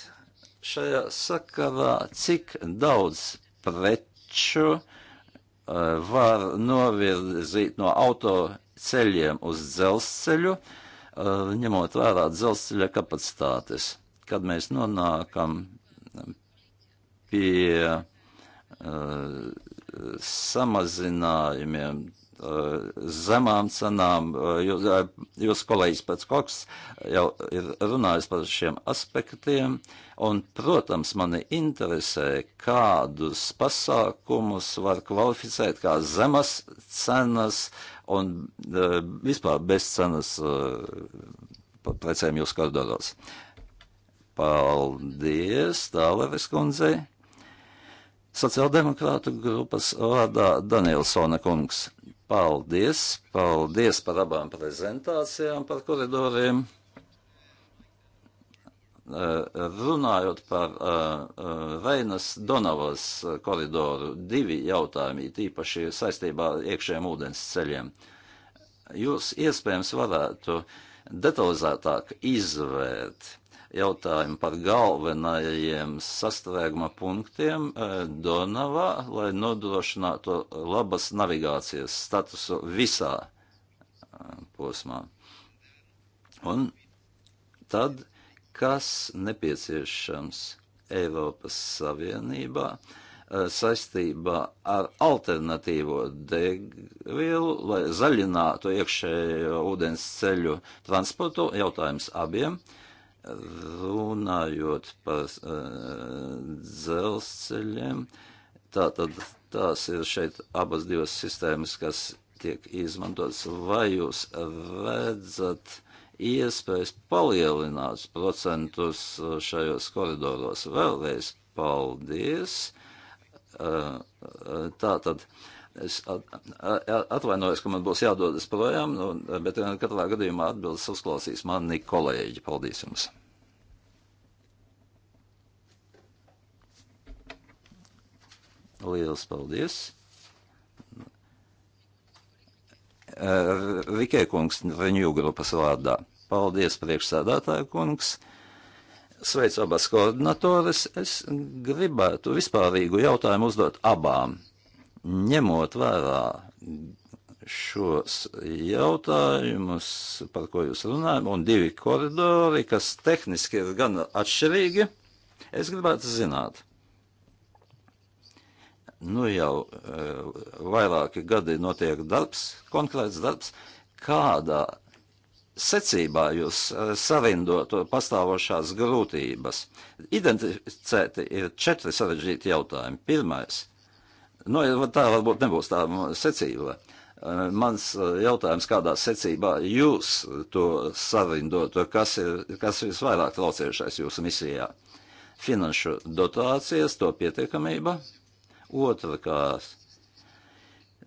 šajā sakarā, cik daudz preču var novirzīt no auto ceļiem uz dzelzceļu, uh, Eh, ņemot vērā dzelzceļa kapacitātes. Kad mēs nonākam pie eh, samazinājumiem, eh, zemām cenām. Jūs, jūs kolēģis pēc koks jau ir runājis par šiem aspektiem, un, protams, mani interesē, kādus pasākumus var kvalificēt kā zemas cenas un e, vispār bez cenas e, precēm jūs kardoros. Paldies, Tāleres kundzei. Sociāldemokrātu grupas vārdā Danielsona kungs. Paldies, paldies par abām prezentācijām, par koridoriem. Eh, eh, runājot par eh, Veinas Donavas koridoru, divi jautājumi, tīpaši saistībā ar iekšējiem ūdens ceļiem. Jūs iespējams varētu detalizētāk izvērt jautājumu par galvenajiem sastrēguma punktiem Donavā, lai nodrošinātu labas navigācijas statusu visā posmā. Un tad kas nepieciešams Eiropas Savienībā eh, saistībā ar alternatīvo degvielu, lai zaļinātu iekšējo ūdens ceļu transportu. Jautājums abiem. Runājot par uh, dzelzceļiem, tātad tās ir šeit abas divas sistēmas, kas tiek izmantotas. Vai jūs redzat? iespējas palielināt procentus uh, šajos koridoros. Vēlreiz paldies! Uh, uh, tā tad. Es atvainojos, ka man būs jādodas projām, nu, bet katrā gadījumā atbildes uzklausīs mani kolēģi. Paldies jums! Lielas paldies! Eh, Rikē kungs, Reņģu grupas vārdā. Paldies, priekšsādātāja kungs. Sveicu abas koordinatoras. Es gribētu vispārīgu jautājumu uzdot abām. Ņemot vērā šos jautājumus, par ko jūs runājat, un divi koridori, kas tehniski ir gan atšķirīgi, es gribētu zināt, nu jau eh, vairāki gadi notiek darbs, konkrēts darbs, kādā secībā jūs eh, savindot pastāvošās grūtības. Identificēti ir četri sarežģīti jautājumi. Pirmais, nu, tā varbūt nebūs tā secība. Eh, mans jautājums, kādā secībā jūs to savindot, kas ir, kas ir visvairāk traucējušais jūsu misijā? Finanšu dotācijas, to pietiekamība, Otrakārt,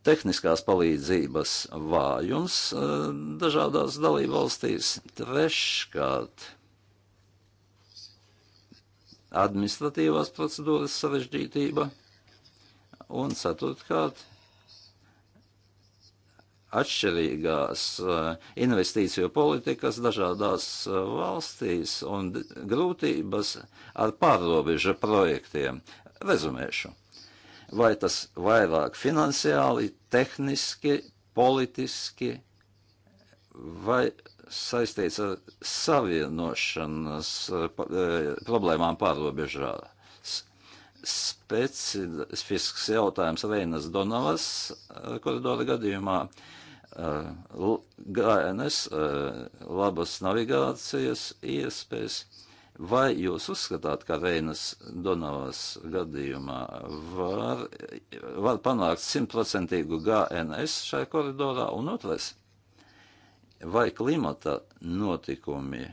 tehniskās palīdzības vājums e, dažādās dalībvalstīs. Treškārt, administratīvās procedūras sarežģītība. Un ceturtkārt, atšķirīgās e, investīciju politikas dažādās e, valstīs un grūtības ar pārrobežu projektiem. Rezumēšu vai tas vairāk finansiāli, tehniski, politiski vai saistīts ar savienošanas eh, eh, problēmām pārobežā. Specifisks jautājums Reinas Donavas eh, koridora gadījumā. GNS, labas navigācijas iespējas Vai jūs uzskatāt, ka Reinas Donavas gadījumā var, var panākt simtprocentīgu GNS šajā koridorā? Un otrais, vai klimata notikumi,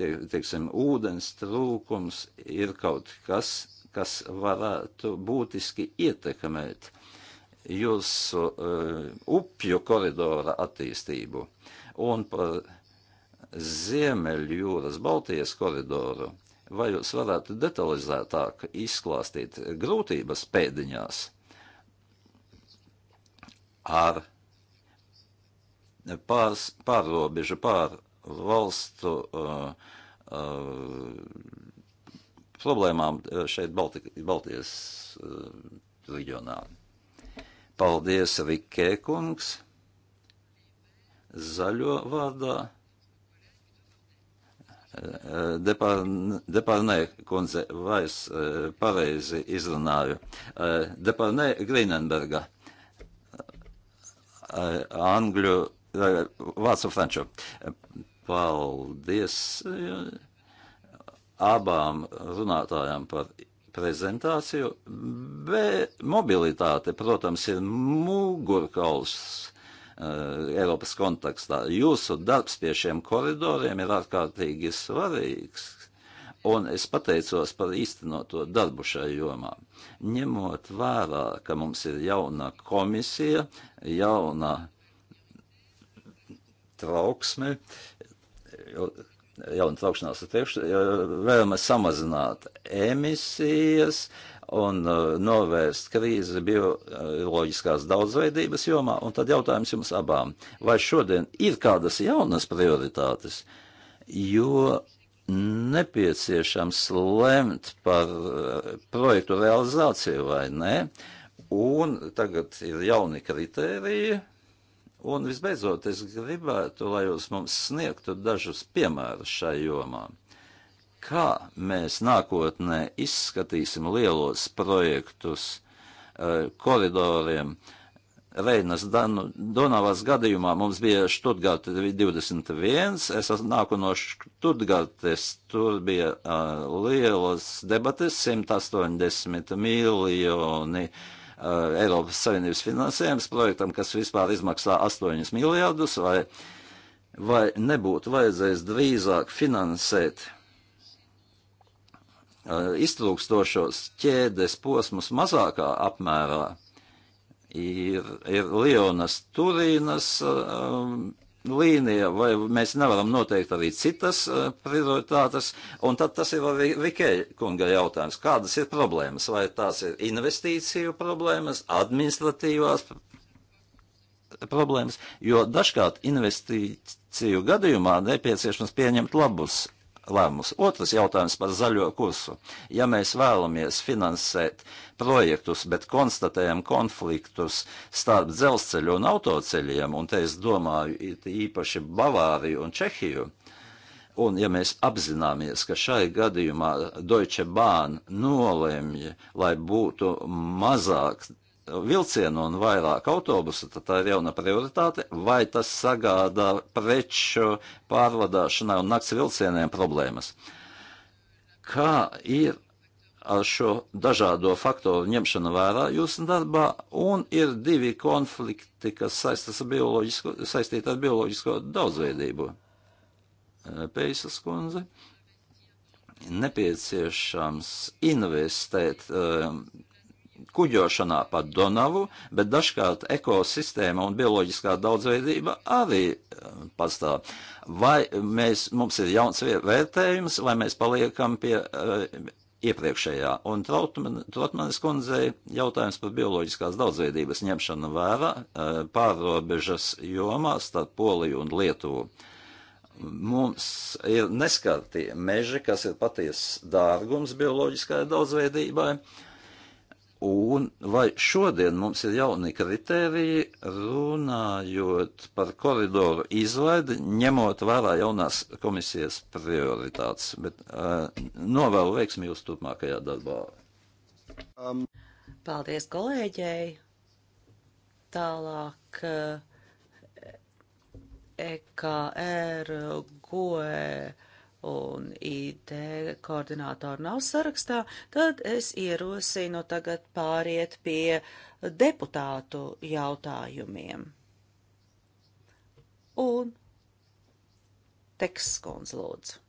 tie, tieksim, ūdens trūkums ir kaut kas, kas varētu būtiski ietekmēt jūsu uh, upju koridora attīstību? Un par Ziemeļjūras Baltijas koridoru, vai jūs varētu detalizētāk izklāstīt grūtības pēdiņās ar pārs, pārrobežu pār valstu uh, uh, problēmām uh, šeit Balti, Baltijas uh, reģionā. Paldies, Rikē kungs, zaļo vārdā. Deparnē, kundze, vai es e, pareizi izrunāju? E, Deparnē Grīnenberga, e, angļu, vācu franču. Paldies abām runātājām par prezentāciju, bet mobilitāte, protams, ir mugurkauls Eh, Eiropas kontekstā. Jūsu darbs pie šiem koridoriem ir ārkārtīgi svarīgs, un es pateicos par īstenoto darbu šajā jomā. Ņemot vērā, ka mums ir jauna komisija, jauna trauksme, jauna traukšanās ar priekšu, eh, vēlamies samazināt emisijas, uh, un uh, novērst krīzi bioloģiskās daudzveidības jomā. Un tad jautājums jums abām, vai šodien ir kādas jaunas prioritātes, jo nepieciešams lemt par uh, projektu realizāciju vai nē, un tagad ir jauni kritēriji. Un visbeidzot, es gribētu, lai jūs mums sniegtu dažus piemērus šai jomām kā mēs nākotnē izskatīsim lielos projektus eh, koridoriem. Reinas Danu, Donavas gadījumā mums bija Štutgārta 21, es nāku no Štutgārtes, tur bija uh, lielas debates, 180 miljoni uh, Eiropas Savienības finansējums projektam, kas vispār izmaksā 8 miljardus, vai, vai nebūtu vajadzējis drīzāk finansēt uh, iztrūkstošos ķēdes posmus mazākā apmērā ir, ir Lionas Turīnas um, līnija, vai mēs nevaram noteikt arī citas uh, prioritātes, un tad tas ir arī Rikēļa kunga jautājums, kādas ir problēmas, vai tās ir investīciju problēmas, administratīvās problēmas, jo dažkārt investīciju gadījumā nepieciešams pieņemt labus lēmumus. Otrs jautājums par zaļo kursu. Ja mēs vēlamies finansēt projektus, bet konstatējam konfliktus starp dzelzceļu un autoceļiem, un te es domāju īpaši Bavāriju un Čehiju, Un, ja mēs apzināmies, ka šai gadījumā Deutsche Bahn nolēmja, lai būtu mazāk vilcienu un vairāk autobusu, tad tā ir jauna prioritāte, vai tas sagādā preču pārvadāšanai un nakts vilcieniem problēmas. Kā ir ar šo dažādo faktoru ņemšanu vērā jūsu darbā, un ir divi konflikti, kas saistīti ar bioloģisko, saistīt ar bioloģisko daudzveidību? Peisas kundze. Nepieciešams investēt um, kuģošanā pa Donavu, bet dažkārt ekosistēma un bioloģiskā daudzveidība arī eh, pastāv. Vai mēs, mums ir jauns vērtējums, vai mēs paliekam pie uh, iepriekšējā? Un Trautmanis Trautman, kundzei jautājums par bioloģiskās daudzveidības ņemšanu vērā uh, eh, pārrobežas jomā starp Poliju un Lietuvu mums ir neskartie meži, kas ir patiesas dārgums bioloģiskajai daudzveidībai, Un vai šodien mums ir jauni kriteriji, runājot par koridoru izlaidi, ņemot vērā jaunās komisijas prioritātes, bet uh, novēlu veiksmi jūsu turpmākajā darbā. Um. Paldies kolēģei. Tālāk uh, eh, EKR goe. Uh, un IT koordinātori nav sarakstā, tad es ierosinu tagad pāriet pie deputātu jautājumiem. Un teksts kundze lūdzu.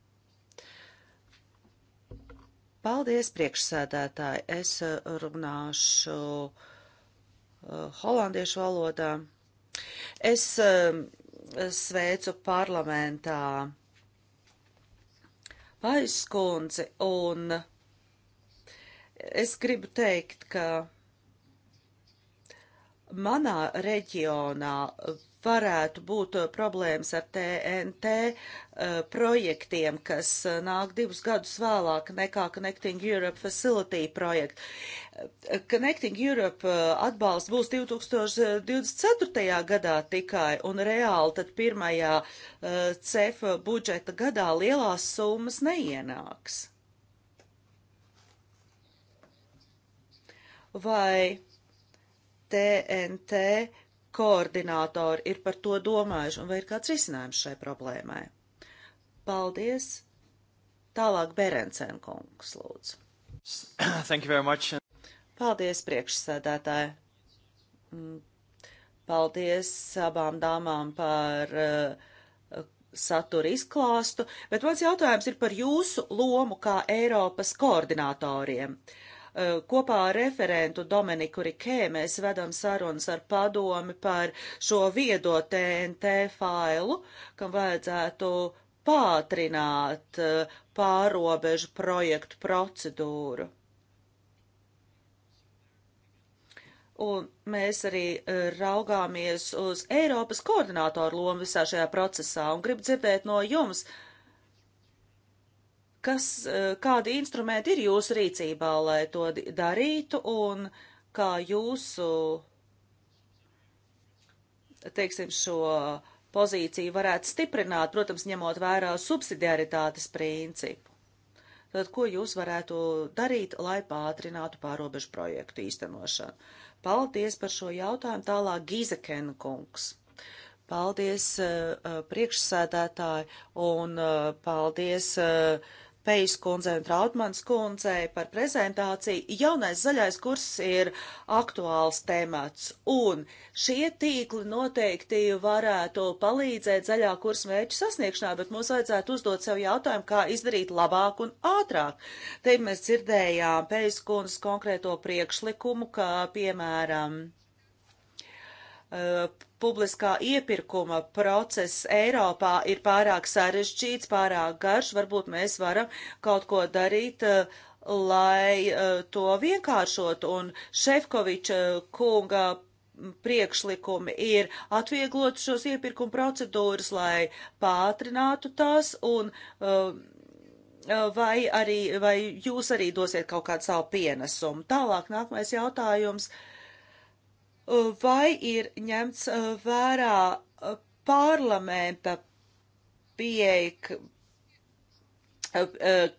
Paldies, priekšsēdētāji. Es uh, runāšu uh, holandiešu valodā. Es um, sveicu parlamentā aizskundzi, un es gribu teikt, ka manā reģionā varētu būt problēmas ar TNT uh, eh, projektiem, kas eh, nāk divus gadus vēlāk nekā Connecting Europe Facility projektu. Connecting Europe uh, atbalsts būs 2024. gadā tikai, un reāli tad pirmajā uh, CEF budžeta gadā lielās summas neienāks. Vai TNT koordinātori ir par to domājuši, un vai ir kāds risinājums šai problēmai? Paldies! Tālāk Berencēn kungs lūdzu. Thank you very much. Paldies, priekšsēdētāji! Mm, paldies abām dāmām par uh, satura izklāstu, bet mans jautājums ir par jūsu lomu kā Eiropas koordinatoriem. Uh, kopā ar referentu Dominiku Rikē mēs vedam sarunas ar padomi par šo viedo TNT failu, kam vajadzētu pātrināt uh, pārobežu projektu procedūru. Un mēs arī e, raugāmies uz Eiropas koordinātoru lomu visā šajā procesā un grib dzirdēt no jums, kas, e, kādi instrumenti ir jūsu rīcībā, lai to darītu un kā jūsu, teiksim, šo pozīciju varētu stiprināt, protams, ņemot vērā subsidiaritātes principu. Tad, ko jūs varētu darīt, lai pātrinātu pārobežu projektu īstenošanu? Paldies par šo jautājumu. Tālāk Gīzekena kungs. Paldies eh, eh, priekšsēdētāji un eh, paldies. Uh, Pejas kundzei un Trautmanas kundzei par prezentāciju. Jaunais zaļais kurs ir aktuāls temats, un šie tīkli noteikti varētu palīdzēt zaļā kursa mērķu sasniegšanā, bet mums vajadzētu uzdot sev jautājumu, kā izdarīt labāk un ātrāk. Te mēs dzirdējām Pejas kundzes konkrēto priekšlikumu, kā piemēram. Uh, publiskā iepirkuma process Eiropā ir pārāk sarežģīts, pārāk garš, varbūt mēs varam kaut ko darīt, eh, lai eh, to vienkāršot. Un Šefkoviča eh, kunga priekšlikumi ir atvieglot šos iepirkuma procedūras, lai pātrinātu tās un uh, vai arī, vai jūs arī dosiet kaut kādu savu pienesumu. Tālāk nākamais jautājums. Uh, Eh, vai ir ņemts eh, vērā eh, parlamenta pieeja,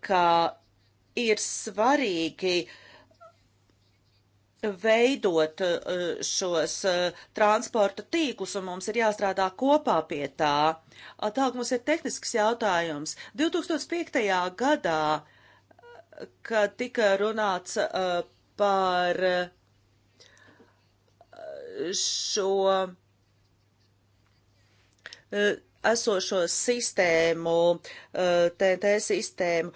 ka ir svarīgi veidot šos transporta tīklus, un mums ir jāstrādā kopā pie tā. Tālāk mums ir tehnisks jautājums. 2005. gadā, kad tika runāts par uh, šo eh, esošo sistēmu, TNT eh, sistēmu.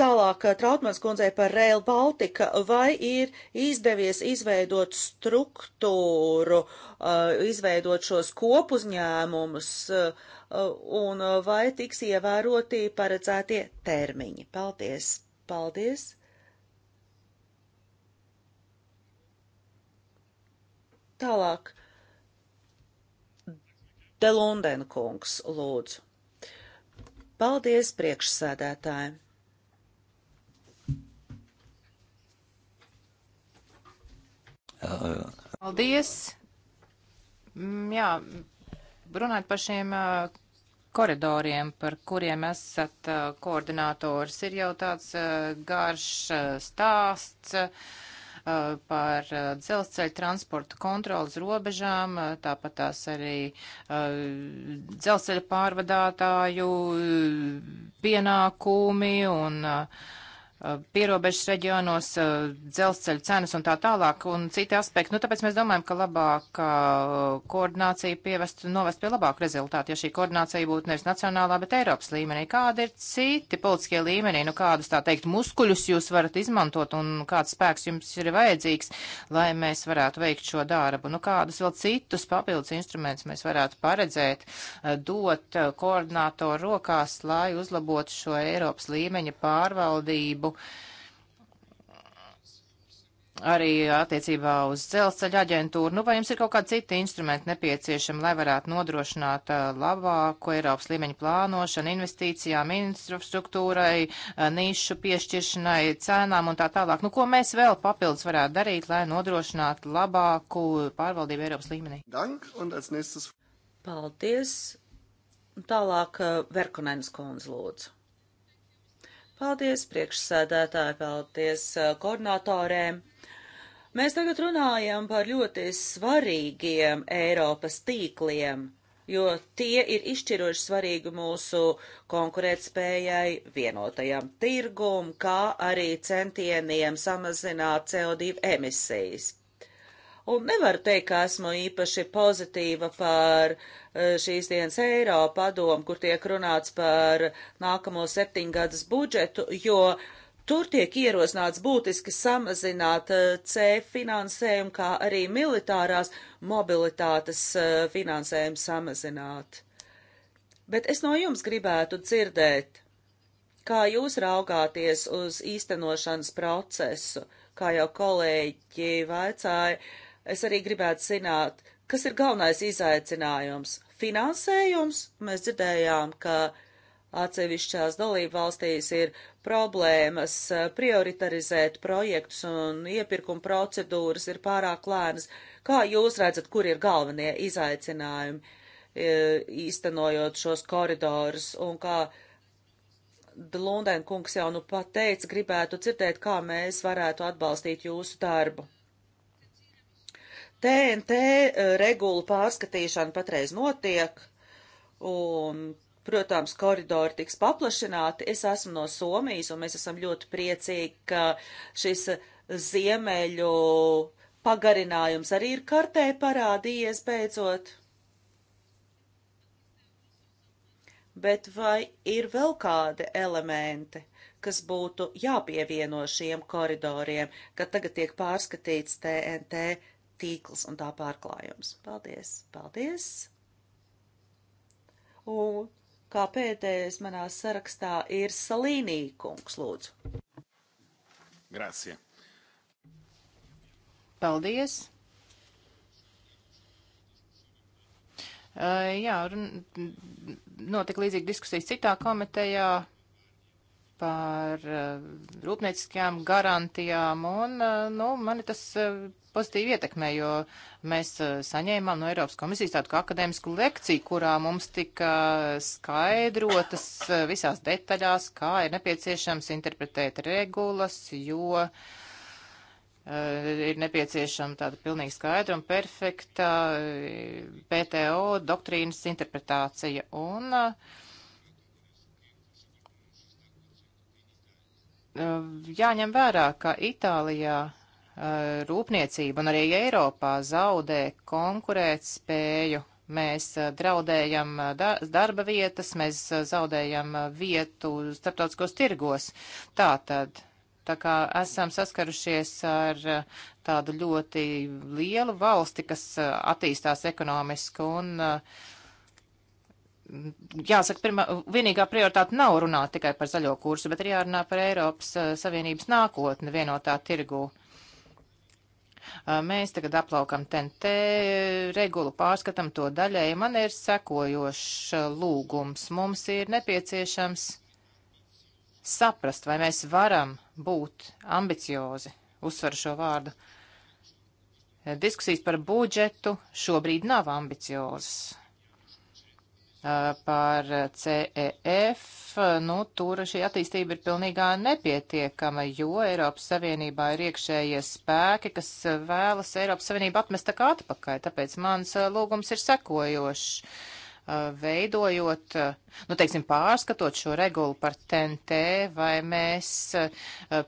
Tālāk eh, Trautmans kundzei par Rail Baltica, vai ir izdevies izveidot struktūru, izveidot šos kopuzņēmumus, un vai tiks ievēroti paredzētie termiņi? Paldies! Paldies! Tālāk. Delundenkungs lūdzu. Paldies priekšsēdētājiem! Paldies! Mm, jā, runāt par šiem koridoriem, par kuriem esat koordinators, ir jau tāds garš stāsts Uh, par uh, dzelzceļa transportu kontrolas robežām, uh, tāpat tās arī dzelzceļa pārvadātāju pienākumi un uh, Uh, pierobežas reģionos, uh, dzelzceļu cenas un tā tālāk, un citi aspekti. Nu, tāpēc mēs domājam, ka labāka koordinācija pievest, novest pie labāku rezultātu, ja šī koordinācija būtu nevis nacionālā, bet Eiropas līmenī. Kāda ir citi politiskie līmenī, nu kādus, tā teikt, muskuļus jūs varat izmantot un kāds spēks jums ir vajadzīgs, lai mēs varētu veikt šo darbu? Nu, kādus vēl citus papildus instrumentus mēs varētu paredzēt, uh, dot koordinātoru rokās, lai uzlabotu šo Eiropas līmeņa pārvaldību? darbu. Arī attiecībā uz dzelzceļa aģentūru, nu vai jums ir kaut kādi citi instrumenti nepieciešami, lai varētu nodrošināt uh, labāku Eiropas līmeņu plānošanu, investīcijām, infrastruktūrai, uh, nišu piešķiršanai, cenām un tā tālāk. Nu, ko mēs vēl papildus varētu darīt, lai nodrošinātu labāku pārvaldību Eiropas līmenī? Dank, Paldies! Tālāk uh, Verkonēnas kundze lūdzu. Paldies priekšsēdētāji, paldies uh, koordinatorēm. Mēs tagad runājam par ļoti svarīgiem Eiropas tīkliem, jo tie ir izšķiroši svarīgi mūsu konkurētspējai, vienotajam tirgum, kā arī centieniem samazināt CO2 emisijas. Un nevar teikt, ka esmu īpaši pozitīva par e, šīs dienas eiro padomu, kur tiek runāts par nākamo septiņgadas budžetu, jo tur tiek ierosināts būtiski samazināt e, C finansējumu, kā arī militārās mobilitātes e, finansējumu samazināt. Bet es no jums gribētu dzirdēt, kā jūs raugāties uz īstenošanas procesu, kā jau kolēģi vaicāja, uh, Es arī gribētu zināt, kas ir galvenais izaicinājums - finansējums. Mēs dzirdējām, ka atsevišķās dalību valstīs ir problēmas eh, prioritarizēt projektus un iepirkuma procedūras ir pārāk lēnas. Kā jūs redzat, kur ir galvenie izaicinājumi eh, īstenojot šos koridorus un kā Lundēn kungs jau nu pateica, gribētu dzirdēt, kā mēs varētu atbalstīt jūsu darbu. TNT eh, regula pārskatīšana patreiz notiek, un, protams, koridori tiks paplašināti. Es esmu no Somijas, un mēs esam ļoti priecīgi, ka šis ziemeļu pagarinājums arī ir kartē parādījies beidzot. Bet vai ir vēl kādi elementi, kas būtu jāpievieno šiem koridoriem, kad tagad tiek pārskatīts TNT tīkls un tā pārklājums. Paldies! Paldies! Un kā pēdējais manā sarakstā ir Salīnī kungs, lūdzu. Grācie. Paldies! Uh, jā, notika līdzīga diskusijas citā komitejā par eh, rūpnieciskajām garantijām, un, eh, nu, mani tas eh, pozitīvi ietekmē, jo mēs saņēmām no Eiropas komisijas tādu kā akadēmisku lekciju, kurā mums tika skaidrotas visās detaļās, kā ir nepieciešams interpretēt regulas, jo ir nepieciešama tāda pilnīgi skaidra un perfekta PTO doktrīnas interpretācija. Un, uh, Ehm, jāņem vērā, ka Itālijā eh, rūpniecība un arī Eiropā zaudē konkurēt spēju. Mēs eh, draudējam eh, darba vietas, mēs zaudējam vietu starptautiskos tirgos. Tātad, tā kā esam saskarušies ar tādu ļoti lielu valsti, kas attīstās ekonomiski un uh, jāsaka, pirmā, vienīgā prioritāte nav runāt tikai par zaļo kursu, bet arī jārunā par Eiropas uh, Savienības nākotni vienotā tirgū. Uh, mēs tagad aplaukam TNT regulu, pārskatam to daļai. Man ir sekojošs uh, lūgums. Mums ir nepieciešams saprast, vai mēs varam būt ambiciozi, uzsveru šo vārdu. Diskusijas par budžetu šobrīd nav ambiciozas Eh, par CEF, nu, tur šī attīstība ir pilnīgā nepietiekama, jo Eiropas Savienībā ir iekšējie spēki, kas vēlas Eiropas Savienību atmest tā kā atpakaļ. Tāpēc mans eh, lūgums ir sekojošs veidojot, nu, teiksim, pārskatot šo regulu par TNT, vai mēs eh,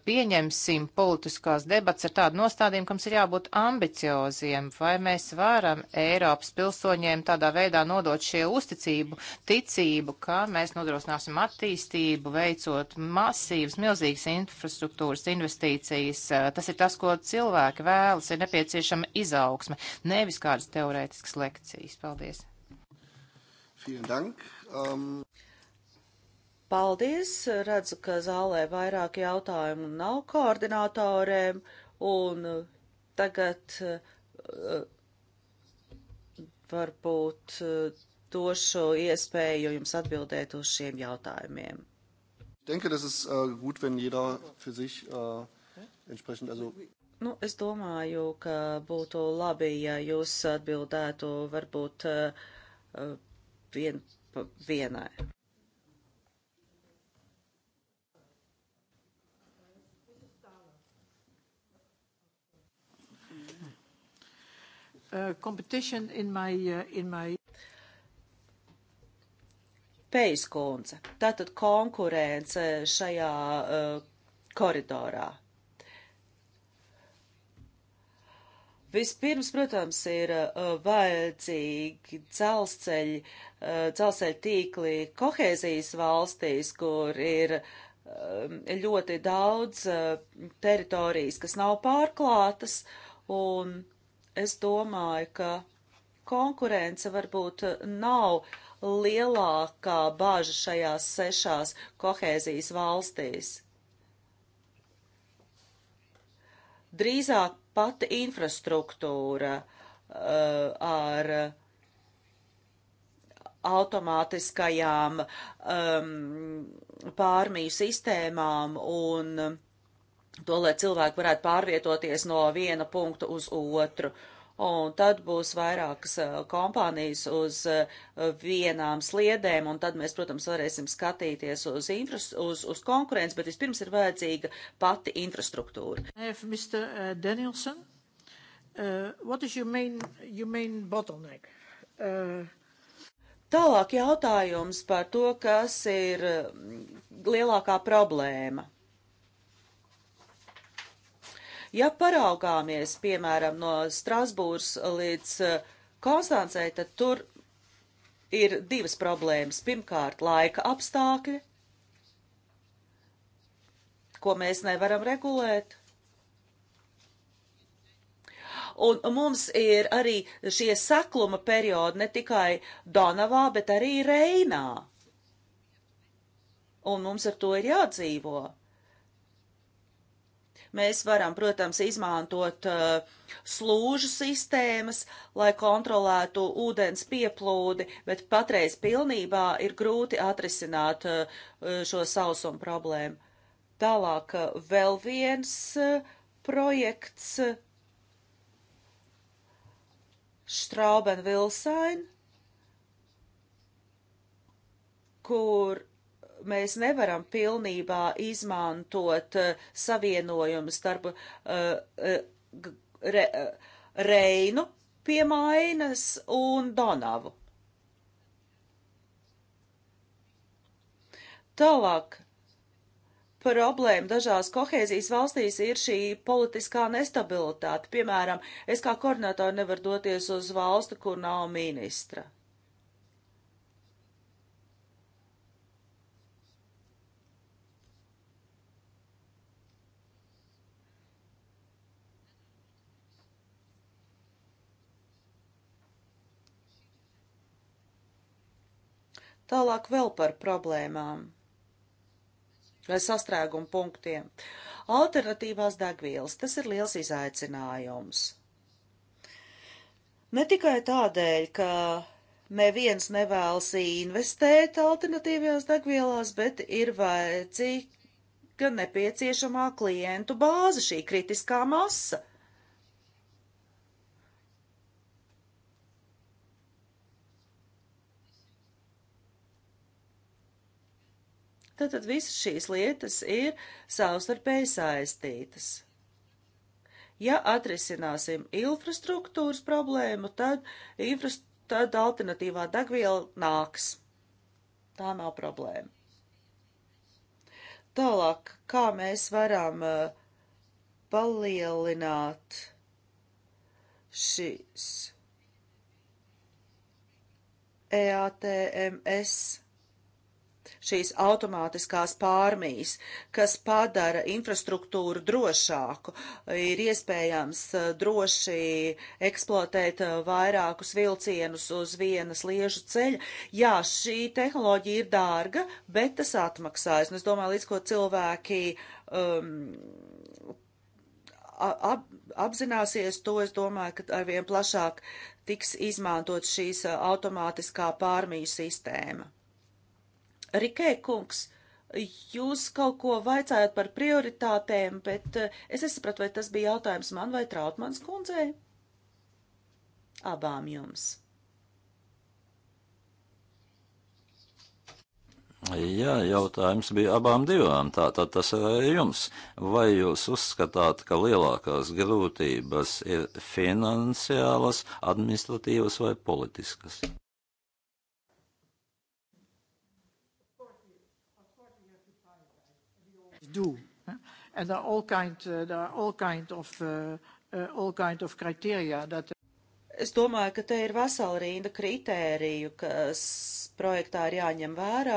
pieņemsim politiskās debats ar tādu nostādījumu, kams ir jābūt ambicioziem, vai mēs varam Eiropas pilsoņiem tādā veidā nodot šie uzticību, ticību, ka mēs nodrošināsim attīstību, veicot masīvas, milzīgas infrastruktūras investīcijas. Eh, tas ir tas, ko cilvēki vēlas, ir nepieciešama izaugsme, nevis kādas teorētiskas lekcijas. Paldies! Vielen Dank. Um... Paldies! Redzu, ka zālē vairāk jautājumu nav koordinatoriem, un uh, tagad uh, varbūt uh, došu iespēju jums atbildēt uz šiem jautājumiem. Denke, das ist uh, gut, wenn jeder für sich uh, entsprechend, also Nu, es domāju, ka būtu labi, ja jūs atbildētu varbūt uh, vien pa vienai. Uh, competition in my, uh, in my... Peiskundze. Tātad konkurence uh, šajā uh, koridorā. Vispirms, protams, ir uh, vajadzīgi dzelzceļi, uh, dzelzceļa tīkli kohēzijas valstīs, kur ir uh, ļoti daudz uh, teritorijas, kas nav pārklātas, un es domāju, ka konkurence varbūt nav lielākā bāža šajās sešās kohēzijas valstīs. Drīzāk pati infrastruktūra uh, ar automātiskajām um, pārmiju sistēmām un to, lai cilvēki varētu pārvietoties no viena punkta uz otru. Uh, un tad būs vairākas eh, kompānijas uz eh, vienām sliedēm, un tad mēs, protams, varēsim skatīties uz, infras, uz, uz konkurenci, bet vispirms ir vajadzīga pati infrastruktūra. Mr. Eh, Danielson, uh, what is your main, your main bottleneck? Uh, Tālāk jautājums par to, kas ir mm, lielākā problēma. Ja paraugāmies, piemēram, no Strasbūras līdz eh, Konstancei, tad tur ir divas problēmas. Pirmkārt, laika apstākļi, ko mēs nevaram regulēt. Un mums ir arī šie sakluma periodi ne tikai Donavā, bet arī Reinā. Un mums ar to ir jādzīvo. Mēs varam, protams, izmantot uh, slūžu sistēmas, lai kontrolētu ūdens pieplūdi, bet patreiz pilnībā ir grūti atrisināt uh, uh, šo sausumu problēmu. Tālāk vēl viens projekts Štrauben Vilsain, kur mēs nevaram pilnībā izmantot eh, savienojumu starp eh, eh, re, Reinu pie Mainas un Donavu. Tālāk problēma dažās kohēzijas valstīs ir šī politiskā nestabilitāte. Piemēram, es kā koordinātori nevaru doties uz valstu, kur nav ministra. Tālāk vēl par problēmām vai sastrēgumu punktiem. Alternatīvās degvielas, tas ir liels izaicinājums. Ne tikai tādēļ, ka neviens nevēlas investēt alternatīvajās degvielās, bet ir vajadzīga nepieciešamā klientu bāze, šī kritiskā masa. Tātad visas šīs lietas ir savstarpēji saistītas. Ja atrisināsim infrastruktūras problēmu, tad, infrast tad alternatīvā degviela nāks. Tā nav problēma. Tālāk, kā mēs varam uh, palielināt šīs EATMS šīs automātiskās pārmijas, kas padara infrastruktūru drošāku, ir iespējams eh, droši eksploatēt eh, vairākus vilcienus uz vienas liežu ceļa. Jā, šī tehnoloģija ir dārga, bet tas atmaksājas. Un es domāju, līdz ko cilvēki. Um, Ap, apzināsies to, es domāju, ka arvien plašāk tiks izmantot šīs eh, automātiskā pārmīju sistēma. Rikē kungs, jūs kaut ko vaicājat par prioritātēm, bet eh, es nesapratu, vai tas bija jautājums man vai Trautmans kundzei? Abām jums. Jā, jautājums bija abām divām. Tātad tas ir jums. Vai jūs uzskatāt, ka lielākās grūtības ir finansiālas, administratīvas vai politiskas? do. And there are all kind, uh, there are all kind of, uh, uh, all kind of criteria that. Uh, es domāju, ka te ir vesela rinda kritēriju, kas projektā ir jāņem vērā.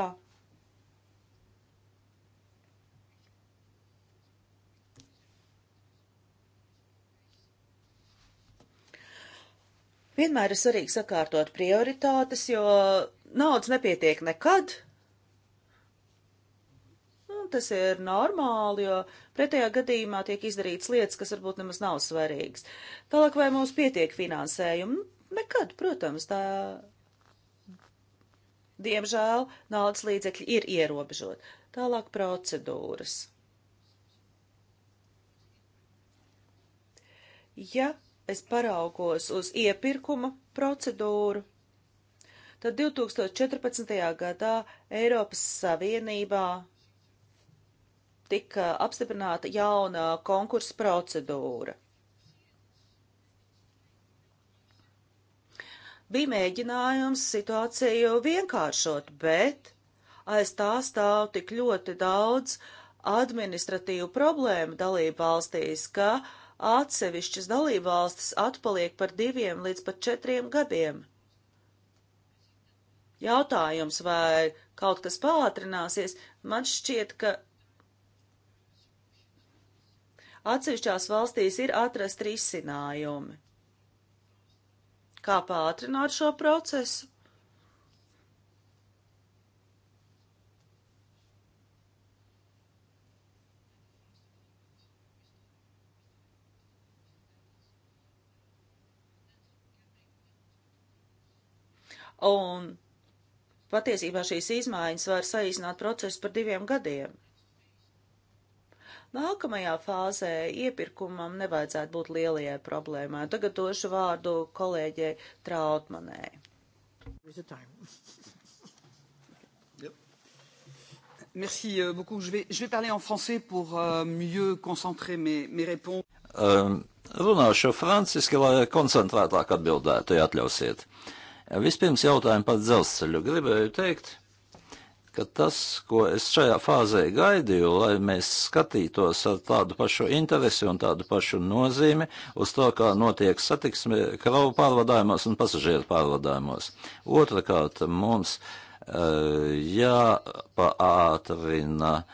Vienmēr ir svarīgi sakārtot prioritātes, jo naudas nepietiek nekad, tas ir normāli, jo pretējā gadījumā tiek izdarīts lietas, kas varbūt nemaz nav svarīgas. Tālāk vai mums pietiek finansējumu? Nu, nekad, protams, tā. Diemžēl naudas līdzekļi ir ierobežot. Tālāk procedūras. Ja es paraugos uz iepirkuma procedūru, tad 2014. gadā Eiropas Savienībā tika apstiprināta jaunā konkursa procedūra. Bija mēģinājums situāciju vienkāršot, bet aiz tā stāv tik ļoti daudz administratīvu problēmu dalību valstīs, ka atsevišķas dalību valstis atpaliek par diviem līdz pat četriem gadiem. Jautājums, vai kaut kas pātrināsies, man šķiet, ka Atsevišķās valstīs ir atrast risinājumi. Kā pātrināt šo procesu? Un patiesībā šīs izmaiņas var saīsināt procesu par diviem gadiem. Nākamajā fāzē iepirkumam nevajadzētu būt lielajai problēmai. Tagad došu vārdu kolēģei Trautmanai. Merci euh, beaucoup. Je vais, je vais parler en français pour euh, mieux concentrer mes, mes réponses. Um, runāšu franciski, lai koncentrētāk atbildētu, ja atļausiet. Vispirms jautājumu par dzelzceļu. Gribēju teikt, ka tas, ko es šajā fāzē gaidīju, lai mēs skatītos ar tādu pašu interesi un tādu pašu nozīmi uz to, kā notiek satiksme kravu pārvadājumos un pasažieru pārvadājumos. Otrakārt, mums uh, jāpaātrina uh,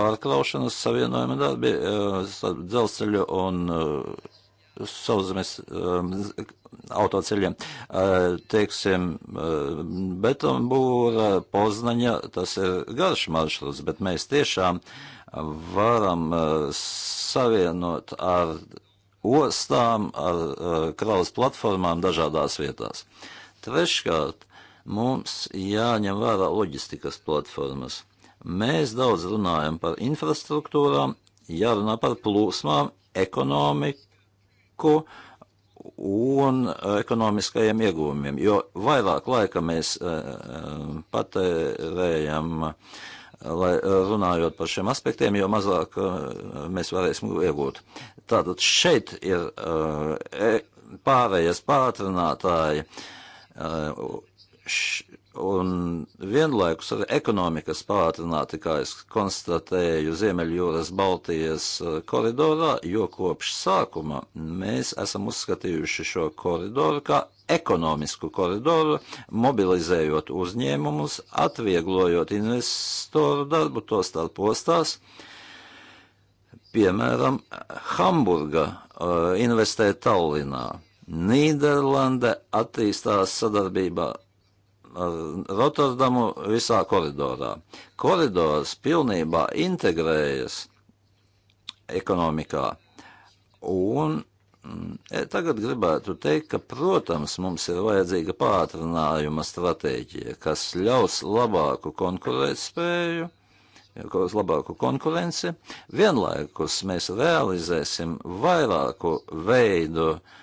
pārkraušanas savienojuma darbi uh, starp dzelzceļu un uh, sauszemes um, autoceļiem. Uh, teiksim, uh, Betonbūra, Poznaņa, tas ir garš maršruts, bet mēs tiešām varam uh, savienot ar ostām, ar kravas platformām dažādās vietās. Treškārt, mums jāņem vērā loģistikas platformas. Mēs daudz runājam par infrastruktūrām, jārunā par plūsmām, ekonomiku, laiku un eh, ekonomiskajiem iegūmiem, jo vairāk laika mēs eh, eh, patērējam, lai runājot par šiem aspektiem, jo mazāk mēs varēsim iegūt. Tātad šeit ir e, pārējas pātrinātāji. Š, un vienlaikus arī ekonomikas pātrināti, kā es konstatēju, Ziemeļjūras Baltijas uh, koridorā, jo kopš sākuma mēs esam uzskatījuši šo koridoru kā ekonomisku koridoru, mobilizējot uzņēmumus, atvieglojot investoru darbu to starp ostās. Piemēram, Hamburga uh, investē Tallinā. Nīderlande attīstās sadarbībā Eh, Rotterdamu visā koridorā. Koridors pilnībā integrējas ekonomikā. Un mm, e, tagad gribētu teikt, ka, protams, mums ir vajadzīga pātrinājuma stratēģija, kas ļaus labāku konkurētspēju, labāku konkurenci. Vienlaikus mēs realizēsim vairāku veidu uh,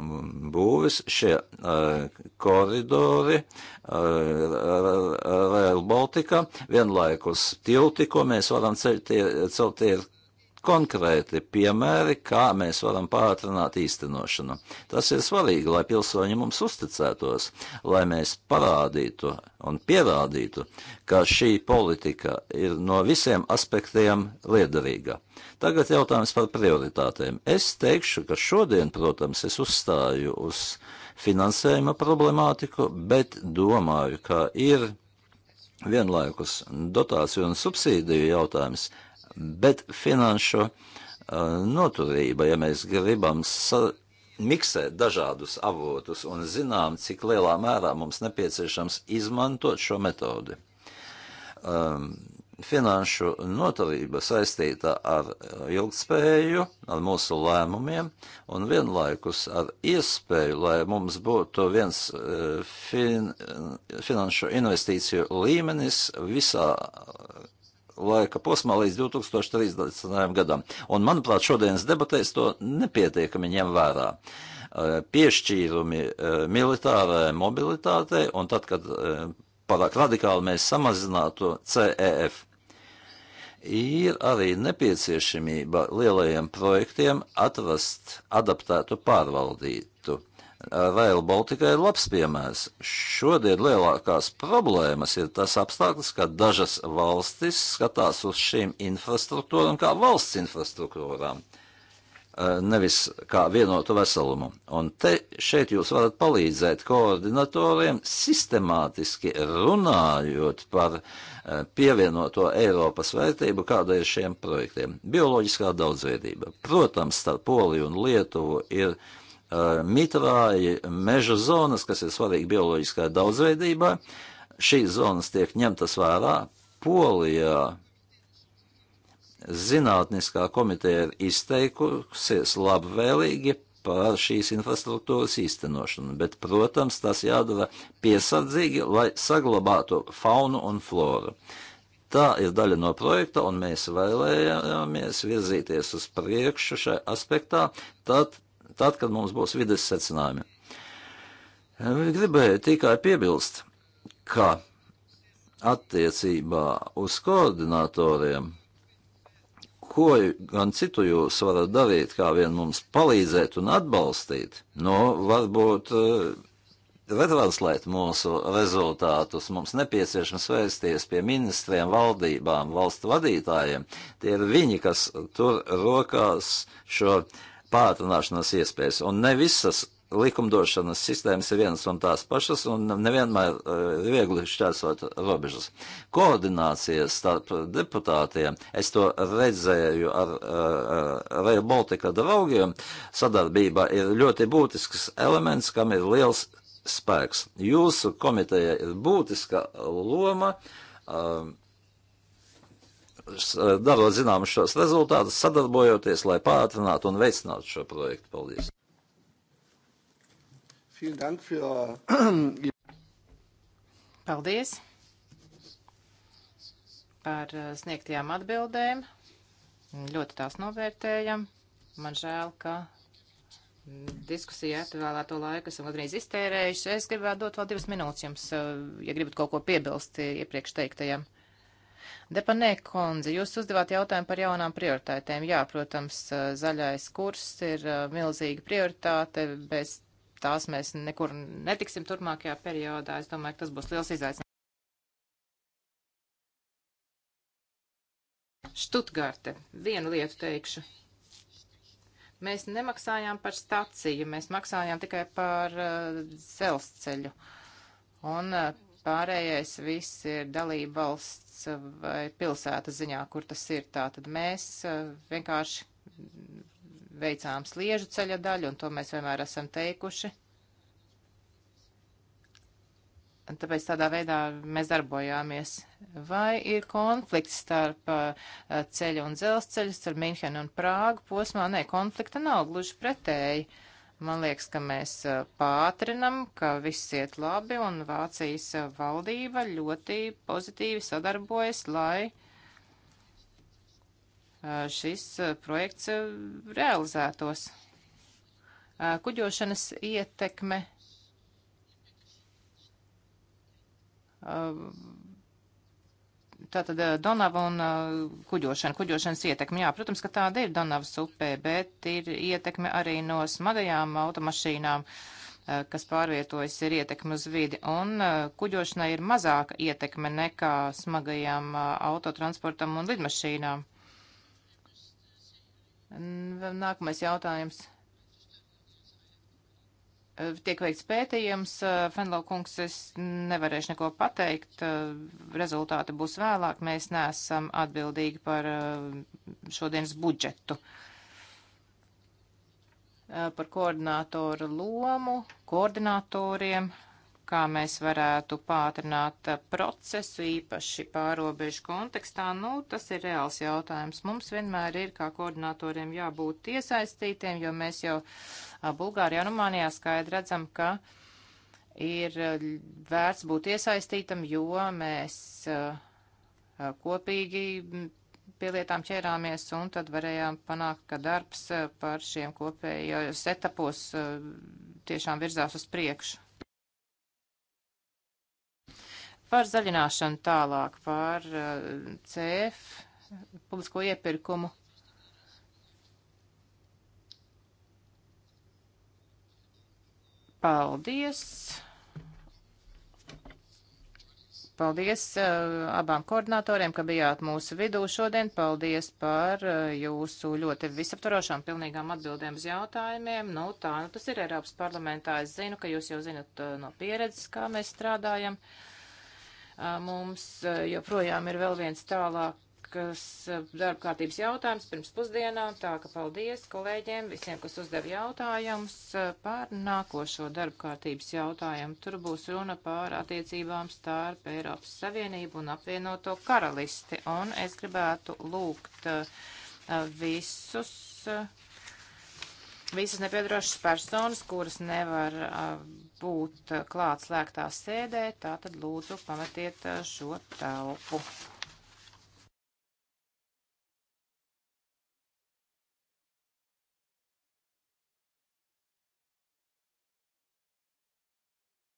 būvis šie uh, koridori, uh, Rail Baltica, vienlaikus tilti, ko mēs varam celt, celt ir konkrēti piemēri, kā mēs varam pātrināt īstenošanu. Tas ir svarīgi, lai pilsoņi mums uzticētos, lai mēs parādītu un pierādītu, ka šī politika ir no visiem aspektiem liederīga. Tagad jautājums par prioritātēm. Es teikšu, ka šodien, protams, es uzstāju uz finansējuma problemātiku, bet domāju, ka ir vienlaikus dotāciju un subsīdiju jautājums, bet finanšu uh, noturība, ja mēs gribam miksēt dažādus avotus un zinām, cik lielā mērā mums nepieciešams izmantot šo metodi. Um, finanšu noturība saistīta ar eh, ilgspēju, ar mūsu lēmumiem un vienlaikus ar iespēju, lai mums būtu viens eh, fin, finanšu investīciju līmenis visā eh, laika posmā līdz 2030. gadam. Un, manuprāt, šodienas debatēs to nepietiekami ņem vērā piešķīrumi militārai mobilitātei, un tad, kad pārāk radikāli mēs samazinātu CEF ir arī nepieciešamība lielajiem projektiem atrast adaptētu pārvaldītu. Rail Baltica ir labs piemērs. Šodien lielākās problēmas ir tas apstākļus, ka dažas valstis skatās uz šīm infrastruktūrām kā valsts infrastruktūrām, eh, nevis kā vienotu veselumu. Un te šeit jūs varat palīdzēt koordinatoriem sistemātiski runājot par uh, pievienoto Eiropas vērtību, kāda ir šiem projektiem. Bioloģiskā daudzveidība. Protams, starp Poliju un Lietuvu ir uh, mitrāji meža zonas, kas ir svarīgi bioloģiskā daudzveidībā. Šīs zonas tiek ņemtas vērā. Polijā zinātniskā komiteja ir izteikusies labvēlīgi par šīs infrastruktūras īstenošanu, bet, protams, tas jādara piesardzīgi, lai saglabātu faunu un floru. Tā ir daļa no projekta, un mēs vēlējāmies virzīties uz priekšu šajā aspektā, tad, tad kad mums būs vides secinājumi. Gribēju tikai piebilst, ka attiecībā uz koordinatoriem ko gan citu jūs varat darīt, kā vien mums palīdzēt un atbalstīt, nu, varbūt eh, retranslēt mūsu rezultātus. Mums nepieciešams vērsties pie ministriem, valdībām, valstu vadītājiem. Tie ir viņi, kas tur rokās šo pārtrunāšanās iespējas, un ne visas likumdošanas sistēmas ir vienas un tās pašas un nevienmēr eh, viegli šķērsot robežas. Koordinācijas starp deputātiem, es to redzēju ar, ar eh, Rail Baltica draugiem, sadarbība ir ļoti būtisks elements, kam ir liels spēks. Jūsu komiteja ir būtiska loma. Um, darot zināmus šos rezultātus, sadarbojoties, lai pātrinātu un veicinātu šo projektu. Paldies! Paldies par eh, sniegtajām atbildēm. Ļoti tās novērtējam. Man žēl, ka diskusijā atvēlēto laiku esam gandrīz iztērējuši. Es gribētu dot vēl divas minūtes jums, eh, ja gribat kaut ko piebilst iepriekš teiktajam. Depanē Konze, jūs uzdevāt jautājumu par jaunām prioritātēm. Jā, protams, eh, zaļais kurs ir milzīga prioritāte, bez tās mēs nekur netiksim turpmākajā periodā. Es domāju, ka tas būs liels izaicinājums. Štutgarte. Vienu lietu teikšu. Mēs nemaksājām par staciju, mēs maksājām tikai par uh, dzelzceļu. Un uh, pārējais viss ir dalība valsts eh, vai pilsēta ziņā, kur tas ir. Tātad mēs uh, vienkārši veicām sliežu ceļa daļu, un to mēs vienmēr esam teikuši. Un tāpēc tādā veidā mēs darbojāmies. Vai ir konflikts starp uh, ceļu un dzelzceļu, starp Minhenu un Prāgu posmā? Nē, konflikta nav, gluži pretēji. Man liekas, ka mēs uh, pātrinam, ka viss iet labi, un Vācijas uh, valdība ļoti pozitīvi sadarbojas, lai uh, šis projekts realizētos. Kuģošanas ietekme tātad Donava un kuģošana, kuģošanas ietekme. Jā, protams, ka tāda ir Donavas upē, bet ir ietekme arī no smagajām automašīnām, kas pārvietojas, ir ietekme uz vidi. Un kuģošanai ir mazāka ietekme nekā smagajām autotransportam un lidmašīnām. Nākamais jautājums. Tiek veikts pētījums, Fenlaukungs, es nevarēšu neko pateikt, rezultāti būs vēlāk, mēs neesam atbildīgi par šodienas budžetu. Par koordinātoru lomu, koordinātoriem kā mēs varētu pātrināt procesu, īpaši pārobežu kontekstā, nu, tas ir reāls jautājums. Mums vienmēr ir kā koordinatoriem jābūt iesaistītiem, jo mēs jau Bulgārijā un Rumānijā skaidri redzam, ka ir vērts būt iesaistītam, jo mēs kopīgi pie lietām ķērāmies un tad varējām panākt, ka darbs par šiem kopējos etapos tiešām virzās uz priekšu. Par zaļināšanu tālāk, par eh, CF, publisko iepirkumu. Paldies! Paldies uh, abām koordinatoriem, ka bijāt mūsu vidū šodien. Paldies par uh, jūsu ļoti visaptvarošām, pilnīgām atbildēm uz jautājumiem. Nu, tā, nu, tas ir Eiropas parlamentā. Es zinu, ka jūs jau zinat uh, no pieredzes, kā mēs strādājam. Uh, Mums joprojām ir vēl viens tālākas darba kārtības jautājums pirms pusdienām, tā ka paldies kolēģiem visiem, kas uzdeva jautājumus par nākošo darba kārtības jautājumu. Tur būs runa par attiecībām starp Eiropas Savienību un apvienoto karalisti. Un es gribētu lūgt visus visas nepiedrošas personas, kuras nevar būt klāt slēgtā sēdē, tātad lūdzu pametiet šo telpu.